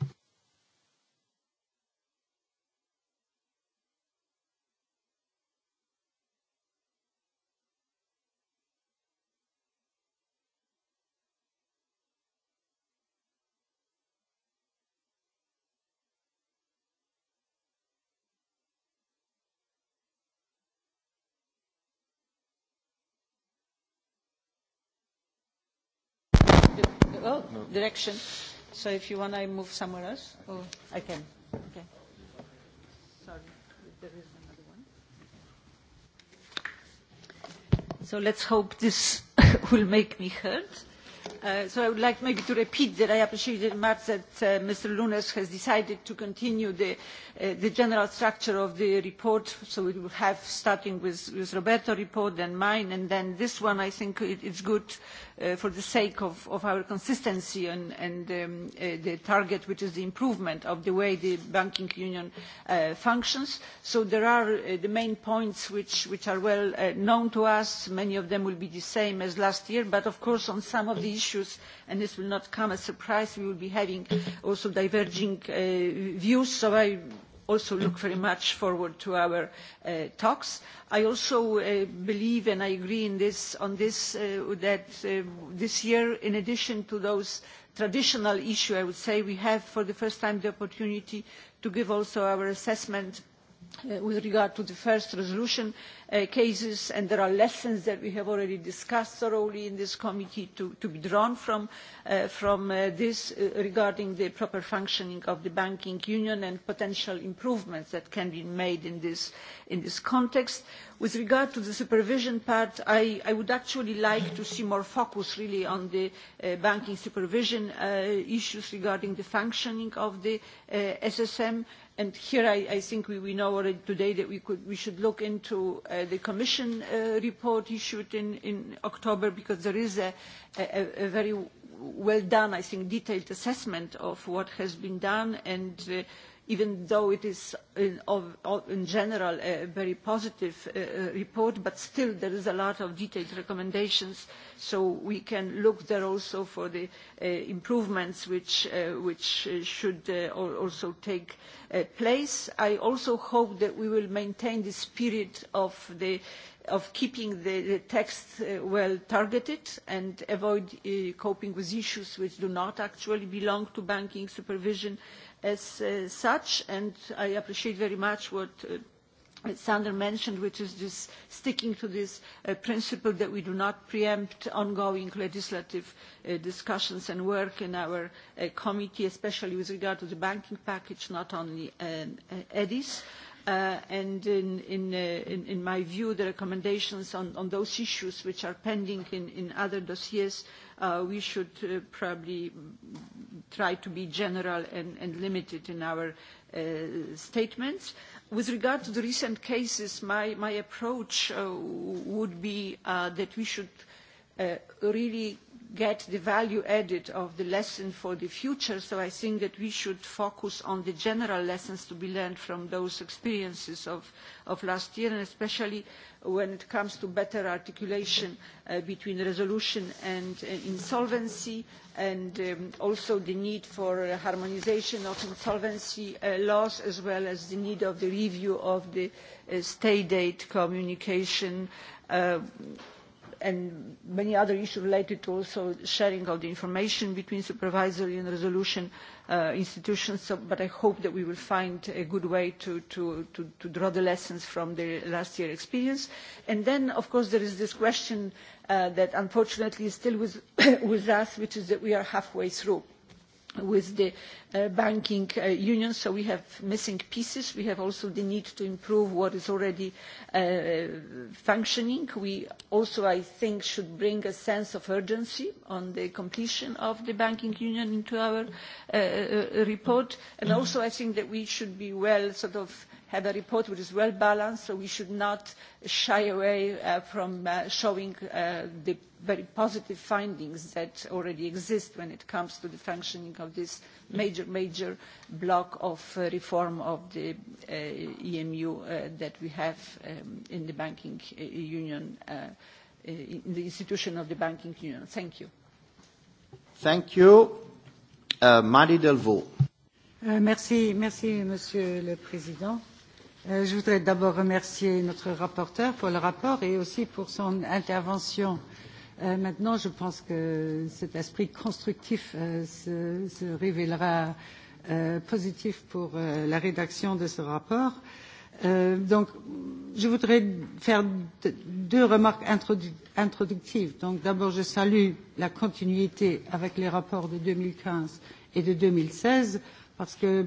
go no. no. direction. So if you want, I move somewhere else. Or I can. Okay. Sorry, there is another one. So let's hope this (laughs) will make me heard. Uh, so i would like maybe to repeat that i appreciate very much that uh, mr lunacs has decided to continue uh, the general structure of the report so we will have starting with roberto's report then mine and then this one. i think it is good for the sake of our consistency and um, the target which is the improvement of the way the banking union functions. so there are the main points which are well known to us many of them will be the same as last year but of course on some of the issues and this will not come as a surprise we will be having also diverging uh, views so i also look very much forward to our uh, talks i also uh, believe and i agree in this on this uh, that uh, this year in addition to those traditional issue i would say we have for the first time the opportunity to give also our assessment Uh, with regard to the first resolution uh, cases and there are lessons that we have already discussed thoroughly in this committee to, to be drawn from, uh, from uh, this uh, regarding the proper functioning of the banking union and potential improvements that can be made in this, in this context. With regard to the supervision part, I, I would actually like to see more focus really on the uh, banking supervision uh, issues regarding the functioning of the uh, SSM and here i, I think we, we know already today that we, could, we should look into uh, the commission uh, report issued in, in october because there is a, a, a very well done, i think, detailed assessment of what has been done and uh, even though it is in general a very positive uh, uh, report but still there are a lot of detailed recommendations so we can look there also for the uh, improvements which should also take place. i also hope that we will maintain the spirit of keeping the text well targeted and avoid coping with issues which do not actually belong to banking supervision as uh, such and I appreciate very much what uh, Sander mentioned which is this sticking to this uh, principle that we do not preempt ongoing legislative uh, discussions and work in our uh, committee especially with regard to the banking package not only um, uh, EDIS. Uh, and in, in, uh, in, in my view, the recommendations on, on those issues which are pending in, in other dossiers uh, Uh, we should uh, probably try to be general and limited in our uh, statements. With regard to the recent cases, my approach would be that we should really get the value added of the lesson for the future so i think that we should focus on the general lessons to be learned from those experiences of, of last year and especially when it comes to better articulation uh, between resolution and uh, insolvency and um, also the need for uh, harmonization of insolvency uh, laws as well as the need of the review of the uh, state date communication uh, and many other issues related to also sharing of the information between supervisory and resolution uh, institutions. So, but I hope that we will find a good way to, to, to, to draw the lessons from the last year experience. And then, of course, there is this question uh, that unfortunately is still with, (coughs) with us, which is that we are halfway through with the uh, banking uh, union so we have missing pieces. we have also the need to improve what is already uh, functioning. we also i think should bring a sense of urgency on the completion of the banking union into our report and also i think that we should be well sort have a report which is well balanced so we should not shy away uh, from uh, showing uh, the very positive findings that already exist when it comes to the functioning of this major major block of reform of the emu that we have um, in the banking union in the institution of the banking union thank you thank you uh, marie delvaux uh, merci merci monsieur le président Euh, je voudrais d'abord remercier notre rapporteur pour le rapport et aussi pour son intervention. Euh, maintenant je pense que cet esprit constructif euh, se, se révélera positif pour la rédaction de ce rapport. donc je voudrais faire deux remarques introductives. donc d'abord je salue la continuité avec les rapports de deux mille quinze et de deux mille seize parce que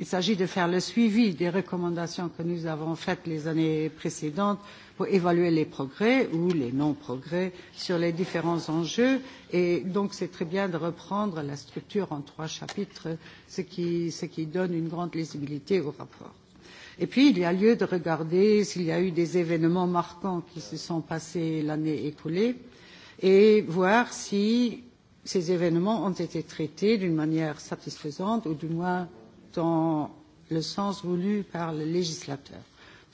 Il s'agit de faire le suivi des recommandations que nous avons faites les années précédentes pour évaluer les progrès ou les non-progrès sur les différents enjeux. Et donc, c'est très bien de reprendre la structure en trois chapitres, ce qui, ce qui donne une grande lisibilité au rapport. Et puis, il y a lieu de regarder s'il y a eu des événements marquants qui se sont passés l'année écoulée et voir si ces événements ont été traités d'une manière satisfaisante ou du moins dans le sens voulu par le législateur.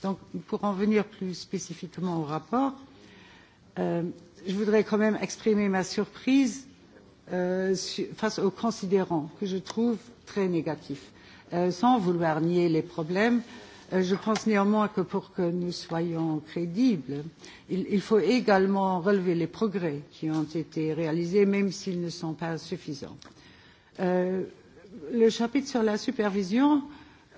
Donc, pour en venir plus spécifiquement au rapport, euh, je voudrais quand même exprimer ma surprise euh, face aux considérants que je trouve très négatifs. Euh, sans vouloir nier les problèmes, euh, je pense néanmoins que pour que nous soyons crédibles, il, il faut également relever les progrès qui ont été réalisés, même s'ils ne sont pas suffisants. Euh, le chapitre sur la supervision,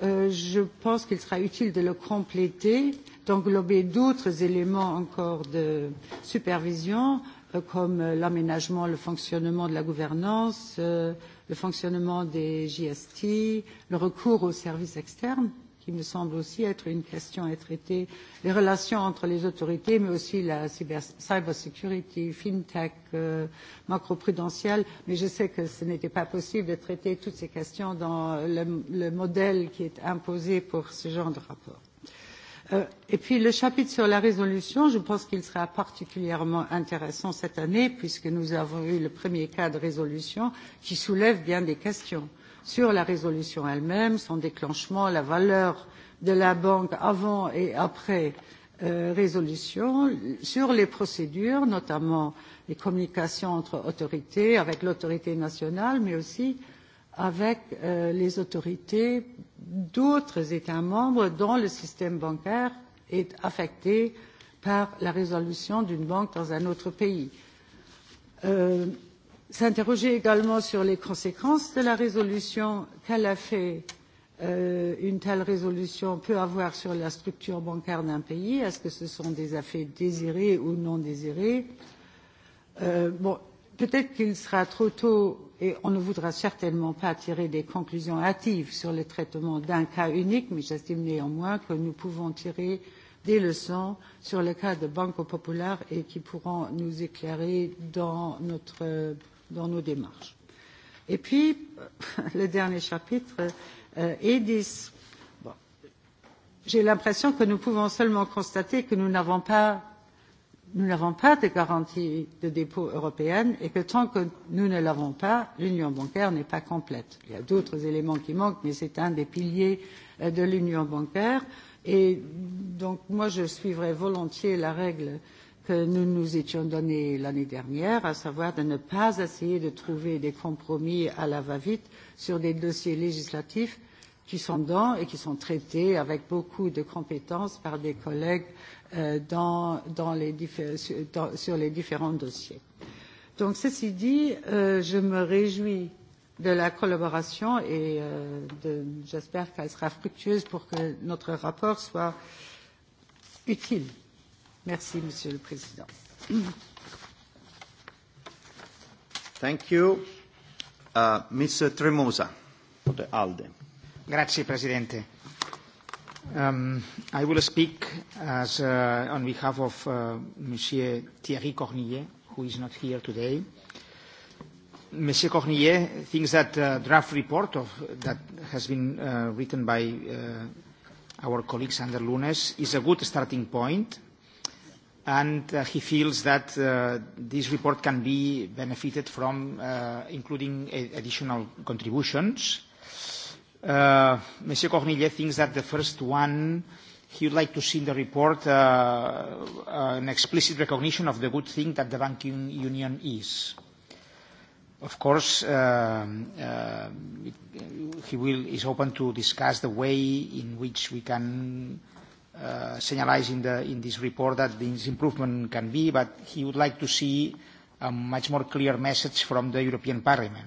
euh, je pense qu'il sera utile de le compléter, d'englober d'autres éléments encore de supervision, euh, comme euh, l'aménagement, le fonctionnement de la gouvernance, euh, le fonctionnement des GST, le recours aux services externes qui me semble aussi être une question à traiter, les relations entre les autorités, mais aussi la cyber, cybersécurité, FinTech, euh, macroprudentielle. Mais je sais que ce n'était pas possible de traiter toutes ces questions dans le, le modèle qui est imposé pour ce genre de rapport. Euh, et puis le chapitre sur la résolution, je pense qu'il sera particulièrement intéressant cette année puisque nous avons eu le premier cas de résolution qui soulève bien des questions sur la résolution elle-même, son déclenchement, la valeur de la banque avant et après euh, résolution, sur les procédures, notamment les communications entre autorités, avec l'autorité nationale, mais aussi avec euh, les autorités d'autres États membres dont le système bancaire est affecté par la résolution d'une banque dans un autre pays. Euh, s'interroger également sur les conséquences de la résolution qu'elle a fait. Euh, une telle résolution peut avoir sur la structure bancaire d'un pays Est-ce que ce sont des affaires désirées ou non désirées euh, bon, Peut-être qu'il sera trop tôt et on ne voudra certainement pas tirer des conclusions hâtives sur le traitement d'un cas unique, mais j'estime néanmoins que nous pouvons tirer des leçons sur le cas de Banco Popular et qui pourront nous éclairer dans notre. Euh, dans nos démarches. Et puis, (laughs) le dernier chapitre euh, est 10. Bon. J'ai l'impression que nous pouvons seulement constater que nous n'avons pas nous n'avons pas de garantie de dépôt européenne et que tant que nous ne l'avons pas, l'union bancaire n'est pas complète. Il y a d'autres éléments qui manquent, mais c'est un des piliers euh, de l'union bancaire. Et donc, moi, je suivrai volontiers la règle euh, que nous nous étions donné l'année dernière, à savoir de ne pas essayer de trouver des compromis à la va-vite sur des dossiers législatifs qui sont dans et qui sont traités avec beaucoup de compétences par des collègues euh, dans, dans les sur, dans, sur les différents dossiers. Donc, ceci dit, euh, je me réjouis de la collaboration et euh, j'espère qu'elle sera fructueuse pour que notre rapport soit utile. Merci, Monsieur le Président. Thank you, uh, Mr. Tremosa, for the ALDE. Grazie, Presidente. Um, I will speak as, uh, on behalf of uh, Monsieur Thierry Cornillet, who is not here today. Monsieur Cornillet thinks that the uh, draft report of, that has been uh, written by uh, our colleague Sander Lunes is a good starting point and uh, he feels that uh, this report can be benefited from uh, including additional contributions. Mr. Cornillet thinks that the first one, he would like to see in the report an explicit recognition of the good thing that the banking union is. Of course, um, um, he's open to discuss the way in which we can Uh, signalizing the, in this report that this improvement can be, but he would like to see a much more clear message from the European Parliament.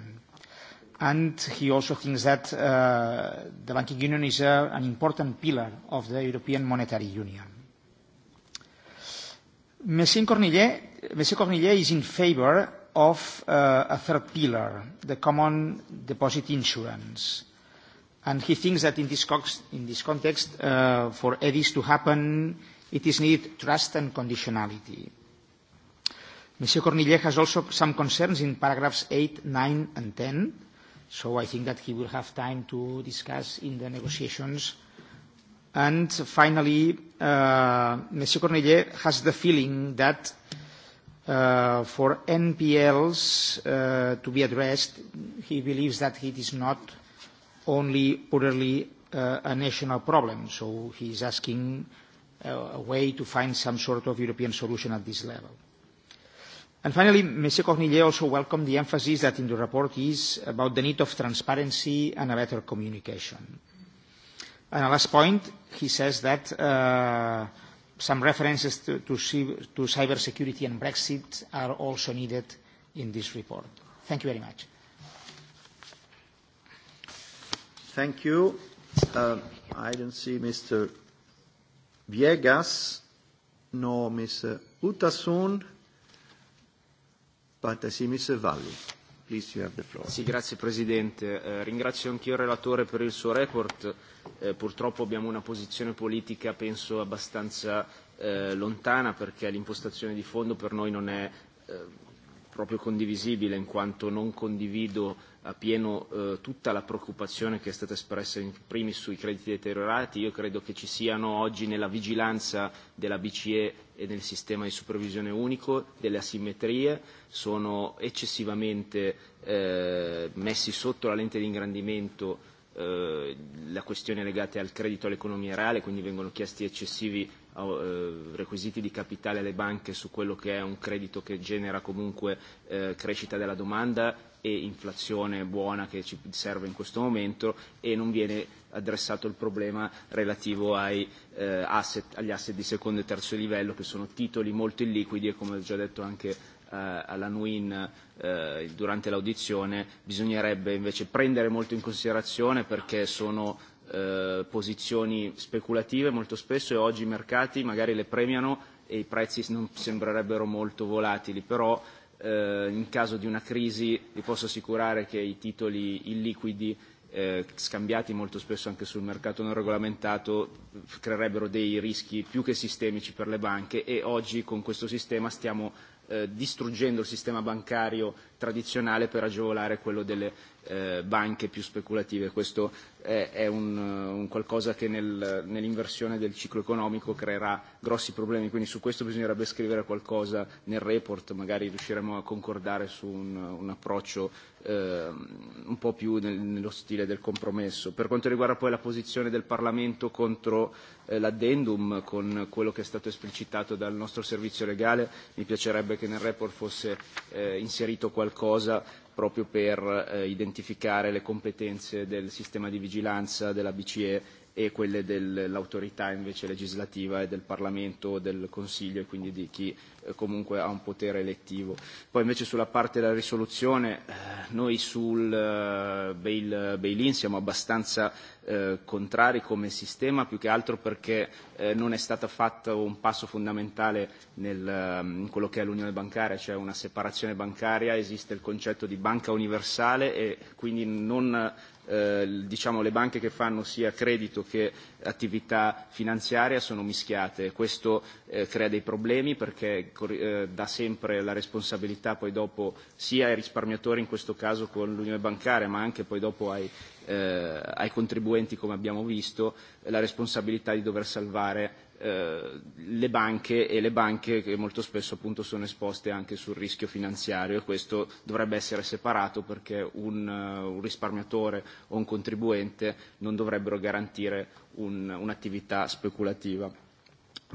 And he also thinks that uh, the banking union is a, an important pillar of the European Monetary Union. Monsieur Cornillet is in favor of uh, a third pillar, the Common Deposit Insurance and he thinks that in this, cox, in this context, uh, for EDIS to happen, it is needed trust and conditionality. Monsieur Cornillet has also some concerns in paragraphs 8, 9, and 10, so I think that he will have time to discuss in the negotiations. And finally, uh, Monsieur Cornillet has the feeling that uh, for NPLs uh, to be addressed, he believes that it is not only purely uh, a national problem. So he's asking uh, a way to find some sort of European solution at this level. And finally, Monsieur Cornillet also welcomed the emphasis that in the report is about the need of transparency and a better communication. And a last point, he says that uh, some references to, to, to cybersecurity and Brexit are also needed in this report. Thank you very much. Thank you. Uh, I don't see Mr. Viegas nor Ms. Hutasun, but I see Mr. Valli. Please, you have the floor. Sì, grazie Presidente. Eh, ringrazio anch'io il relatore per il suo report. Eh, purtroppo abbiamo una posizione politica, penso, abbastanza eh, lontana, perché l'impostazione di fondo per noi non è proprio condivisibile, in quanto non condivido appieno eh, tutta la preoccupazione che è stata espressa in primis sui crediti deteriorati. Io credo che ci siano oggi nella vigilanza della BCE e nel sistema di supervisione unico delle asimmetrie, sono eccessivamente eh, messi sotto la lente di ingrandimento eh, la questione legata al credito all'economia reale, quindi vengono chiesti eccessivi oh, eh, requisiti di capitale alle banche su quello che è un credito che genera comunque eh, crescita della domanda e inflazione buona che ci serve in questo momento e non viene addressato il problema relativo ai, eh, asset, agli asset di secondo e terzo livello che sono titoli molto illiquidi e come ho già detto anche eh, alla Nuin eh, durante l'audizione bisognerebbe invece prendere molto in considerazione perché sono eh, posizioni speculative molto spesso e oggi i mercati magari le premiano e i prezzi non sembrerebbero molto volatili però eh, in caso di una crisi vi posso assicurare che i titoli illiquidi eh, scambiati molto spesso anche sul mercato non regolamentato creerebbero dei rischi più che sistemici per le banche e oggi con questo sistema stiamo eh, distruggendo il sistema bancario tradizionale per agevolare quello delle eh, banche più speculative. Questo è, è un, eh, un qualcosa che nel, nell'inversione del ciclo economico creerà grossi problemi, quindi su questo bisognerebbe scrivere qualcosa nel report, magari riusciremo a concordare su un, un approccio eh, un po' più nel, nello stile del compromesso. Per quanto riguarda poi la posizione del Parlamento contro eh, l'addendum, con quello che è stato esplicitato dal nostro servizio legale, mi piacerebbe che nel report fosse eh, inserito qualcosa qualcosa proprio per eh, identificare le competenze del sistema di vigilanza della BCE e quelle dell'autorità invece legislativa e del Parlamento, del Consiglio e quindi di chi eh, comunque ha un potere elettivo. Poi invece sulla parte della risoluzione, eh, noi sul eh, bail, bail-in siamo abbastanza eh, contrari come sistema, più che altro perché eh, non è stato fatto un passo fondamentale nel, ehm, in quello che è l'unione bancaria, cioè una separazione bancaria, esiste il concetto di banca universale e quindi non Eh, diciamo, le banche che fanno sia credito che attività finanziaria sono mischiate. Questo eh, crea dei problemi perché eh, dà sempre la responsabilità poi dopo sia ai risparmiatori, in questo caso con l'unione bancaria, ma anche poi dopo ai, eh, ai contribuenti, come abbiamo visto, la responsabilità di dover salvare Eh, le banche e le banche che molto spesso appunto sono esposte anche sul rischio finanziario e questo dovrebbe essere separato perché un, uh, un risparmiatore o un contribuente non dovrebbero garantire un, un'attività speculativa.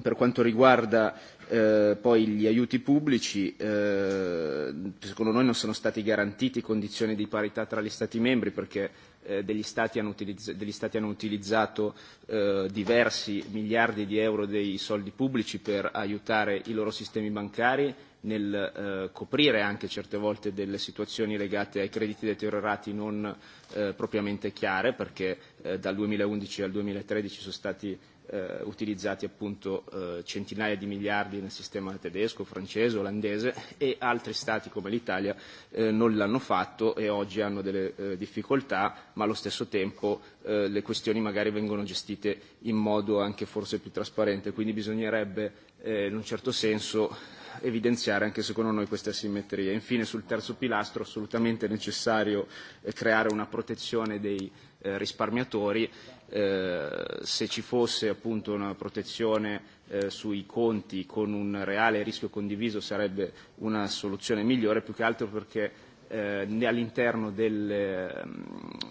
Per quanto riguarda eh, poi gli aiuti pubblici, eh, secondo noi non sono stati garantiti condizioni di parità tra gli Stati membri perché eh, degli, stati hanno degli stati hanno utilizzato eh, diversi miliardi di euro dei soldi pubblici per aiutare i loro sistemi bancari nel eh, coprire anche certe volte delle situazioni legate ai crediti deteriorati non eh, propriamente chiare perché eh, dal 2011 al 2013 sono stati eh, utilizzati appunto eh, centinaia di miliardi nel sistema tedesco, francese, olandese e altri stati come l'Italia eh, non l'hanno fatto e oggi hanno delle eh, difficoltà, ma allo stesso tempo eh, le questioni magari vengono gestite in modo anche forse più trasparente, quindi bisognerebbe eh, in un certo senso evidenziare anche secondo noi queste asimmetrie. Infine sul terzo pilastro assolutamente necessario eh, creare una protezione dei eh, risparmiatori, eh, se ci fosse appunto una protezione eh, sui conti con un reale rischio condiviso sarebbe una soluzione migliore, più che altro perché eh, all'interno delle, mm,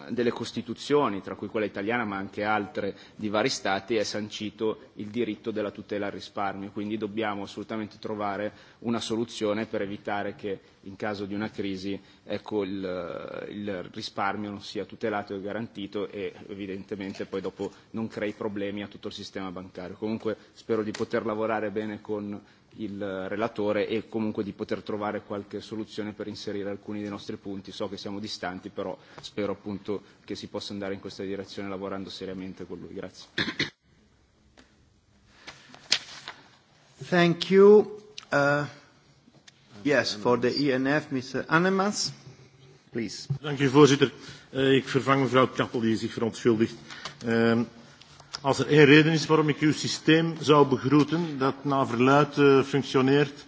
delle Costituzioni, tra cui quella italiana ma anche altre di vari Stati, è sancito il diritto della tutela al risparmio. Quindi dobbiamo assolutamente trovare una soluzione per evitare che in caso di una crisi ecco, il, il risparmio non sia tutelato e garantito e evidentemente poi dopo non crei problemi a tutto il sistema bancario. Comunque spero di poter lavorare bene con il relatore e comunque di poter trovare qualche soluzione per inserire alcuni dei nostri punti. So che siamo distanti, però spero appunto che si possa andare in questa direzione lavorando seriamente con lui. Grazie. Thank you. Uh, yes, for the ENF, Mr. Annemans, please. Dank u, voorzitter. Uh, ik vervang mevrouw Kappel, die zich verontschuldigt. Uh, Als er één reden is waarom ik uw systeem zou begroeten, dat na verluid uh, functioneert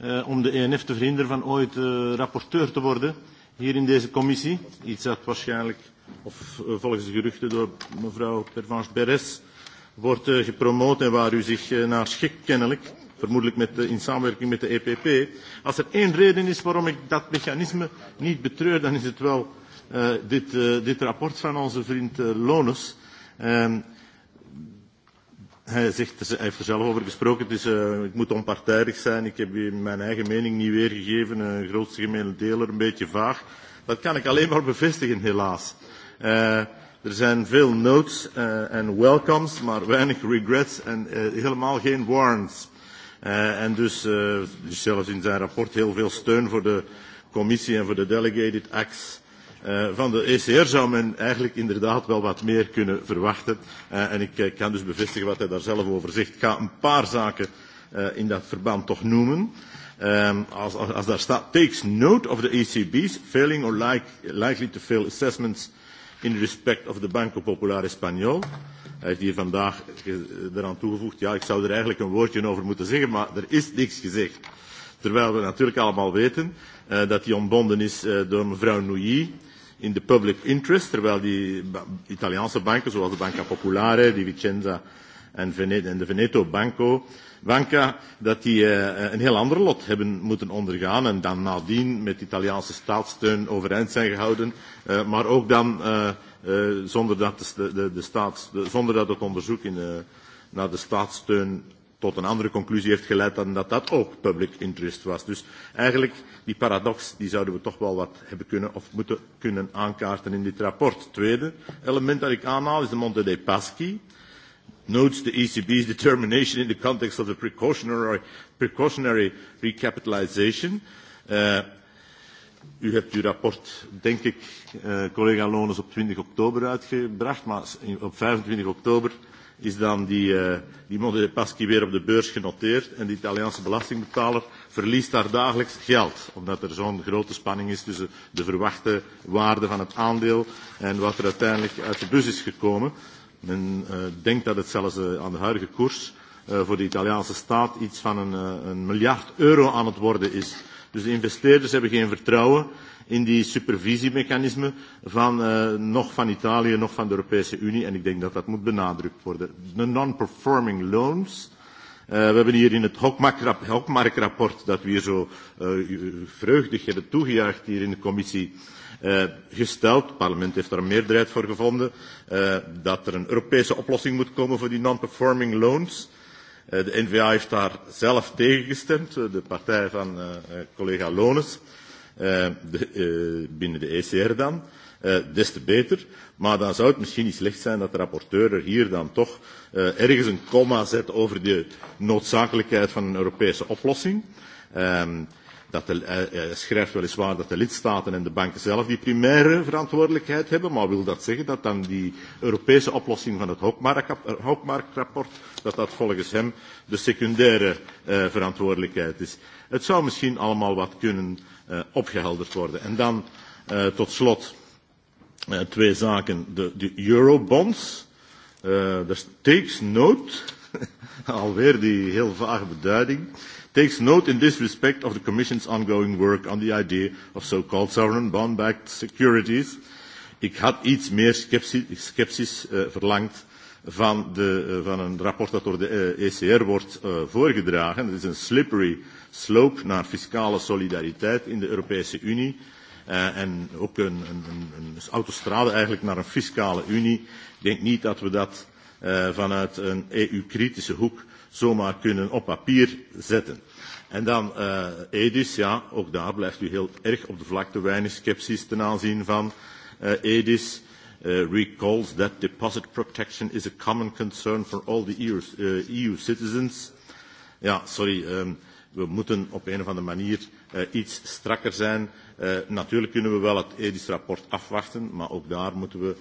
uh, om de ENF te verhinderen van ooit uh, rapporteur te worden hier in deze commissie, iets dat waarschijnlijk, of uh, volgens de geruchten door mevrouw Pervanche Beres, wordt uh, gepromoot en waar u zich uh, naar schikt kennelijk, vermoedelijk met, uh, in samenwerking met de EPP. Als er één reden is waarom ik dat mechanisme niet betreur, dan is het wel uh, dit, uh, dit rapport van onze vriend uh, Lones. Uh, ehm, Hij zegt, hij heeft er zelf over gesproken, dus, uh, eh, ik moet onpartijdig zijn, ik heb mijn eigen mening niet weergegeven, een uh, grootste gemene deler, een beetje vaag. Dat kan ik alleen maar bevestigen, helaas. Uh, er zijn veel notes eh, en uh, welcomes, maar weinig regrets en uh, helemaal geen warrants. Uh, en dus, uh, dus er zelfs in zijn rapport heel veel steun voor de commissie en voor de delegated acts. Eh, van de ECR zou men eigenlijk inderdaad wel wat meer kunnen verwachten. Eh, en ik eh, kan dus bevestigen wat hij daar zelf over zegt. Ik ga een paar zaken in dat verband toch noemen. Um, als, als, als daar staat, takes note of the ECB's failing or like, likely to fail assessments in respect of the Banco Popular Español. Hij heeft hier vandaag eraan toegevoegd, ja, ik zou er eigenlijk een woordje over moeten zeggen, maar er is niks gezegd. Terwijl we natuurlijk allemaal weten uh, dat die ontbonden is uh, door mevrouw Nouilly in the public interest, terwijl die Italiaanse banken, zoals de Banca Popolare, die Vicenza en, Vene en de Veneto Banco, Banca, dat die uh, een heel ander lot hebben moeten ondergaan en dan nadien met Italiaanse staatssteun overeind zijn gehouden, uh, maar ook dan uh, uh, zonder, dat de, de, de staats, de, zonder dat het onderzoek in, uh, naar de staatssteun tot een andere conclusie heeft geleid dan dat dat ook public interest was. Dus eigenlijk die paradox die zouden we toch wel wat hebben kunnen of moeten kunnen aankaarten in dit rapport. Tweede element dat ik aanhaal is de Monte dei Paschi. Notes the ECB's determination in the context of the precautionary, precautionary recapitalization. Uh, u hebt uw rapport, denk ik, uh, collega Lones, op 20 oktober uitgebracht, maar op 25 oktober is dan die, uh, die Monte Paschi weer op de beurs genoteerd. En de Italiaanse belastingbetaler verliest daar dagelijks geld. Omdat er zo'n grote spanning is tussen de verwachte waarde van het aandeel en wat er uiteindelijk uit de bus is gekomen. Men uh, denkt dat het zelfs uh, aan de huidige koers uh, voor de Italiaanse staat iets van een, uh, een miljard euro aan het worden is. Dus de investeerders hebben geen vertrouwen in die supervisiemechanismen van uh, nog van Italië, nog van de Europese Unie. En ik denk dat dat moet benadrukt worden. De non-performing loans. Uh, we hebben hier in het Hokmark-rapport dat we hier zo uh, vreugdig hebben toegejuicht hier in de commissie uh, gesteld. Het parlement heeft daar een meerderheid voor gevonden. Uh, dat er een Europese oplossing moet komen voor die non-performing loans. Uh, de NVA heeft daar zelf tegen gestemd, de partij van uh, collega Lones. Uh, uh, de, uh, binnen de ECR dan, uh, des te beter. Maar dan zou het misschien niet slecht zijn dat de rapporteur er hier dan toch uh, ergens een comma zet over de noodzakelijkheid van een Europese oplossing. Um, dat de, hij schrijft weliswaar dat de lidstaten en de banken zelf die primaire verantwoordelijkheid hebben, maar wil dat zeggen dat dan die Europese oplossing van het Hoogmarktrapport, dat dat volgens hem de secundaire uh, verantwoordelijkheid is. Het zou misschien allemaal wat kunnen uh, uh, opgehelderd worden. En dan uh, tot slot uh, twee zaken. De, de eurobonds. Uh, dat is takes note. (laughs) Alweer die heel vage beduiding. Takes note in this respect of the Commission's ongoing work on the idea of so-called sovereign bond-backed securities. Ik had iets meer sceptisch uh, verlangd van, de, uh, van een rapport dat door de uh, ECR wordt uh, voorgedragen. Dat is een slippery uh, sloop naar fiscale solidariteit in de Europese Unie uh, en ook een, een, een, een autostrade eigenlijk naar een fiscale Unie. Ik denk niet dat we dat uh, vanuit een EU-kritische hoek zomaar kunnen op papier zetten. En dan uh, EDIS, ja, ook daar blijft u heel erg op de vlakte, weinig sceptisch ten aanzien van uh, EDIS. Uh, recalls that deposit protection is a common concern for all the EU, uh, EU citizens. Ja, sorry, um, we moeten op een of andere manier uh, iets strakker zijn. Uh, natuurlijk kunnen we wel het edisch rapport afwachten, maar ook daar moeten we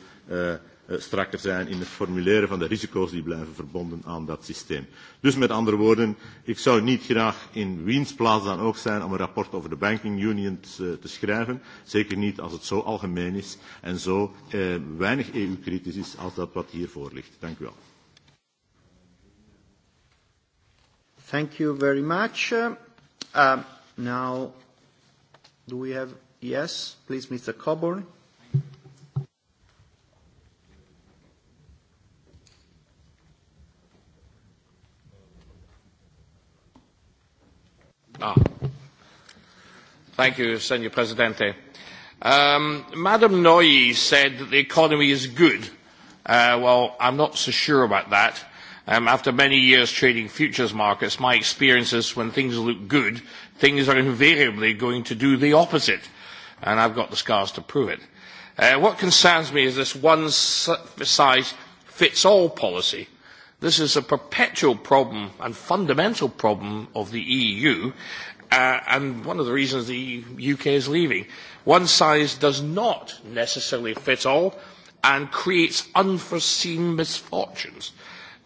uh, strakker zijn in het formuleren van de risico's die blijven verbonden aan dat systeem. Dus met andere woorden, ik zou niet graag in Wiens plaats dan ook zijn om een rapport over de Banking Union te, te schrijven. Zeker niet als het zo algemeen is en zo uh, weinig EU-kritisch is als dat wat hiervoor ligt. Dank u wel. Thank you very much. Uh, now, do we have... Yes, please, Mr. Coburn. Ah. Thank you, Senor Presidente. Um, Madam Noyes said that the economy is good. Uh, well, I'm not so sure about that. Um, after many years trading futures markets, my experience is when things look good, things are invariably going to do the opposite. And I've got the scars to prove it. Uh, what concerns me is this one size fits all policy. This is a perpetual problem and fundamental problem of the EU uh, and one of the reasons the UK is leaving. One size does not necessarily fit all and creates unforeseen misfortunes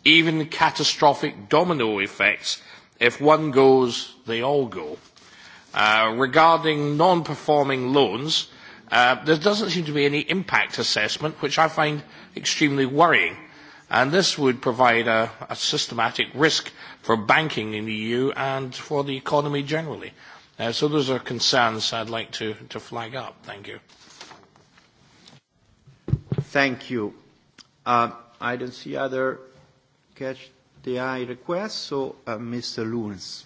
even catastrophic domino effects. If one goes, they all go. Uh, regarding non-performing loans, uh, there doesn't seem to be any impact assessment, which I find extremely worrying. And this would provide a, a systematic risk for banking in the EU and for the economy generally. Uh, so those are concerns I'd like to, to flag up. Thank you. Thank you. Uh, I don't see other catch the eye requests. So, uh, Mr. Loons.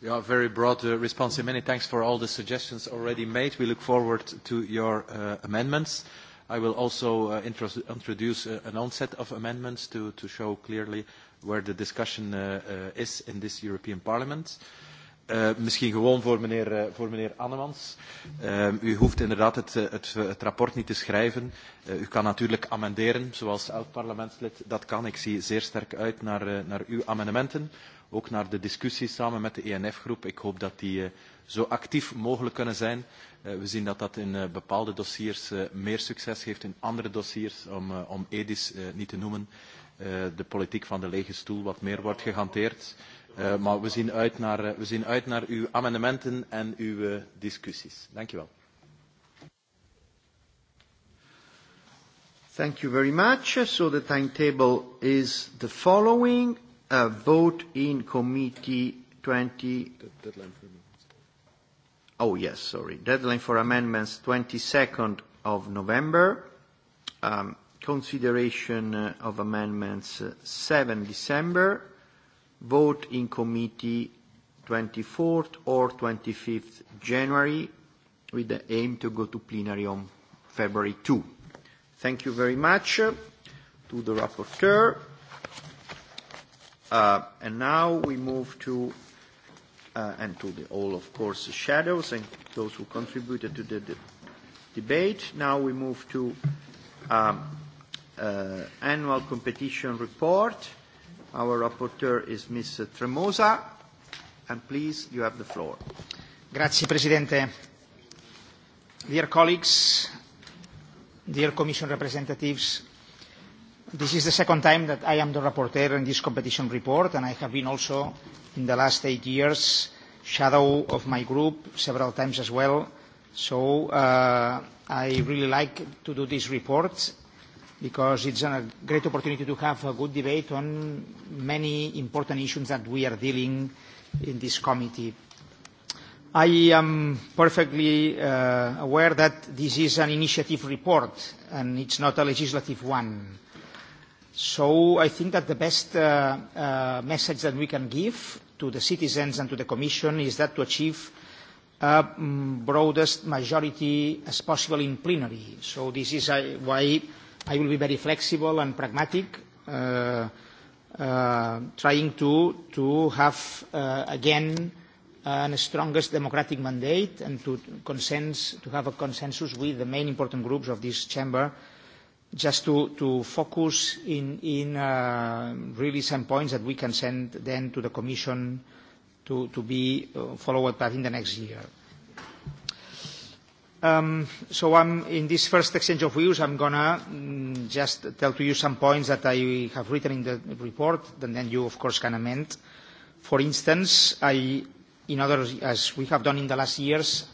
Yeah, very broad uh, response. Many thanks for all the suggestions already made. We look forward to your uh, amendments. I will also uh, intro introduce uh, an onset of amendments to, to show clearly where the discussion uh, uh, is in this European Parliament. Uh, Eh, misschien gewoon voor meneer, uh, voor meneer Annemans. Uh, u hoeft inderdaad het, het, het rapport niet te schrijven. Uh, u kan natuurlijk amenderen, zoals elk parlementslid dat kan. Ik zie zeer sterk uit naar, uh, naar uw amendementen. Ook naar de discussies samen met de ENF-groep. Ik hoop dat die uh, zo actief mogelijk kunnen zijn. Uh, we zien dat dat in uh, bepaalde dossiers uh, meer succes heeft in andere dossiers, om, uh, om Edis uh, niet te noemen. Uh, de politiek van de lege stoel wat meer wordt gehanteerd. Uh, Eh, maar we zien uit naar, eh, we zien uit naar uw amendementen en uw eh, discussies. Dank u wel. Thank you very much. So the timetable is the following. A vote in committee 20... Deadline for amendments. Oh, yes, sorry. Deadline for amendments 22nd of November. Um, consideration of amendments 7 December vote in committee 24th or 25th January with the aim to go to plenary on February 2. Thank you very much uh, to the rapporteur. Uh, and now we move to uh, and to the all, of course, the shadows and those who contributed to the, the debate. Now we move to um, uh, annual competition report. Our rapporteur is Ms. Tremosa. And please, you have the floor. Grazie, Presidente. Dear colleagues, dear Commission representatives, this is the second time that I am the rapporteur in this competition report, and I have been also, in the last eight years, shadow of my group several times as well. So uh, I really like to do this report, because it's a great opportunity to have a good debate on many important issues that we are dealing in this committee. I am perfectly uh, aware that this is an initiative report and it's not a legislative one. So I think that the best uh, uh, message that we can give to the citizens and to the Commission is that to achieve a mm, broadest majority as possible in plenary. So this is uh, why I will be very flexible and pragmatic, uh, uh, trying to, to have, uh, again, uh, a strongest democratic mandate and to, consens to have a consensus with the main important groups of this chamber just to, to focus in, in uh, really some points that we can send then to the Commission to, to be uh, followed up in the next year. Um, so I'm, in this first exchange of views, I'm going to um, mm, just tell to you some points that I have written in the report, and then you, of course, can amend. For instance, I, in other, as we have done in the last years,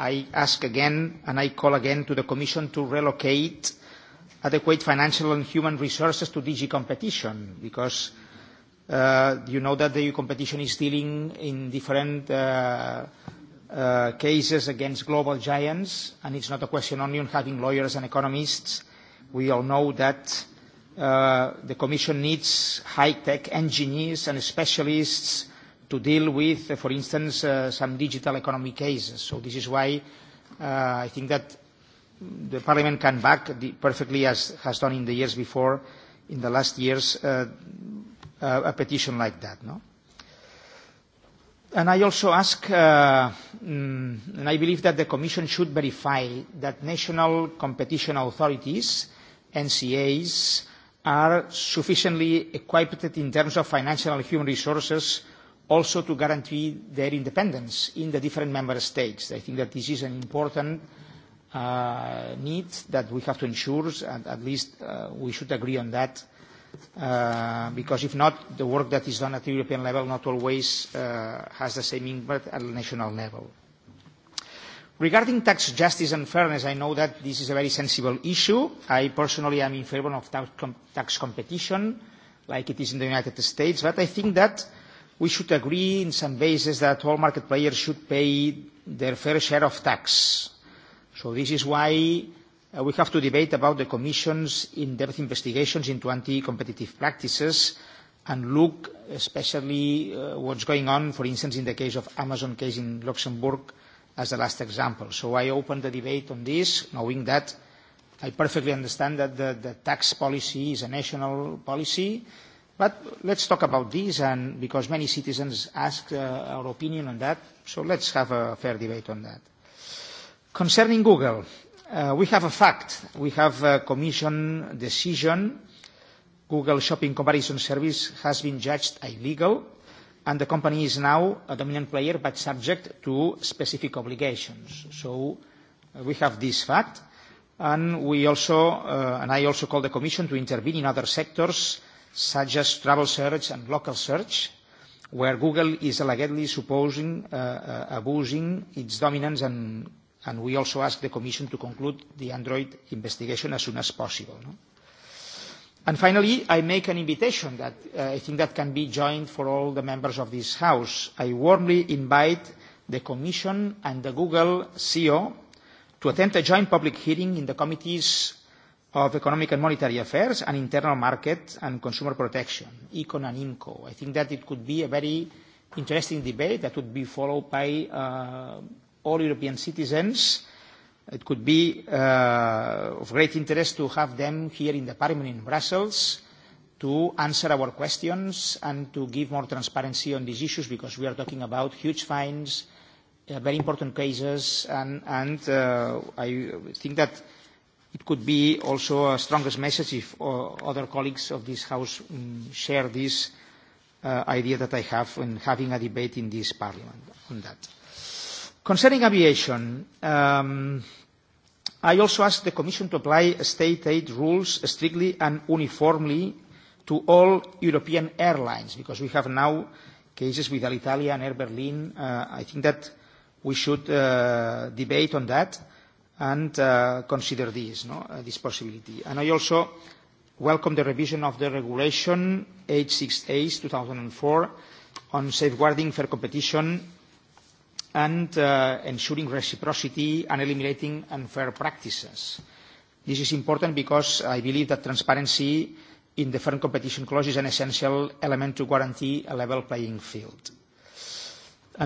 I ask again and I call again to the Commission to relocate adequate financial and human resources to DG competition, because uh, you know that the EU competition is dealing in different uh, Uh, cases against global giants, and it's not a question only on having lawyers and economists. We all know that uh, the Commission needs high-tech engineers and specialists to deal with, uh, for instance, uh, some digital economy cases. So this is why uh, I think that the Parliament can back the, perfectly, as has done in the years before, in the last years, uh, uh, a petition like that. No? Uh, And I also ask, uh, mm, and I believe that the Commission should verify that national competition authorities, NCAs, are sufficiently equipped in terms of financial and human resources also to guarantee their independence in the different member states. I think that this is an important uh, need that we have to ensure, and at least uh, we should agree on that. Uh, because if not, the work that is done at the European level not always uh, has the same impact at the national level. Regarding tax justice and fairness, I know that this is a very sensible issue. I personally am in favor of tax, com tax competition, like it is in the United States, but I think that we should agree in some basis that all market players should pay their fair share of tax. So this is why Uh, we have to debate about the Commission's in-depth investigations into anti-competitive practices and look especially uh, what's going on, for instance, in the case of Amazon case in Luxembourg as the last example. I open the debate on this knowing that I perfectly understand that the tax policy is a national policy. Let's talk about this and because many citizens ask uh, our opinion on that, let's have a fair debate on that. Concerning Google, Uh, we have a fact. We have a commission decision. Google Shopping Comparison Service has been judged illegal, and the company is now a dominant player, but subject to specific obligations. So uh, we have this fact, and we also, uh, and I also call the commission to intervene in other sectors, such as travel search and local search, where Google is allegedly supposing abusing its dominance and and we also ask the Commission to conclude the Android investigation as soon as possible. No? And finally, I make an invitation that uh, I think that can be joined for all the members of this House. I warmly invite the Commission and the Google CEO to attend a joint public hearing in the Committees of Economic and Monetary Affairs and Internal Market and Consumer Protection, ECON and IMCO. I think that it could be a very interesting debate that would be followed by uh, all European citizens. It could be uh, of great interest to have them here in the Parliament in Brussels to answer our questions and to give more transparency on these issues because we are talking about huge fines, uh, very important cases, and, and uh, I think that it could be also a strongest message if uh, other colleagues of this House um, share this uh, idea that I have in having a debate in this Parliament on that. Concerning aviation, um, I also ask the Commission to apply state aid rules strictly and uniformly to all European airlines, because we have now cases with Alitalia and Air Berlin. Uh, I think that we should uh, debate on that and uh, consider this, no, this possibility. I also welcome the revision of the Regulation 868/2004 on safeguarding fair competition and uh, ensuring reciprocity and eliminating unfair practices. This is important because I believe that transparency in the fair competition clause is an essential element to guarantee a level playing field.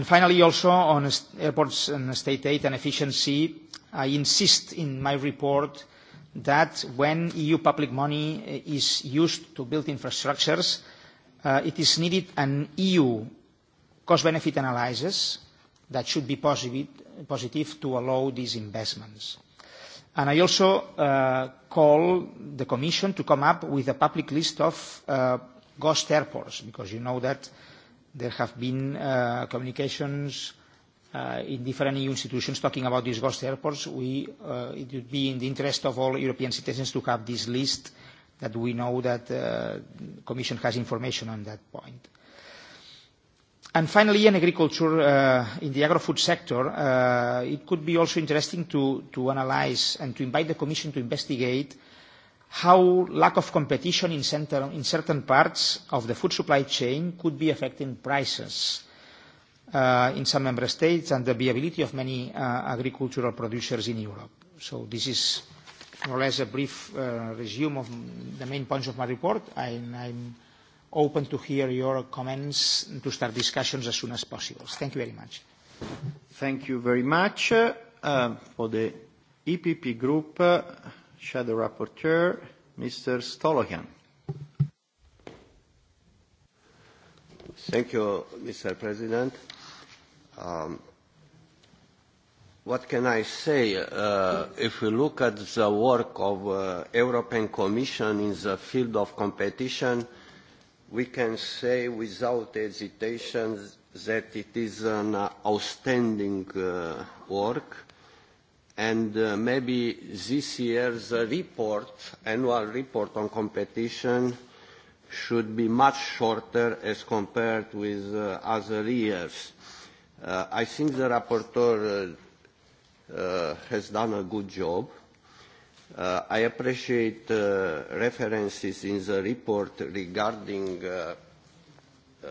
Finally, also on airports and state aid and efficiency, I insist in my report that when EU public money uh, is used to build infrastructures, uh, it is needed an EU cost-benefit analysis that should be positive to allow these investments. I also uh, call the Commission to come up with a public list of uh, ghost airports, because you know that there have been uh, communications in different EU institutions talking about these ghost airports. It would be in the interest of all European citizens to have this list, that we know that Commission has information on that point. And finally, in agriculture, uh, in the agro-food sector, uh, it could be also interesting to, to analyze and to invite the Commission to investigate how lack of competition in, center, in certain parts of the food supply chain could be affecting prices uh, in some member states and the viability of many uh, agricultural producers in Europe. So this is more or less a brief uh, resume of the main points of my report. I, I'm, open to hear your comments and to start discussions as soon as possible. Thank you very much. Thank you very much. Uh, for the EPP Group, uh, Shadow Rapporteur, Mr. Stolojan. Thank you, Mr. President. Um, what can I say? Uh, if we look at the work of European Commission in the field of competition, we can say without hesitation that it is an outstanding uh, work. And uh, maybe this year's report, annual report on competition, should be much shorter as compared with uh, other years. Uh, I think the rapporteur uh, uh, has done a good job. Uh, I appreciate uh, references in the report regarding uh, uh,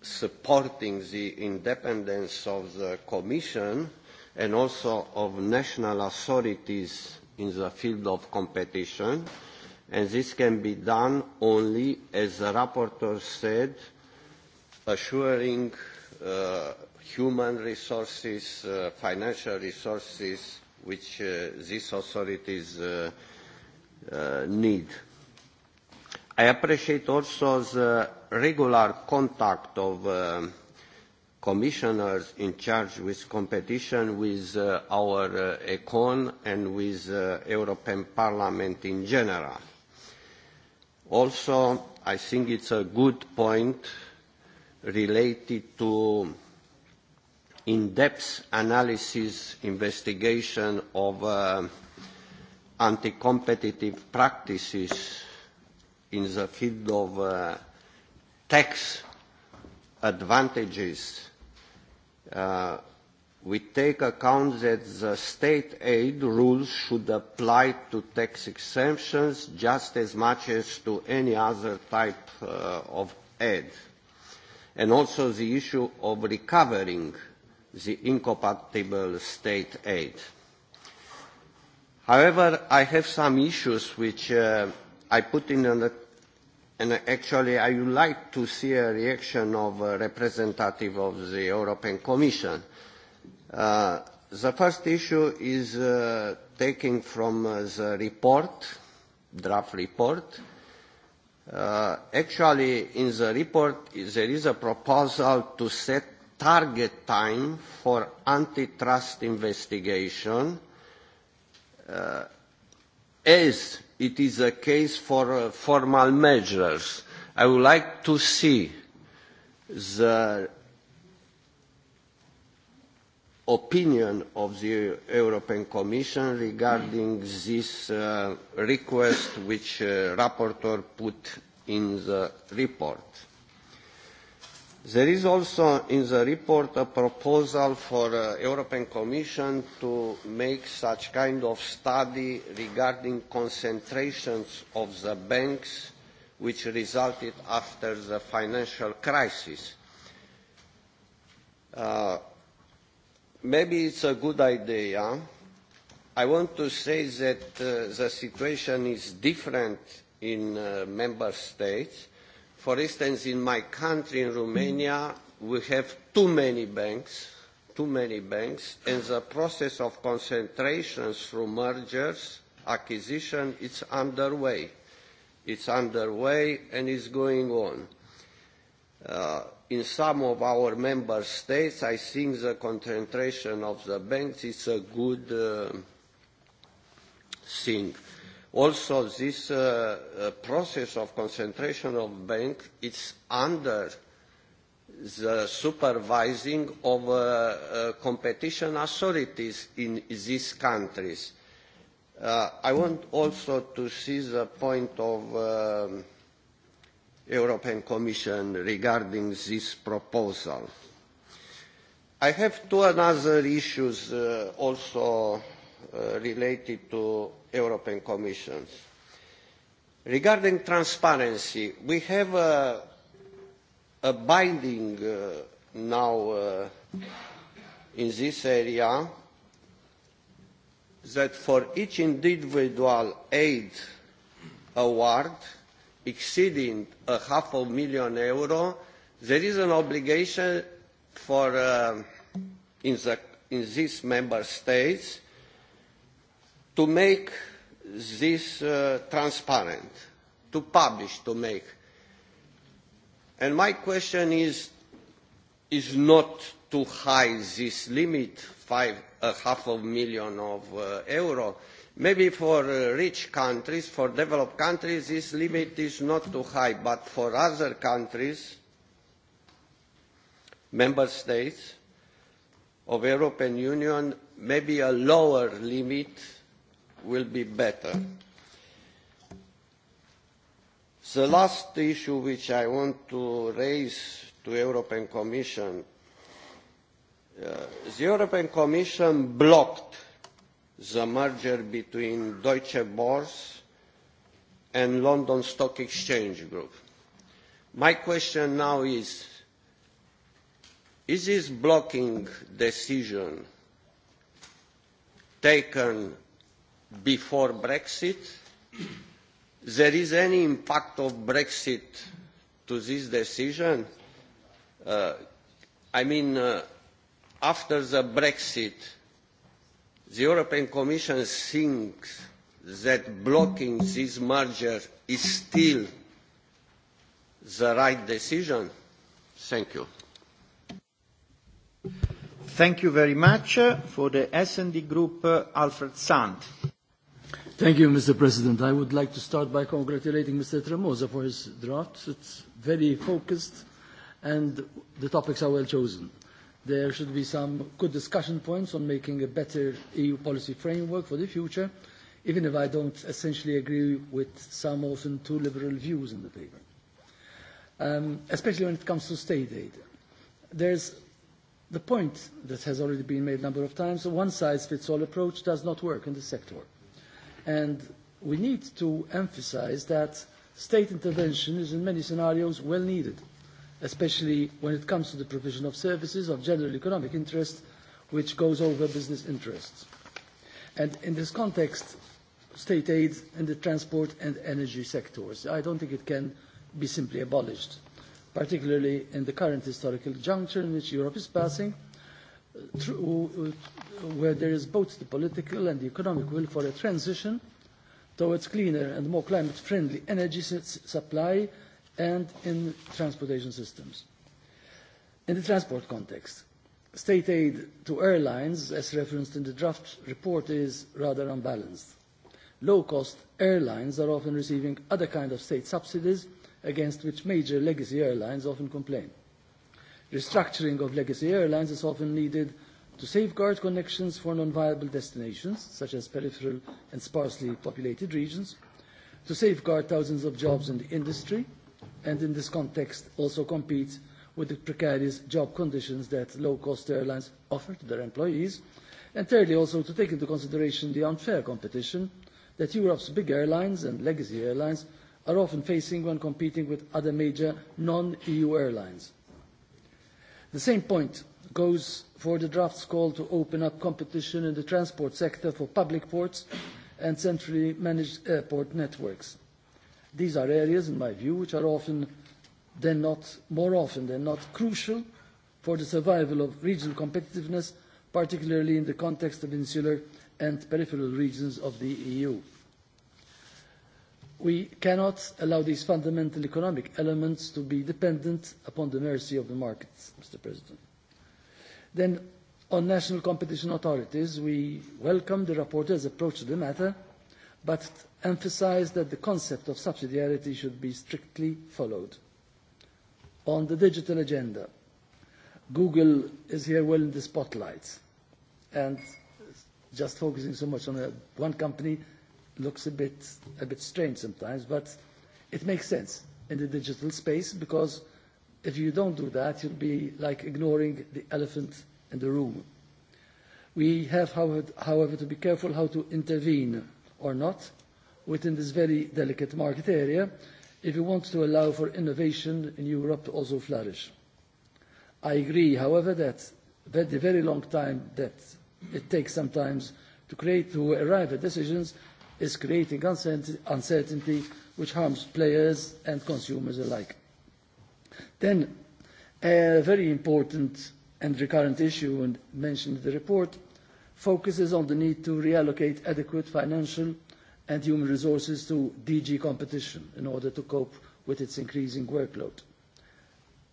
supporting the independence of the Commission and also of national authorities in the field of competition. And this can be done only, as the rapporteur said, assuring uh, human resources, uh, financial resources, which uh, these authorities uh, uh, need. I appreciate also the regular contact of uh, commissioners in charge with competition with uh, our uh, ECON and with the uh, European Parliament in general. Also, I think it's a good point related to in-depth analysis investigation of uh, anti-competitive practices in the field of uh, tax advantages. Uh, we take account that the state aid rules should apply to tax exemptions just as much as to any other type uh, of aid. And also the issue of recovering uh, the incompatible state aid. However, I have some issues which uh, I put in, an, and actually I would like to see a reaction of a representative of the European Commission. Uh, the first issue is uh, taking from uh, the report, draft report. Uh, actually, in the report, there is a proposal to set target time for antitrust investigation uh, as it is a case for uh, formal measures. I would like to see the opinion of the European Commission regarding this uh, request which uh, rapporteur put in the report. There is also in the report a proposal for the uh, European Commission to make such kind of study regarding concentrations of the banks which resulted after the financial crisis. Uh, maybe it's a good idea. I want to say that uh, the situation is different in uh, member states for instance, in my country, in Romania, we have too many banks, too many banks, and the process of concentration through mergers, acquisition, it's underway. It's underway and it's going on. Uh, in some of our member states, I think the concentration of the banks is a good uh, thing. Uh, also this uh, uh, process of concentration of bank it's under the supervising of uh, uh, competition authorities in these countries. Uh, I want also to see the point of um, European Commission regarding this proposal. I have two other issues uh, also uh, Uh, related to European Commission. Regarding transparency, we have a, a binding uh, now uh, in this area that for each individual aid award exceeding a half a million euro, there is an obligation for, uh, in, the, in these member states to make this uh, transparent, to publish, to make. And my question is, is not to hide this limit, five, a uh, half of million of uh, euro. Maybe for uh, rich countries, for developed countries, this limit is not too high, but for other countries, member states of European Union, maybe a lower limit will be better. The last issue which I want to raise to European Commission, uh, the European Commission blocked the merger between Deutsche Börse and London Stock Exchange Group. My question now is, is this blocking decision taken before Brexit. There is any impact of Brexit to this decision? Uh, I mean, uh, after the Brexit, the European Commission thinks that blocking this merger is still the right decision? Thank you. Thank you very much for the S&D Group, uh, Alfred Sand. Thank you, Mr. President. I would like to start by congratulating Mr. Tremosa for his draft. It's very focused and the topics are well chosen. There should be some good discussion points on making a better EU policy framework for the future, even if I don't essentially agree with some often too liberal views in the paper, um, especially when it comes to state aid. There's the point that has already been made a number of times, a one-size-fits-all approach does not work in the sector. And we need to emphasize that state intervention is in many scenarios well needed, especially when it comes to the provision of services of general economic interest, which goes over business interests. And in this context, state aid in the transport and energy sectors, I don't think it can be simply abolished, particularly in the current historical juncture in which Europe is passing. Mm -hmm where there is both the political and the economic will for a transition towards cleaner and more climate-friendly energy supply and in transportation systems. In the transport context, state aid to airlines, as referenced in the draft report, is rather unbalanced. Low-cost airlines are often receiving other kinds of state subsidies against which major legacy airlines often complain restructuring of legacy airlines is often needed to safeguard connections for non-viable destinations, such as peripheral and sparsely populated regions, to safeguard thousands of jobs in the industry, and in this context also compete with the precarious job conditions that low-cost airlines offer to their employees, and thirdly also to take into consideration the unfair competition that Europe's big airlines and legacy airlines are often facing when competing with other major non-EU airlines. The same point goes for the draft's call to open up competition in the transport sector for public ports and centrally managed airport networks. These are areas, in my view, which are often than not, more often than not, crucial for the survival of regional competitiveness, particularly in the context of insular and peripheral regions of the EU. We cannot allow these fundamental economic elements to be dependent upon the mercy of the markets, Mr. President. Then, on national competition authorities, we welcome the rapporteur's approach to the matter, but emphasize that the concept of subsidiarity should be strictly followed. On the digital agenda, Google is here well in the spotlight, and just focusing so much on a, uh, one company looks a bit a bit strange sometimes, but it makes sense in the digital space because if you don't do that, you'll be like ignoring the elephant in the room. We have, however, to be careful how to intervene or not within this very delicate market area if you want to allow for innovation in Europe to also flourish. I agree, however, that the very long time that it takes sometimes to create, to arrive at decisions, is creating uncertainty which harms players and consumers alike. Then, a very important and recurrent issue and mentioned in the report focuses on the need to reallocate adequate financial and human resources to DG competition in order to cope with its increasing workload.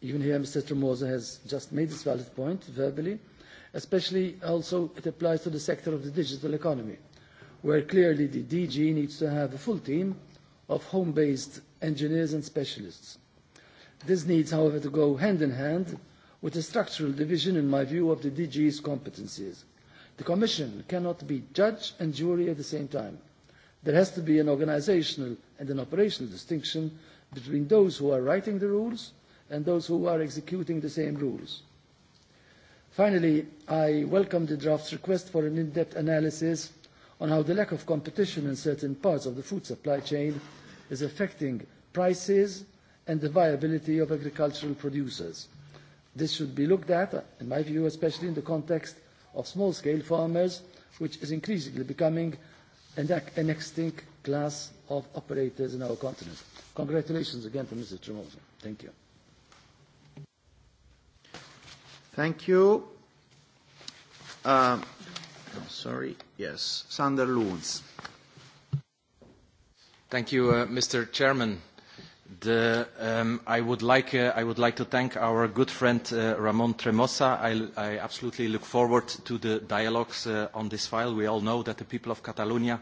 Even here, Mr. Tremosa has just made this valid point verbally, especially also it applies to the sector of the digital economy where clearly the DG needs to have a full team of home-based engineers and specialists. This needs, however, to go hand-in-hand -hand with a structural division, in my view, of the DG's competencies. The Commission cannot be judge and jury at the same time. There has to be an organizational and an operational distinction between those who are writing the rules and those who are executing the same rules. Finally, I welcome the draft's request for an in-depth analysis on how the lack of competition in certain parts of the food supply chain is affecting prices and the viability of agricultural producers. This should be looked at, in my view, especially in the context of small-scale farmers, which is increasingly becoming an extinct class of operators in our continent. Congratulations again to Mr. Tremosa. Thank you. Thank you. Uh, sorry, yes, Sander Loons. Thank you, uh, Mr. Chairman. The, um, I, would like, uh, I would like to thank our good friend uh, Ramon Tremosa. I, I absolutely look forward to the dialogues uh, on this file. We all know that the people of Catalonia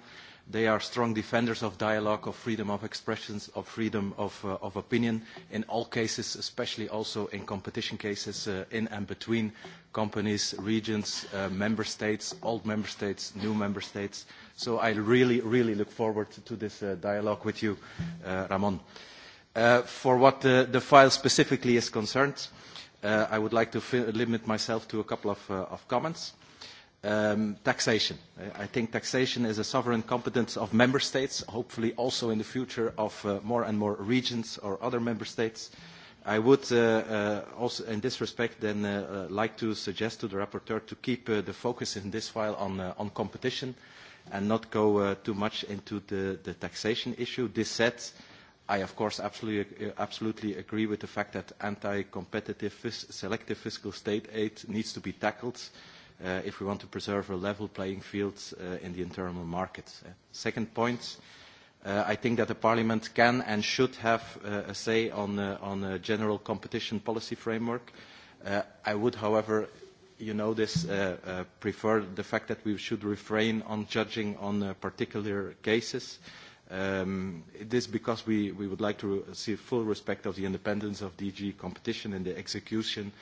they are strong defenders of dialogue, of freedom of expressions, of freedom of, uh, of opinion in all cases, especially also in competition cases uh, in and between companies, regions, uh, member states, old member states, new member states. So I really, really look forward to this uh, dialogue with you, uh, Ramon. Uh, for what the, the file specifically is concerned, uh, I would like to limit myself to a couple of, uh, of comments. Uh, um, taxation. I think taxation is a sovereign competence of member states, hopefully also in the future of uh, more and more regions or other member states. I would uh, uh, also in this respect then uh, uh, like to suggest to the rapporteur to keep uh, the focus in this file on, uh, on competition and not go uh, too much into the, the taxation issue. This said, I of course absolutely, uh, absolutely agree with the fact that anti-competitive fis selective fiscal state aid needs to be tackled uh, Uh, if we want to preserve a level playing field uh, in the internal market. Eh. Second point, uh, I think that the parliament can and should have a say on a general competition policy framework. I would, however, you know this, prefer the fact that we should refrain on judging on particular cases. Um, this because we would like to see full respect of the independence of DG Competition in the execution of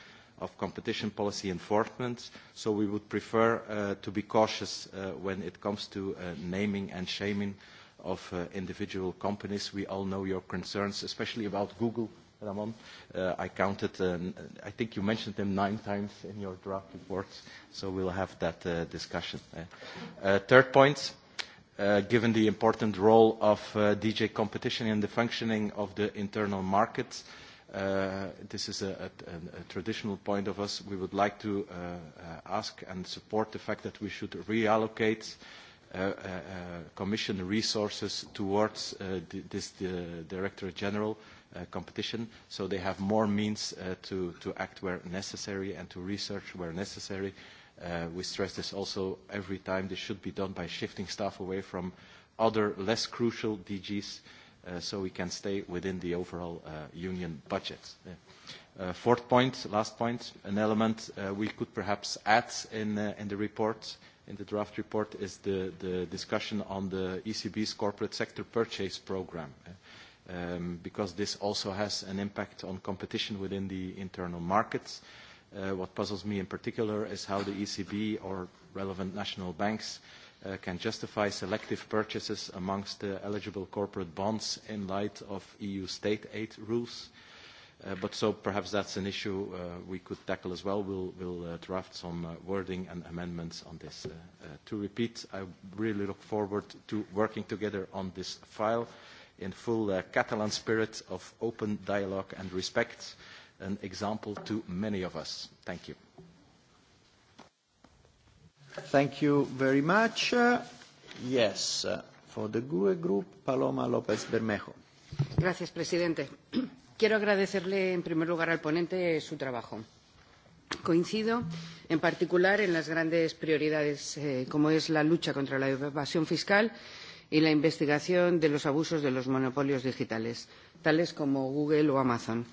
of competition policy enforcement, so we would prefer uh, to be cautious uh, when it comes to uh, naming and shaming of individual companies. We all know your concerns, especially about Google, Ramon. I counted, I think you mentioned them nine times in your draft report, so we'll have that discussion. Third point, given the important role of DG Competition in the functioning of the internal market, uh, this is a, a, a traditional point of us, we would like to uh, uh, ask and support the fact that we should reallocate uh, uh, uh, Commission resources towards uh, this the Director General uh, competition, so they have more means uh, to, to act where necessary and to research where necessary. Uh, we stress this also every time. This should be done by shifting staff away from other less crucial DGs uh, Uh, so we can stay within the overall uh, union budget. Uh, uh, fourth point, last point, an element uh, we could perhaps add in, uh, in the report, in the draft report, is the, the discussion on the ECB's corporate sector purchase program, uh, um, because this also has an impact on competition within the internal markets. Uh, what puzzles me in particular is how the ECB or relevant national banks uh, Uh, can justify selective purchases amongst the eligible corporate bonds in light of EU state aid rules. Uh, but so perhaps that's an issue uh, we could tackle as well. We'll, we'll uh, draft some uh, wording and amendments on this. Uh, uh, to repeat, I really look forward to working together on this file in full uh, Catalan spirit of open dialogue and respect, an example to many of us. Thank you. Thank you very much. Yes, for the GUE Group, Paloma López Bermejo. Gracias, presidente. (clears throat) Quiero agradecerle, en primer lugar, al ponente su trabajo. Coincido, en particular, en las grandes prioridades, eh, como es la lucha contra la evasión fiscal y la investigación de los abusos de los monopolios digitales, tales como Google o Amazon.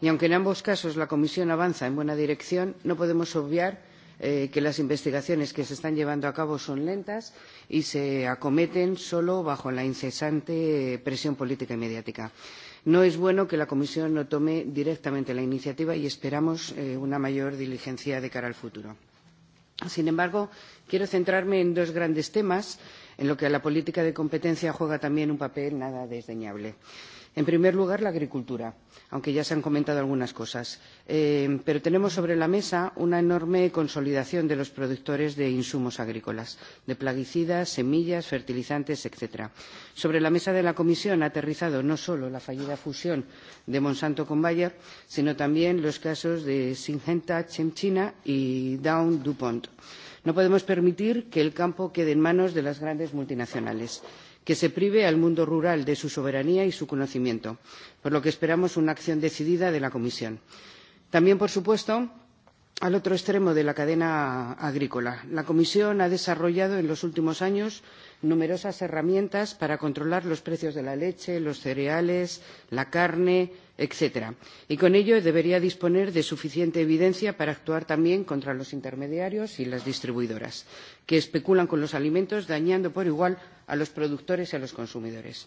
Y aunque en ambos casos la Comisión avanza en buena dirección, no podemos obviar eh, que las investigaciones que se están llevando a cabo son lentas y se acometen solo bajo la incesante presión política y mediática. No es bueno que la Comisión no tome directamente la iniciativa y esperamos eh, una mayor diligencia de cara al futuro. Sin embargo, quiero centrarme en dos grandes temas en los que la política de competencia juega también un papel nada desdeñable. En primer lugar, la agricultura, aunque ya se han comentado algunas cosas. Eh, pero tenemos sobre la mesa una enorme consolidación de los productores de insumos agrícolas, de plaguicidas, semillas, fertilizantes, etc. Sobre la mesa de la Comisión ha aterrizado no solo la fallida fusión de Monsanto con Bayer, sino también los casos de Singenta, Chemchina y Down DuPont. No podemos permitir que el campo quede en manos de las grandes multinacionales. Claro que se prive al mundo rural de su soberanía y su conocimiento, por lo que esperamos una acción decidida de la Comisión. También, por supuesto, al otro extremo de la cadena agrícola. La Comisión ha desarrollado en los últimos años numerosas herramientas para controlar los precios de la leche, los cereales, la carne, etc. y con ello debería disponer de suficiente evidencia para actuar también contra los intermediarios y las distribuidoras que especulan con los alimentos dañando por igual a los productores y a los consumidores.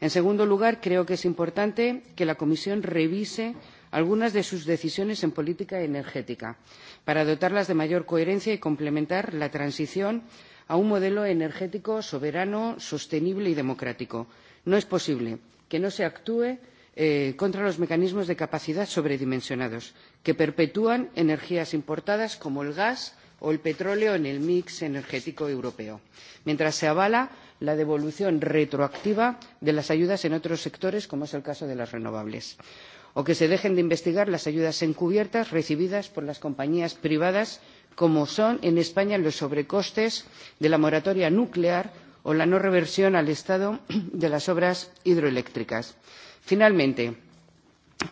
En segundo lugar, creo que es importante que la Comisión revise algunas de sus decisiones en política energética para dotarlas de mayor coherencia y complementar la transición a un modelo energético soberano, sostenible y democrático. No es posible que no se actúe eh, contra los mecanismos de capacidad sobredimensionados que perpetúan energías importadas como el gas o el petróleo en el mix energético europeo, mientras se avala la devolución retroactiva de las ayudas en otros sectores, como es el caso de las renovables, o que se dejen de investigar las ayudas encubiertas recibidas por las compañías privadas, como son en España los sobrecostes de la moratoria nuclear o la no reversión al Estado de las obras hidroeléctricas finalmente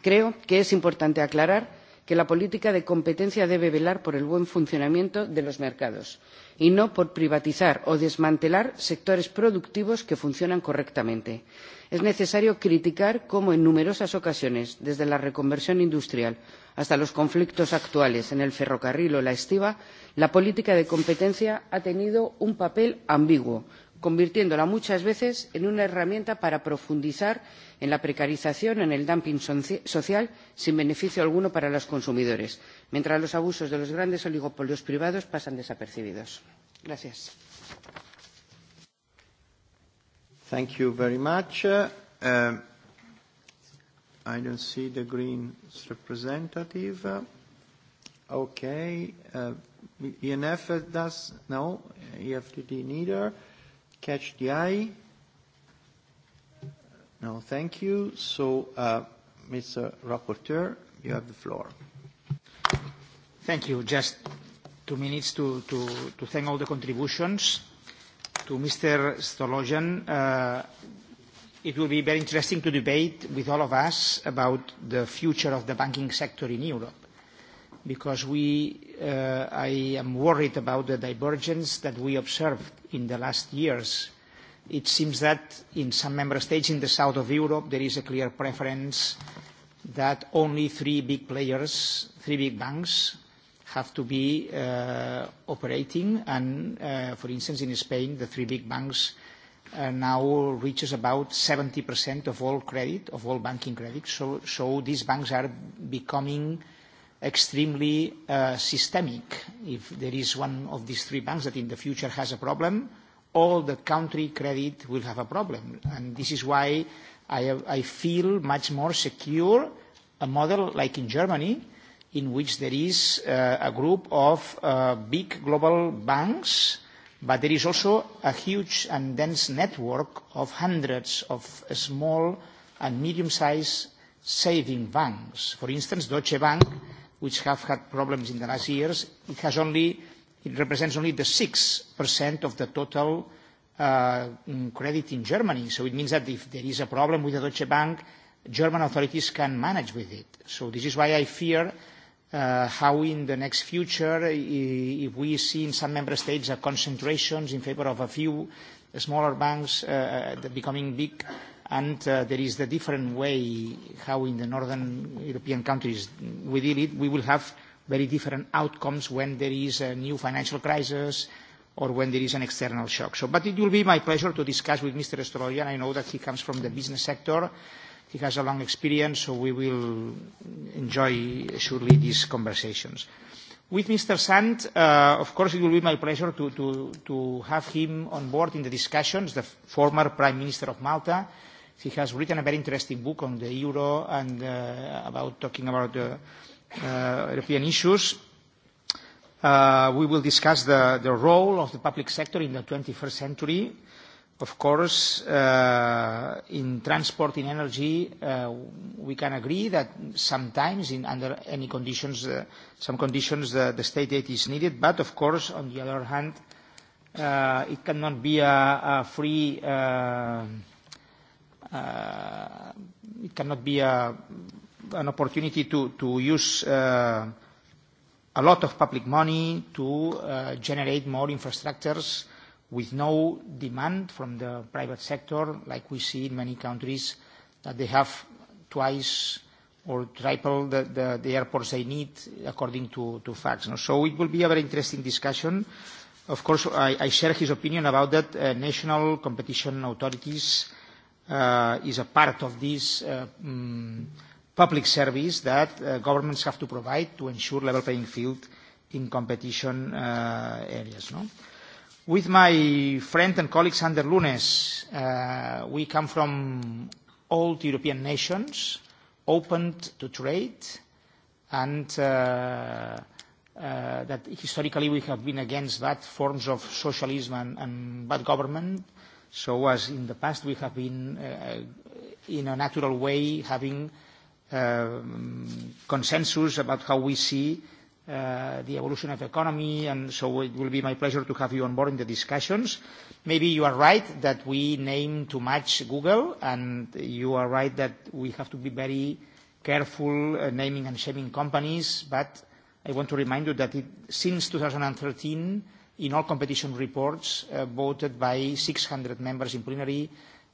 creo que es importante aclarar que la política de competencia debe velar por el buen funcionamiento de los mercados y no por privatizar o desmantelar sectores productivos que funcionan correctamente. es necesario criticar cómo en numerosas ocasiones desde la reconversión industrial hasta los conflictos actuales en el ferrocarril o la estiba la política de competencia ha tenido un papel ambiguo convirtiéndola muchas veces en una herramienta para profundizar en la precarización en el dumping social sin beneficio alguno para los consumidores mientras los abusos de los grandes oligopolios privados pasan desapercibidos. gracias. Thank you very much. Uh, I don't see the green representative. Okay. Uh, ENF does, no, EFTD neither. Uh, catch the eye. No, thank you. So, uh, Mr. Rapporteur, you have the floor. Thank you. Just two minutes to, to, to thank all the contributions. To Mr. Stolojan, uh, it will be very interesting to debate with all of us about the future of the banking sector in Europe because we, uh, I am worried about the divergence that we observed in the last years. It seems that in some member states in the south of Europe there is a clear preference that only three big players, three big banks, have to be uh, operating. And uh, for instance, in Spain, the three big banks uh, now reaches about 70% of all credit, of all banking credit. So, so these banks are becoming uh, extremely uh, systemic. If there is one of these three banks that in the future has a problem, all the country credit will have a problem. And this is why I, I feel much more secure a model like in Germany, in which there is uh, a group of uh, big global banks, but there is also a huge and dense network of hundreds of small and medium-sized saving banks. For instance, Deutsche Bank... Mm -hmm which have had problems in the last years, it has only, it represents only the 6% of the total uh, mm, credit in Germany. So it means that if there is a problem with the Deutsche Bank, German authorities can manage with it. So this is why I fear uh, how in the next future, if we see in some member states a concentrations in favor of a few smaller banks uh, uh becoming big, and uh, there is the different way how in the northern European countries we deal it, we will have very different outcomes when there is a new financial crisis or when there is an external shock. So, but it will be my pleasure to discuss with Mr. Estrolian. I know that he comes from the business sector. He has a long experience, so we will enjoy, surely, these conversations. With Mr. Sand, uh, of course, it will be my pleasure to, to, to have him on board in the discussions, the former Prime Minister of Malta, uh, he has written a very interesting book on the euro and uh, about talking about the uh, European issues. Uh, we will discuss the, the role of the public sector in the 21st century. Of course, uh, in transport, in energy, uh, we can agree that sometimes, in, under any conditions, uh, some conditions, uh, the state aid is needed. But of course, on the other hand, uh, it cannot be a, a free uh, Uh, it cannot be a, an opportunity to, to use uh, a lot of public money to uh, generate more infrastructures with no demand from the private sector, like we see in many countries that they have twice or triple the, the, the airports they need according to, to facts. No? So it will be a very interesting discussion. Of course, I, I share his opinion about that uh, national competition authorities uh, uh, is a part of this uh, um, public service that uh, governments have to provide to ensure level playing field in competition uh, areas. No? With my friend and colleague Sander Lunes, uh, we come from all the European nations, opened to trade, and uh, uh, that historically we have been against bad forms of socialism and, and bad government, uh, So as in the past, we have been uh, uh, in a natural way having um, consensus about how we see uh, the evolution of economy, and so it will be my pleasure to have you on board in the discussions. Maybe you are right that we name too much Google, and you are right that we have to be very careful naming and shaming companies. But I want to remind you that it, since 2013, In all competition reports uh, voted by 600 members in plenary,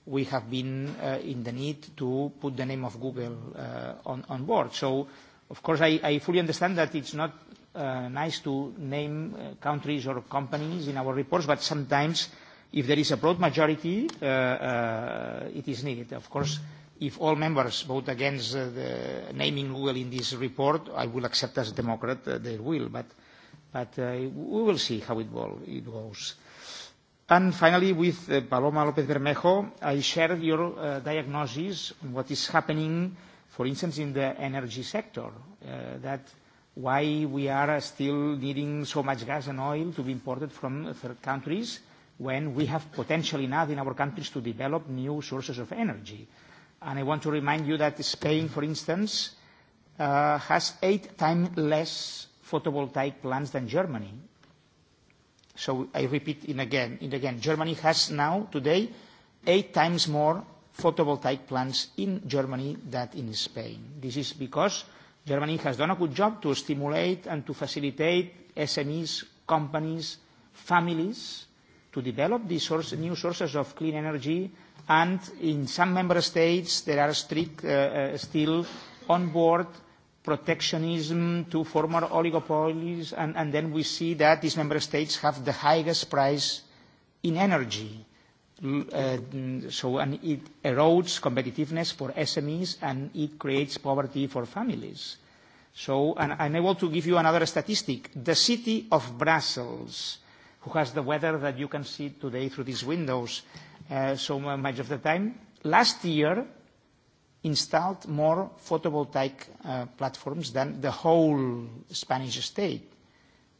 we have been uh, in the need to put the name of Google uh, on, on board. So, of course, I, I fully understand that it's not uh, nice to name uh, countries or companies in our reports, but sometimes if there is a broad majority, uh, uh, it is needed. Of course, if all members vote against uh, the naming Google in this report, I will accept as a Democrat uh, their will. But, uh, Uh, we will see how it goes. Finally, with uh, Paloma López-Bermejo, I shared your uh, diagnosis on what is happening, for instance, in the energy sector, that why we are still needing so much gas and oil to be imported from third countries when we have potential enough in our countries to develop new sources of energy. I want to remind you that Spain, for instance, has eight times less photovoltaic plants than Germany. So I repeat it again and again. Germany has now, today, eight times more photovoltaic plants in Germany than in Spain. This is because Germany has done a good job to stimulate and to facilitate SMEs, companies, families to develop these new sources of clean energy. And in some member states, there are strict uh, uh, still onboard protectionism to former oligopolies, and, and then we see that these member states have the highest price in energy. Uh, so, and it erodes competitiveness for SMEs and it creates poverty for families. So, and I'm able to give you another statistic. The city of Brussels, who has the weather that you can see today through these windows uh, so much of the time, last year installed more photovoltaic uh, platforms than the whole Spanish state,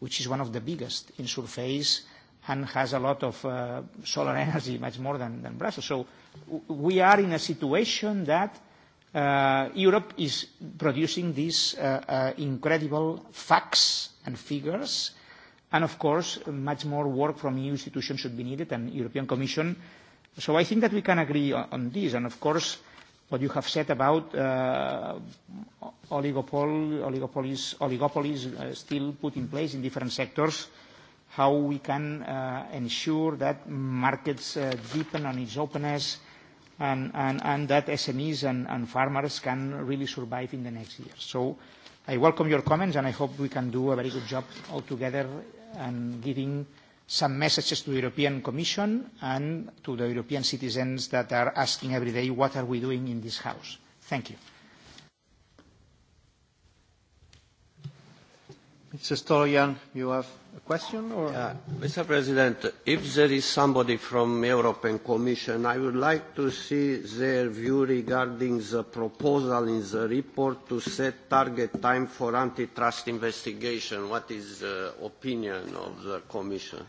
which is one of the biggest in surface and has a lot of uh, solar (laughs) energy, much more than Brussels. We are in a situation that uh, Europe is producing these incredible facts and figures. Of course, much more work from EU institutions should be needed and European Commission. I think that we can agree on this. Of course, what you have said about uh, oligopolies uh, still put in place in different sectors, how we can uh, ensure that markets deepen on its openness and that SMEs and farmers can really survive in the next year. So I welcome your comments, and I hope we can do a very good job all together and giving some messages to the European Commission and to the European citizens that are asking every day what are we doing in this house. Thank you. Mr. Stolojan, you have a question? Or? Uh, Mr. President, if there is somebody from the European Commission, I would like to see their view regarding the proposal in the report to set target time for antitrust investigation. What is the opinion of the Commission?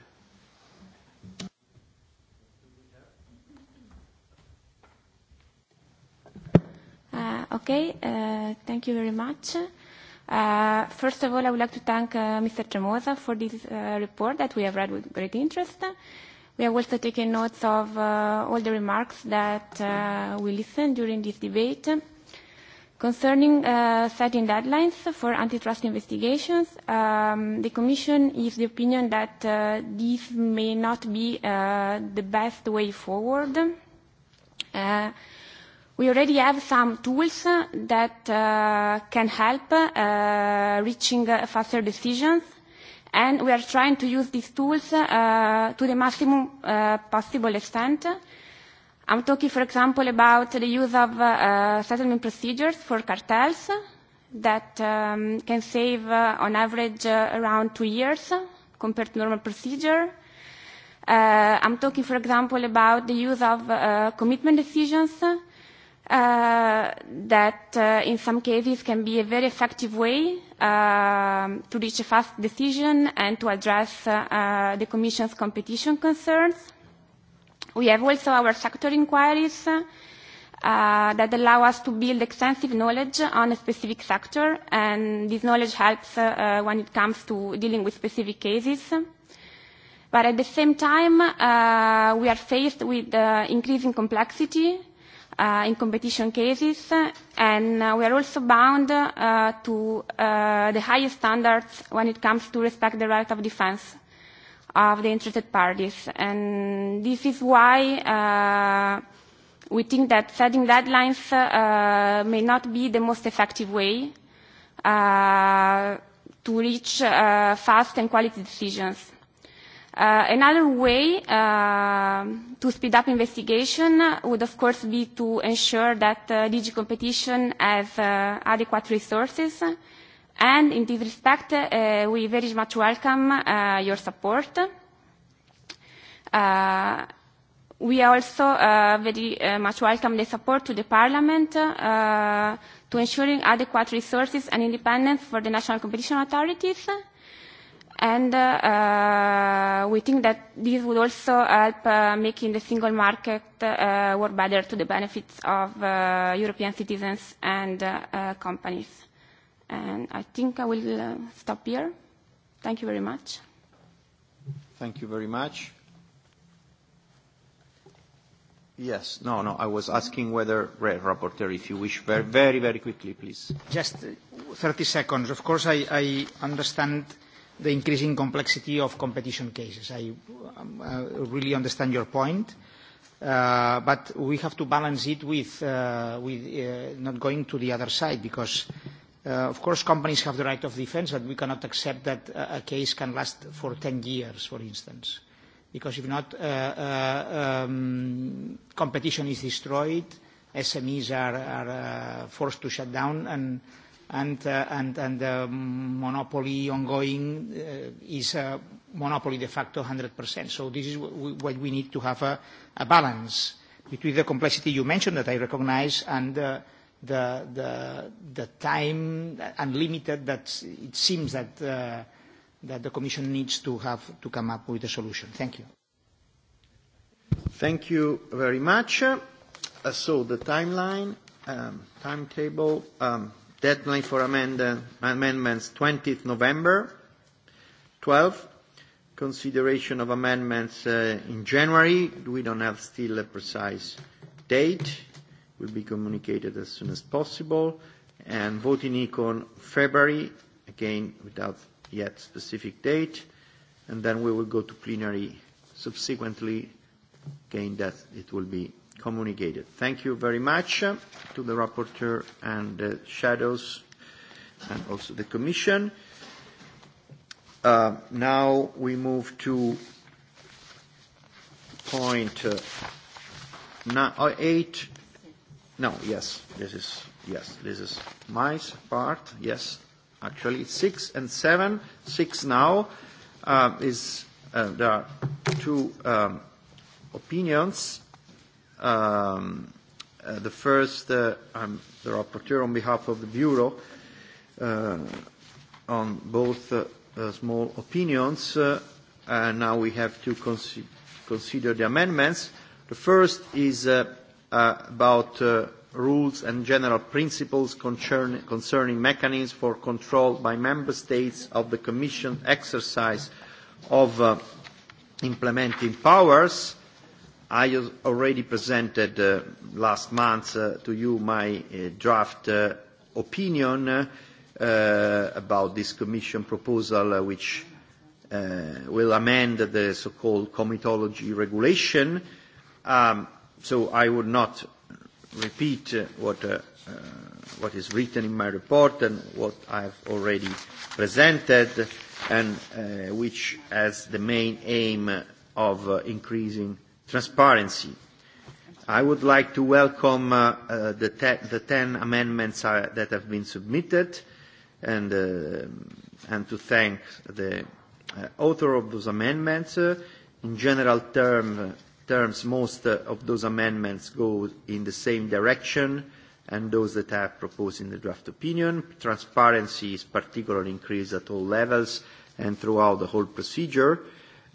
Uh, okay, uh, thank you very much. Uh, first of all, I would like to thank uh, Mr. Tremosa for this uh, report that we have read with great interest. We have also taken notes of uh, all the remarks that uh, we listened during this debate. Concerning uh, setting deadlines for antitrust investigations, um, the Commission is the opinion that uh, this may not be uh, the best way forward. Uh, We already have some tools uh, that uh, can help uh, reaching faster decisions, and we are trying to use these tools to the maximum possible extent. I'm talking, for example, about the use of settlement procedures for cartels that um, can save on average around two years compared to normal procedure. I'm talking, for example, about the use of commitment decisions that Uh, that uh, in some cases can be a very effective way uh, to reach a fast decision and to address uh, uh, the Commission's competition concerns. We have also our sector inquiries uh, that allow us to build extensive knowledge on a specific sector, and this knowledge helps uh, uh, when it comes to dealing with specific cases. But at the same time, uh, we are faced with uh, increasing complexity uh, in competition cases, and uh, we are also bound uh, to uh, the highest standards when it comes to respect the right of defense of the interested parties. And this is why uh, we think that setting deadlines uh, may not be the most effective way uh, to reach uh, fast and quality decisions. Uh, another way uh, to speed up investigation would, of course, be to ensure that uh, DG competition has uh, adequate resources. And in this respect, uh, we very much welcome uh, your support. Uh, we also uh, very uh, much welcome the support to the Parliament uh, to ensuring adequate resources and independence for the national competition authorities and uh, uh, we think that this would also help uh, making the single market work better to the benefits of European citizens and companies. And I think I will stop here. Thank you very much. Thank you very much. Yes. No, no, I was asking whether, rapporteur, if you wish, very, very quickly, please. Just 30 seconds. Of course, I understand the increasing complexity of competition cases. I um, uh, really understand your point, uh, but we have to balance it with, uh, with uh, not going to the other side because, uh, of course, companies have the right of defense, but we cannot accept that a, a case can last for 10 years, for instance, because if not, uh, uh, um, competition is destroyed, SMEs are, are uh, forced to shut down, and Uh, and the monopoly ongoing uh, is a monopoly de facto 100%. This is why we need to have a balance between the complexity you mentioned, that I recognize, and the time unlimited that it seems uh, that the commission needs to have to come up with a solution. Thank you. Thank you very much. The timeline, um, timetable, um, deadline for amendments, 20th November. 12, consideration of amendments uh, in January. We don't have still a precise date. Will be communicated as soon as possible. Voting icon, February, again, without yet specific date. Then we will go to plenary subsequently, again, that it will be communicated. Thank you very much uh, to the rapporteur and the shadows and also the Commission. Uh, now we move to point uh, uh, 8. No, yes, this is, yes, this is my part, yes. Actually, 6 and 7, 6 now, uh, is, uh, there are two um, opinions um, uh, the first, uh, I'm the rapporteur on behalf of the Bureau, uh, on both uh, uh, small opinions, uh, and now we have to con consider the amendments. The first is uh, uh, about uh, rules and general principles concern concerning mechanisms for control by member states of the Commission exercise of uh, implementing powers. I already presented uh, last month uh, to you my uh, draft uh, opinion uh, about this Commission proposal, uh, which uh, will amend the so-called comitology regulation. Um, so I would not repeat uh, what, uh, uh, what is written in my report and what I've already presented, and uh, which has the main aim of uh, increasing transparency. I would like to welcome uh, uh, the, te the 10 amendments are, that have been submitted and, uh, and to thank the uh, author of those amendments. Uh, in general term, uh, terms, most uh, of those amendments go in the same direction and those that are proposed in the draft opinion. Transparency is particularly increased at all levels and throughout the whole procedure.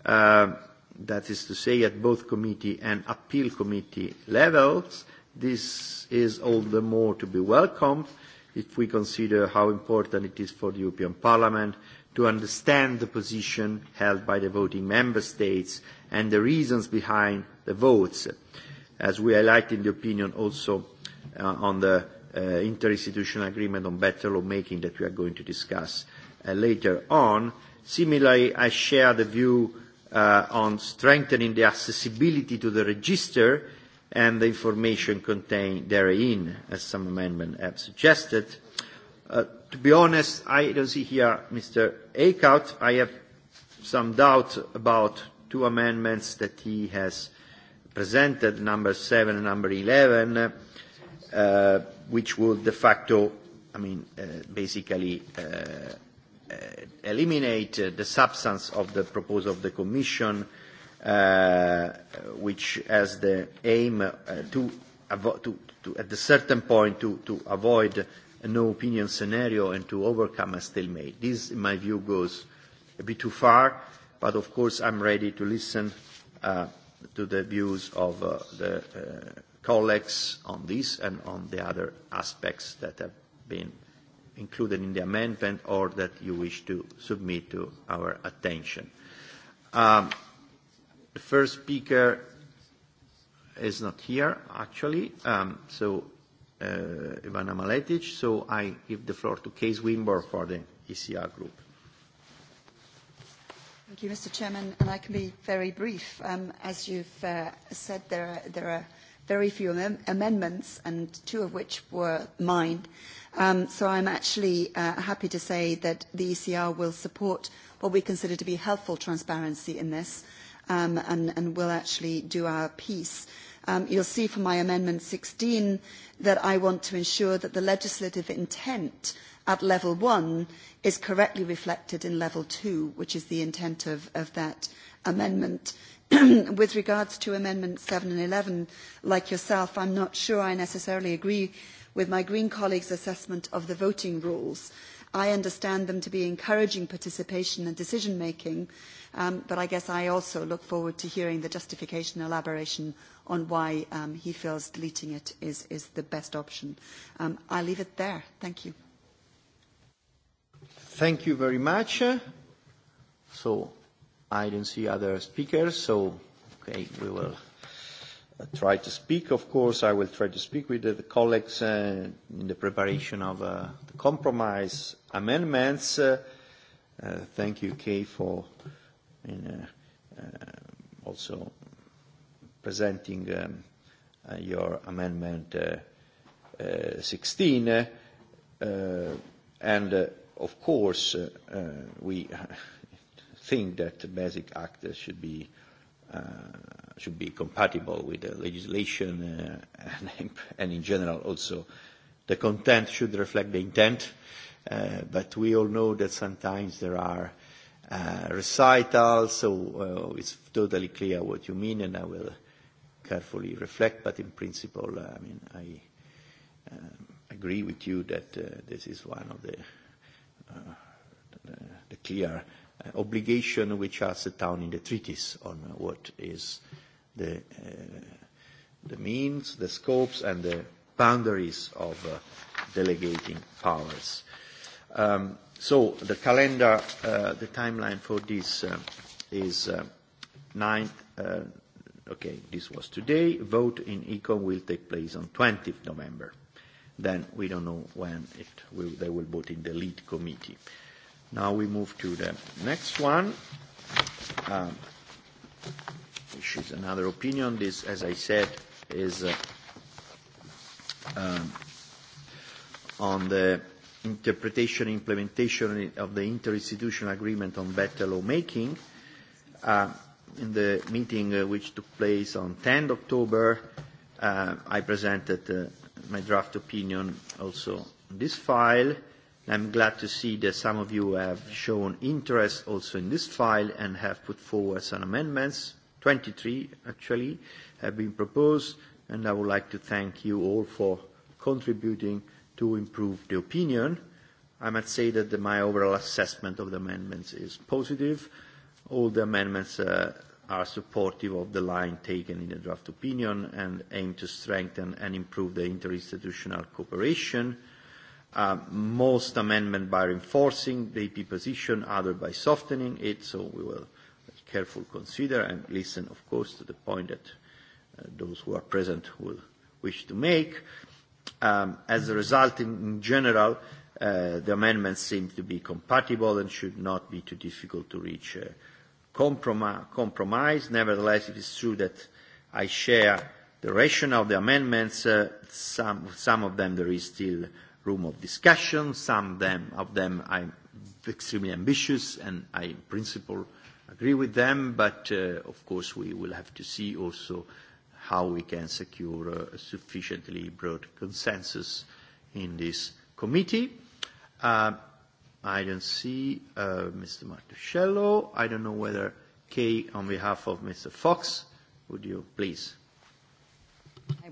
Uh, that is to say at both committee and appeal committee levels. This is all the more to be welcomed if we consider how important it is for the European Parliament to understand the position held by the voting member states and the reasons behind the votes, as we highlighted in the opinion also uh, on the uh, interinstitutional agreement on better lawmaking that we are going to discuss uh, later on. Similarly, I share the view uh, uh, on strengthening the accessibility to the register and the information contained therein, as some amendments have suggested. Uh, to be honest, I don't see here Mr. Aikout. I have some doubt about two amendments that he has presented, number 7 and number 11, uh, which would de facto, I mean, uh, basically uh, Uh, eliminate uh, the substance of the proposal of the Commission, uh, which has the aim uh, to, avo- to, to, at a certain point, to, to avoid a no opinion scenario and to overcome a stalemate. This, in my view, goes a bit too far, but of course I'm ready to listen uh, to the views of uh, the uh, colleagues on this and on the other aspects that have been included in the amendment or that you wish to submit to our attention. Um, the first speaker is not here, actually, um, so uh, Ivana Maletic, so I give the floor to Case Wimborg for the ECR group. Thank you, Mr. Chairman, and I can be very brief. Um, as you've uh, said, there are, there are very few am- amendments, and two of which were mine. Um, so I'm actually uh, happy to say that the ECR will support what we consider to be helpful transparency in this um, and, and will actually do our piece. Um, you'll see from my Amendment 16 that I want to ensure that the legislative intent at level one is correctly reflected in level two, which is the intent of, of that amendment. (clears throat) With regards to Amendments 7 and 11, like yourself, I'm not sure I necessarily agree with my Green colleagues' assessment of the voting rules. I understand them to be encouraging participation and decision making, um, but I guess I also look forward to hearing the justification elaboration on why um, he feels deleting it is, is the best option. Um, I'll leave it there. Thank you. Thank you very much. So I don't see other speakers, so okay, we will. Yeah try to speak. Of course, I will try to speak with the, the colleagues uh, in the preparation of uh, the compromise amendments. Uh, uh, thank you, Kay, for in, uh, uh, also presenting um, uh, your amendment uh, uh, 16. Uh, uh, and, uh, of course, uh, uh, we (laughs) think that the basic act should be uh, Uh, should be compatible with the legislation uh, (laughs) and, and in general also the content should reflect the intent. Uh, but we all know that sometimes there are uh, recitals, so uh, it's totally clear what you mean, and I will carefully reflect. But in principle, uh, I mean, I uh, agree with you that uh, this is one of the, uh, the, the clear uh, Uh, obligation which are set down in the treaties on what is the, uh, the means, the scopes, and the boundaries of uh, delegating powers. Um, so the calendar, uh, the timeline for this uh, is uh, ninth. Uh, okay, this was today. Vote in ECOM will take place on 20th November. Then we don't know when it will, they will vote in the lead committee. Uh, Now we move to the next one, um, which is another opinion. This, as I said, is uh, um, on the interpretation and implementation of the interinstitutional agreement on better lawmaking. Uh, in the meeting uh, which took place on 10 October, uh, I presented uh, my draft opinion also in this file. I'm glad to see that some of you have shown interest also in this file and have put forward some amendments. 23, actually, have been proposed, and I would like to thank you all for contributing to improve the opinion. I must say that the, my overall assessment of the amendments is positive. All the amendments uh, are supportive of the line taken in the draft opinion and aim to strengthen and improve the interinstitutional cooperation. Uh, most amendment by reinforcing the EP position, other by softening it. So we will carefully consider and listen, of course, to the point that uh, those who are present will wish to make. Um, as a result, in, in general, uh, the amendments seem to be compatible and should not be too difficult to reach a compromi- compromise. Nevertheless, it is true that I share the rationale of the amendments. Uh, some, some of them, there is still room of discussion. Some of them, of them I'm extremely ambitious and I, in principle, agree with them, but uh, of course we will have to see also how we can secure uh, a sufficiently broad consensus in this committee. Uh, I don't see uh, Mr. Martuscello. I don't know whether Kay, on behalf of Mr. Fox, would you please?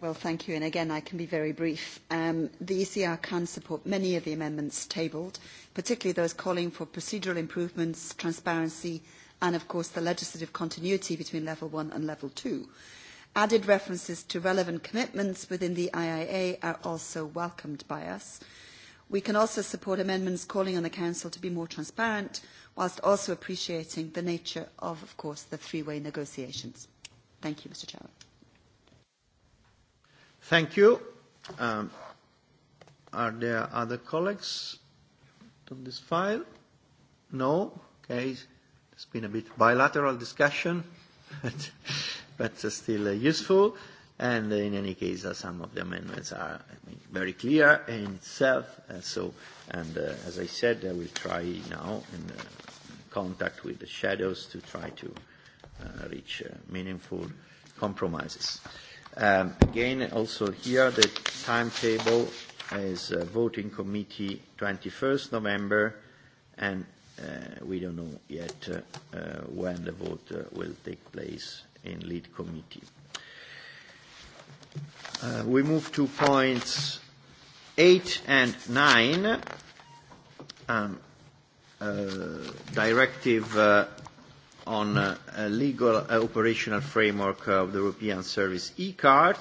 Well, thank you. And again, I can be very brief. Um, the ECR can support many of the amendments tabled, particularly those calling for procedural improvements, transparency, and of course the legislative continuity between level one and level two. Added references to relevant commitments within the IIA are also welcomed by us. We can also support amendments calling on the Council to be more transparent, whilst also appreciating the nature of, of course, the three-way negotiations. Thank you, Mr Chairman. Thank you. Um, are there other colleagues on this file? No? Okay. It's been a bit bilateral discussion, (laughs) but, but uh, still uh, useful. And uh, in any case, uh, some of the amendments are I mean, very clear in itself. Uh, so, and uh, as I said, I will try now in uh, contact with the shadows to try to uh, reach uh, meaningful compromises. Um, again, also here, the timetable is uh, voting committee 21st November, and uh, we don't know yet uh, when the vote will take place in lead committee. We move to points eight and nine. Um, directive on uh, a legal uh, operational framework of the European Service e-card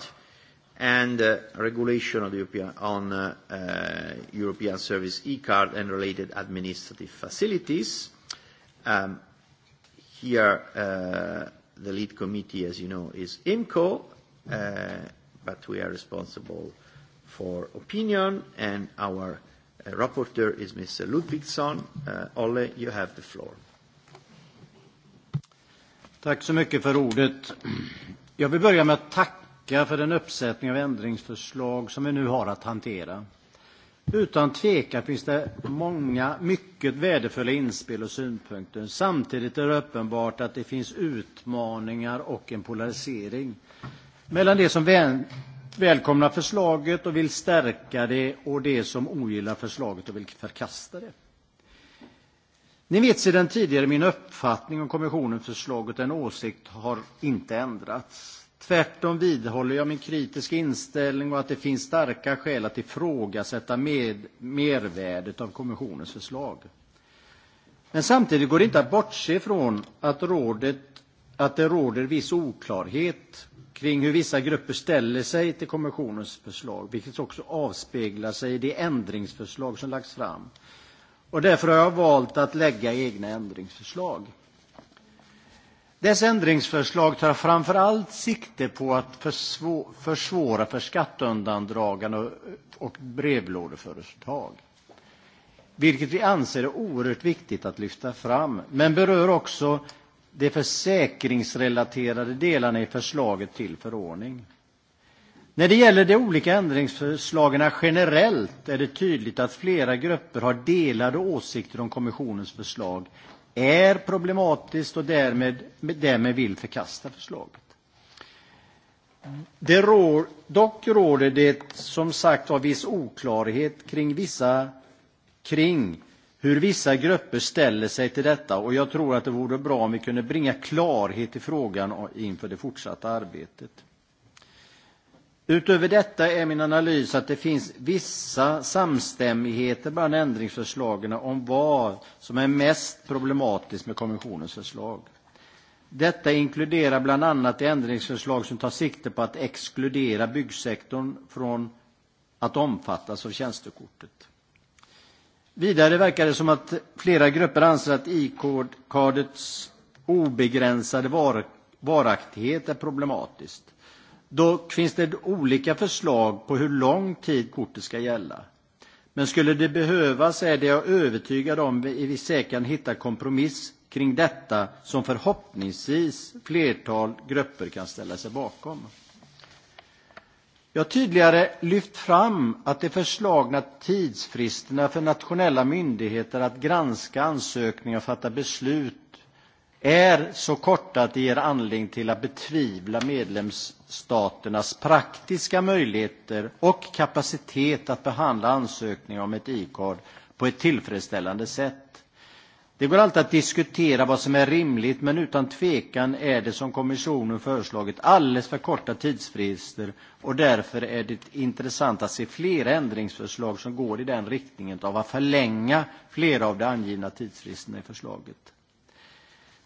and uh, regulation of the European, on uh, European Service e-card and related administrative facilities. Um, here, uh, the lead committee, as you know, is IMCO, uh, but we are responsible for opinion, and our uh, rapporteur is Mr. Ludwigson. Uh, Ole, you have the floor. Tack så mycket för ordet. Jag vill börja med att tacka för den uppsättning av ändringsförslag som vi nu har att hantera. Utan tvekan finns det många mycket värdefulla inspel och synpunkter. Samtidigt är det uppenbart att det finns utmaningar och en polarisering mellan det som välkomnar förslaget och vill stärka det och det som ogillar förslaget och vill förkasta det. Ni vet sedan tidigare min uppfattning om kommissionens förslag och den åsikt har inte ändrats. Tvärtom vidhåller jag min kritiska inställning och att det finns starka skäl att ifrågasätta med mervärdet av kommissionens förslag. Men samtidigt går det inte att bortse från att, rådet, att det råder viss oklarhet kring hur vissa grupper ställer sig till kommissionens förslag, vilket också avspeglar sig i det ändringsförslag som lagts fram. Och därför har jag valt att lägga egna ändringsförslag. Dessa ändringsförslag tar framförallt sikte på att försvåra för skatteundandragande och brevlådeföretag vilket vi anser är oerhört viktigt att lyfta fram men berör också de försäkringsrelaterade delarna i förslaget till förordning. När det gäller de olika ändringsförslagen generellt är det tydligt att flera grupper har delade åsikter om kommissionens förslag är problematiskt och därmed, därmed vill förkasta förslaget. Det rår, dock råder det som sagt av viss oklarhet kring, vissa, kring hur vissa grupper ställer sig till detta och jag tror att det vore bra om vi kunde bringa klarhet i frågan inför det fortsatta arbetet. Utöver detta är min analys att det finns vissa samstämmigheter bland ändringsförslagen om vad som är mest problematiskt med kommissionens förslag. Detta inkluderar bland annat ändringsförslag som tar sikte på att exkludera byggsektorn från att omfattas av tjänstekortet. Vidare verkar det som att flera grupper anser att IK-kardets obegränsade varaktighet är problematiskt. Då finns det olika förslag på hur lång tid kortet ska gälla. Men skulle det behövas är det jag övertygad om att vi säkert kan hitta kompromiss kring detta som förhoppningsvis flertal grupper kan ställa sig bakom. Jag har tydligare lyft fram att de förslagna tidsfristerna för nationella myndigheter att granska ansökningar och fatta beslut är så korta att det ger anledning till att betvivla medlemsstaternas praktiska möjligheter och kapacitet att behandla ansökningar om ett ICARD på ett tillfredsställande sätt. Det går alltid att diskutera vad som är rimligt men utan tvekan är det som Kommissionen föreslagit alldeles för korta tidsfrister och därför är det intressant att se flera ändringsförslag som går i den riktningen av att förlänga flera av de angivna tidsfristerna i förslaget.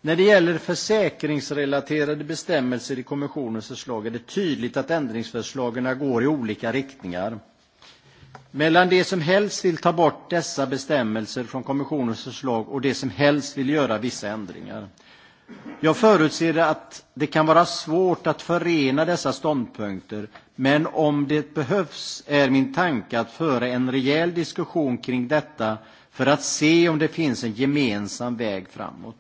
När det gäller försäkringsrelaterade bestämmelser i kommissionens förslag är det tydligt att ändringsförslagen går i olika riktningar. Mellan det som helst vill ta bort dessa bestämmelser från kommissionens förslag och det som helst vill göra vissa ändringar. Jag förutser att det kan vara svårt att förena dessa ståndpunkter, men om det behövs är min tanke att föra en rejäl diskussion kring detta för att se om det finns en gemensam väg framåt.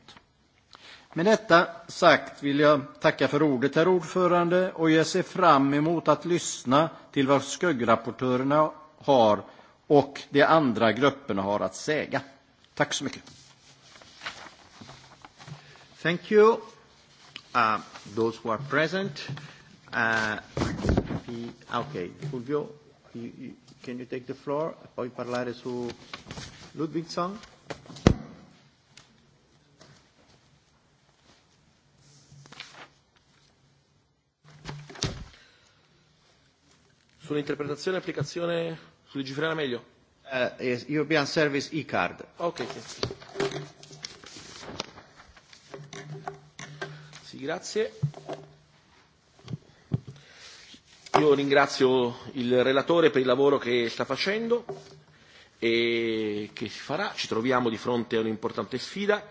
Med detta sagt vill jag tacka för ordet, herr ordförande, och jag ser fram emot att lyssna till vad skuggrapportörerna har och de andra grupperna har att säga. Tack så mycket. Thank you, uh, those who are present. Uh, okay, Fulvio, can you take the floor? Puoi parlare su Ludwigson? sull'interpretazione e applicazione su legiferare meglio uh, European Service e-card ok sì, grazie io ringrazio il relatore per il lavoro che sta facendo e che si farà ci troviamo di fronte a un'importante sfida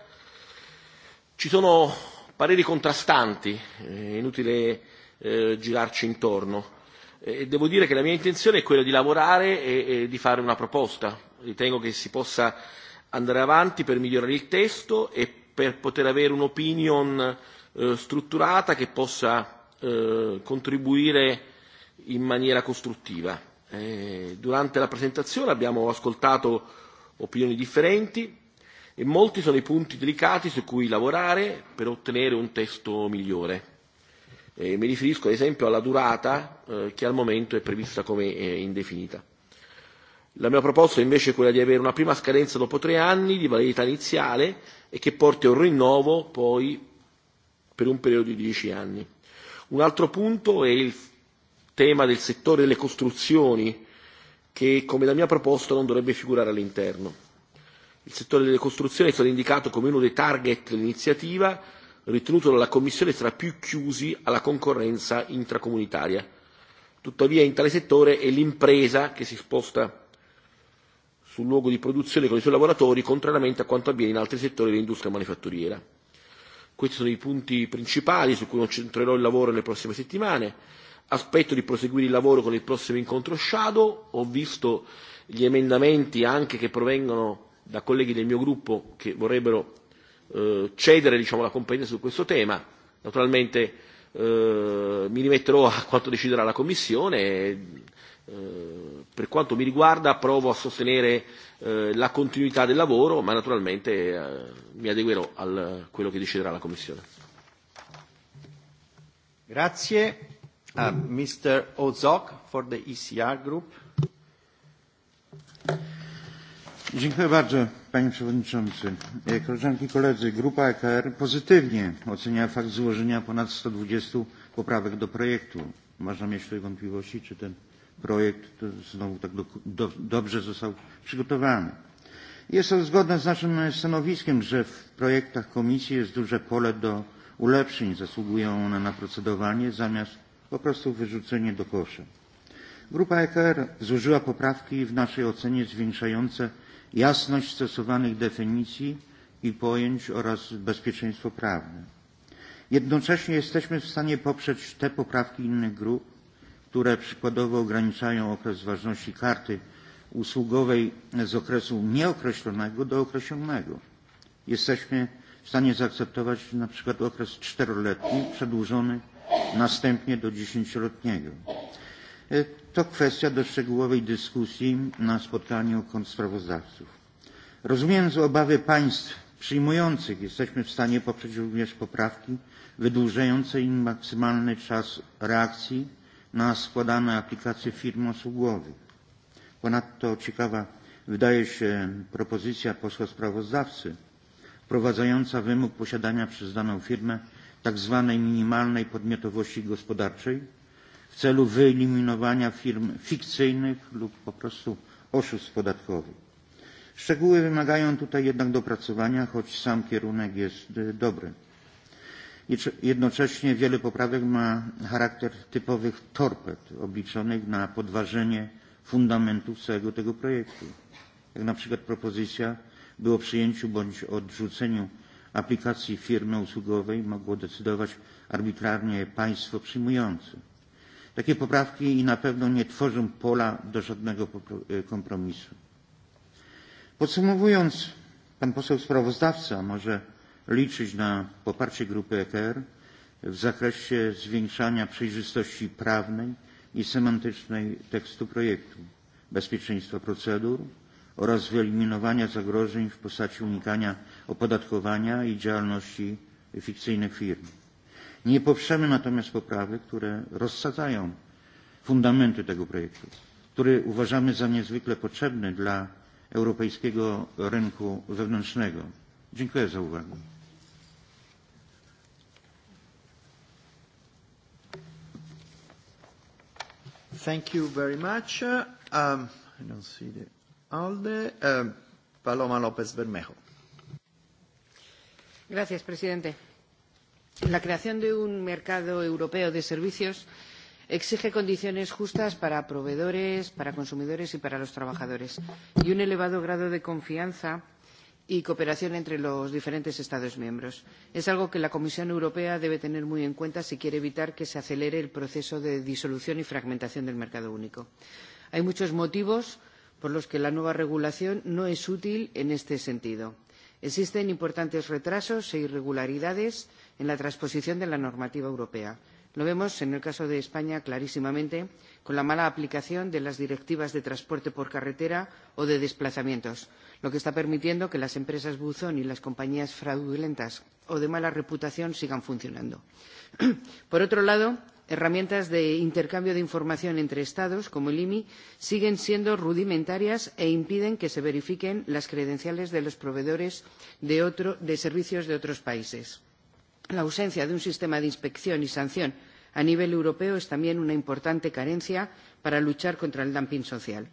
ci sono pareri contrastanti è inutile eh, girarci intorno E, e devo dire che la mia intenzione è quella di lavorare e, e di fare una proposta. Ritengo che si possa andare avanti per migliorare il testo e per poter avere un'opinion eh, strutturata che possa eh, contribuire in maniera costruttiva. Eh, durante la presentazione abbiamo ascoltato opinioni differenti e molti sono i punti delicati su cui lavorare per ottenere un testo migliore e mi riferisco ad esempio alla durata eh, che al momento è prevista come eh, indefinita. La mia proposta è invece quella di avere una prima scadenza dopo tre anni di validità iniziale e che porti a un rinnovo poi per un periodo di dieci anni. Un altro punto è il tema del settore delle costruzioni che come la mia proposta non dovrebbe figurare all'interno. Il settore delle costruzioni è stato indicato come uno dei target dell'iniziativa ritenuto dalla Commissione tra più chiusi alla concorrenza intracomunitaria. Tuttavia in tale settore è l'impresa che si sposta sul luogo di produzione con i suoi lavoratori, contrariamente a quanto avviene in altri settori dell'industria manifatturiera. Questi sono i punti principali su cui concentrerò il lavoro nelle prossime settimane. Aspetto di proseguire il lavoro con il prossimo incontro Shadow. Ho visto gli emendamenti anche che provengono da colleghi del mio gruppo che vorrebbero eh, cedere diciamo, la competenza su questo tema. Naturalmente eh, mi rimetterò a quanto deciderà la Commissione. E, eh, per quanto mi riguarda provo a sostenere eh, la continuità del lavoro, ma naturalmente eh, mi adeguerò a quello che deciderà la Commissione. Grazie a uh, Mr. Ozok for the ECR Group. E, grupa ecr pozytywnie ocenia fakt złożenia ponad sto dwadzieścia poprawek do projektu. można mieć tutaj wątpliwości czy ten projekt znowu tak dobrze został przygotowany. jest to zgodne z naszym e, stanowiskiem że w projektach komisji jest duże pole do ulepszeń zasługują one na procedowanie zamiast po prostu wyrzucenie do kosza. grupa ecr złożyła poprawki w naszej ocenie zwiększające jasność stosowanych definicji i pojęć oraz bezpieczeństwo prawne. Jednocześnie jesteśmy w stanie poprzeć te poprawki innych grup, które przykładowo ograniczają okres ważności karty usługowej z okresu nieokreślonego do określonego. Jesteśmy w stanie zaakceptować na przykład okres czteroletni przedłużony następnie do dziesięcioletniego. E, to kwestia do szczegółowej dyskusji na spotkaniu kontrsprawozdawców. Rozumiem z obawy państw przyjmujących jesteśmy w stanie poprzeć również poprawki wydłużające im maksymalny czas reakcji na składane aplikacje firm usługowych. Ponadto ciekawa wydaje się propozycja posła sprawozdawcy wprowadzająca wymóg posiadania przez daną firmę tak zwanej minimalnej podmiotowości gospodarczej w celu wyeliminowania firm fikcyjnych lub po prostu oszustw podatkowych. Szczegóły wymagają tutaj jednak dopracowania, choć sam kierunek jest dobry. Jednocześnie wiele poprawek ma charakter typowych torped obliczonych na podważenie fundamentów całego tego projektu, jak na przykład propozycja, by o przyjęciu bądź odrzuceniu aplikacji firmy usługowej mogło decydować arbitralnie państwo przyjmujące. Takie poprawki i na pewno nie tworzą pola do żadnego e, kompromisu. Podsumowując, pan poseł sprawozdawca może liczyć na poparcie grupy EKR w zakresie zwiększania przejrzystości prawnej i semantycznej tekstu projektu, bezpieczeństwa procedur oraz wyeliminowania zagrożeń w postaci unikania opodatkowania i działalności fikcyjnych firm. Nie poprzemy natomiast poprawek, które rozsadzają fundamenty tego projektu, który uważamy za niezwykle potrzebny dla europejskiego rynku wewnętrznego. Dziękuję za uwagę. Thank you very much. Um, I don't see the Alde. Um, Paloma López Bermejo. Gracias, presidente. La creación de un mercado europeo de servicios exige condiciones justas para proveedores, para consumidores y para los trabajadores y un elevado grado de confianza y cooperación entre los diferentes Estados miembros. Es algo que la Comisión Europea debe tener muy en cuenta si quiere evitar que se acelere el proceso de disolución y fragmentación del mercado único. Hay muchos motivos por los que la nueva regulación no es útil en este sentido. Existen importantes retrasos e irregularidades en la transposición de la normativa europea. Lo vemos en el caso de España clarísimamente con la mala aplicación de las directivas de transporte por carretera o de desplazamientos, lo que está permitiendo que las empresas buzón y las compañías fraudulentas o de mala reputación sigan funcionando. (clears throat) Por otro lado, herramientas de intercambio de información entre Estados, como el IMI, siguen siendo rudimentarias e impiden que se verifiquen las credenciales de los proveedores de, otro, de servicios de otros países. La ausencia de un sistema de inspección y sanción a nivel europeo es también una importante carencia para luchar contra el dumping social.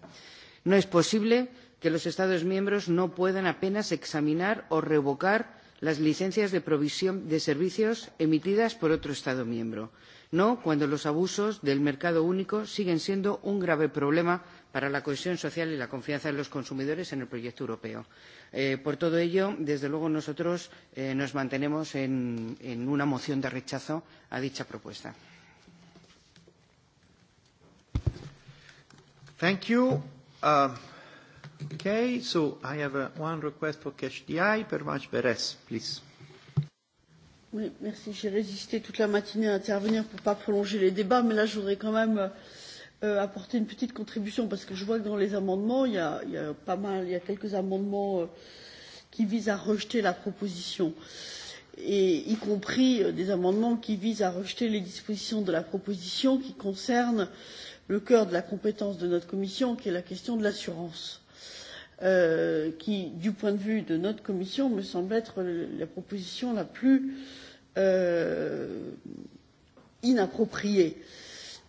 No es posible que los Estados miembros no puedan apenas examinar o revocar las licencias de provisión de servicios emitidas por otro Estado miembro no cuando los abusos del mercado único siguen siendo un grave problema para la cohesión social y la confianza de los consumidores en el proyecto europeo. Eh, por todo ello, desde luego, nosotros eh, nos mantenemos en, en una moción de rechazo a dicha propuesta. Thank you. Uh, okay, so I have a, uh, one request for Cash DI, Permach Beres, please. Oui, merci. J'ai résisté toute la matinée à intervenir pour ne pas prolonger les débats, mais là, je voudrais quand même euh, apporter une petite contribution parce que je vois que dans les amendements, il y a, il y a pas mal, il y a quelques amendements euh, qui visent à rejeter la proposition, et y compris euh, des amendements qui visent à rejeter les dispositions de la proposition qui concernent le cœur de la compétence de notre commission, qui est la question de l'assurance. Euh, Euh, qui, du point de vue de notre commission, me semble être la proposition la plus euh, inappropriée.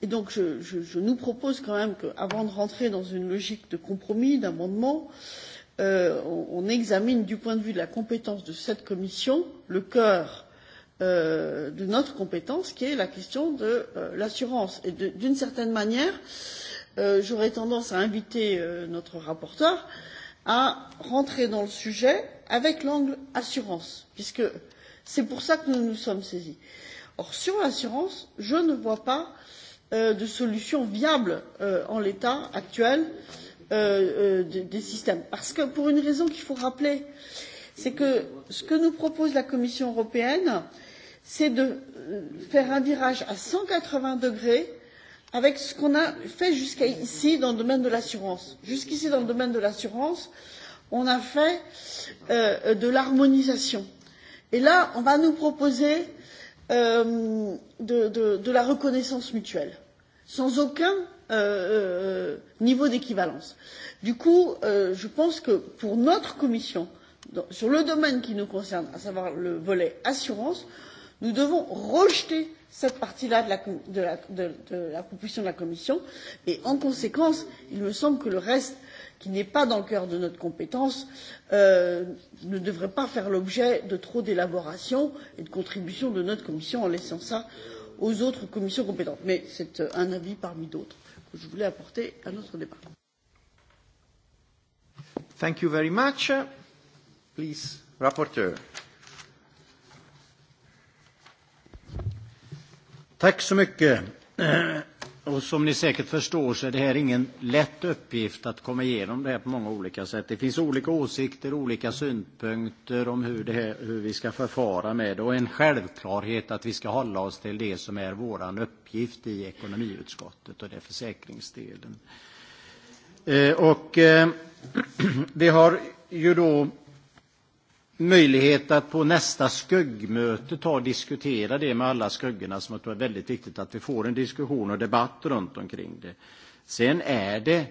Et donc, je, je, je nous propose quand même qu'avant de rentrer dans une logique de compromis, d'amendement, euh, on, on examine du point de vue de la compétence de cette commission le cœur euh, de notre compétence, qui est la question de euh, l'assurance. Et d'une certaine manière, euh, j'aurais tendance à inviter euh, notre rapporteur euh, à rentrer dans le sujet avec l'angle assurance, puisque c'est pour ça que nous nous sommes saisis. Or, sur l'assurance, je ne vois pas euh, de solution viable euh, en l'état actuel euh, euh, des, des systèmes. Parce que, pour une raison qu'il faut rappeler, c'est que ce que nous propose la Commission européenne, c'est de euh, faire un virage à 180 degrés avec ce qu'on a fait jusqu'ici dans le domaine de l'assurance. Jusqu'ici dans le domaine de l'assurance, on a fait euh, de l'harmonisation. Et là, on va nous proposer euh, de, de, de la reconnaissance mutuelle, sans aucun euh, euh niveau d'équivalence. Du coup, euh, je pense que pour notre commission, dans, sur le domaine qui nous concerne, à savoir le volet assurance, nous devons rejeter euh, cette partie là de la, de la, de, de la proposition de la commission et en conséquence il me semble que le reste qui n'est pas dans le cœur de notre compétence euh, ne devrait pas faire l'objet de trop d'élaboration et de contribution de notre commission en laissant ça aux autres commissions compétentes. Mais c'est euh, un avis parmi d'autres que je voulais apporter à notre débat. Thank you very much. Please, rapporteur. Tack så mycket. Eh, och som ni säkert förstår så är det här ingen lätt uppgift att komma igenom det här på många olika sätt. Det finns olika åsikter, olika synpunkter om hur, det här, hur vi ska förfara med det och en självklarhet att vi ska hålla oss till det som är vår uppgift i ekonomiutskottet och det är försäkringsdelen. Eh, och eh, (clears throat) vi har ju då möjlighet att på nästa skuggmöte ta och diskutera det med alla skuggorna som jag tror är väldigt viktigt att vi får en diskussion och debatt runt omkring det. Sen är det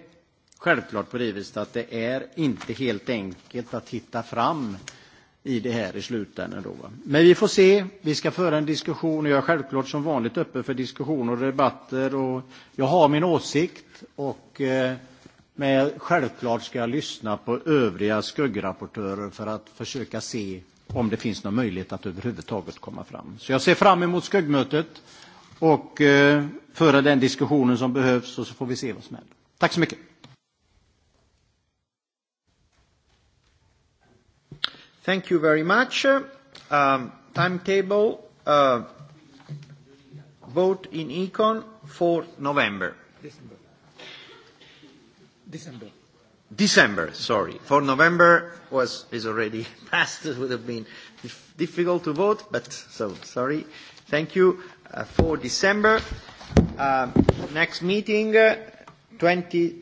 självklart på det viset att det är inte helt enkelt att hitta fram i det här i slutändan. Då. Men vi får se. Vi ska föra en diskussion och jag är självklart som vanligt öppen för diskussioner och debatter. Och jag har min åsikt. och... Eh, Men självklart ska jag lyssna på övriga skuggrapportörer för att försöka se om det finns någon möjlighet att överhuvudtaget komma fram. Så jag ser fram emot skuggmötet och eh, föra den diskussionen som behövs och så får vi se vad som händer. Tack så mycket. Thank you very much. Um, timetable, uh, vote in Econ for November. December. December. December, sorry. For November was, is already (laughs) passed. It would have been dif difficult to vote, but so, sorry. Thank you uh, for December. Uh, next meeting, uh, 20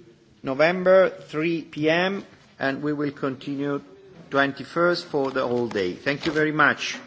November, 3 p.m., and we will continue 21st for the whole day. Thank you very much.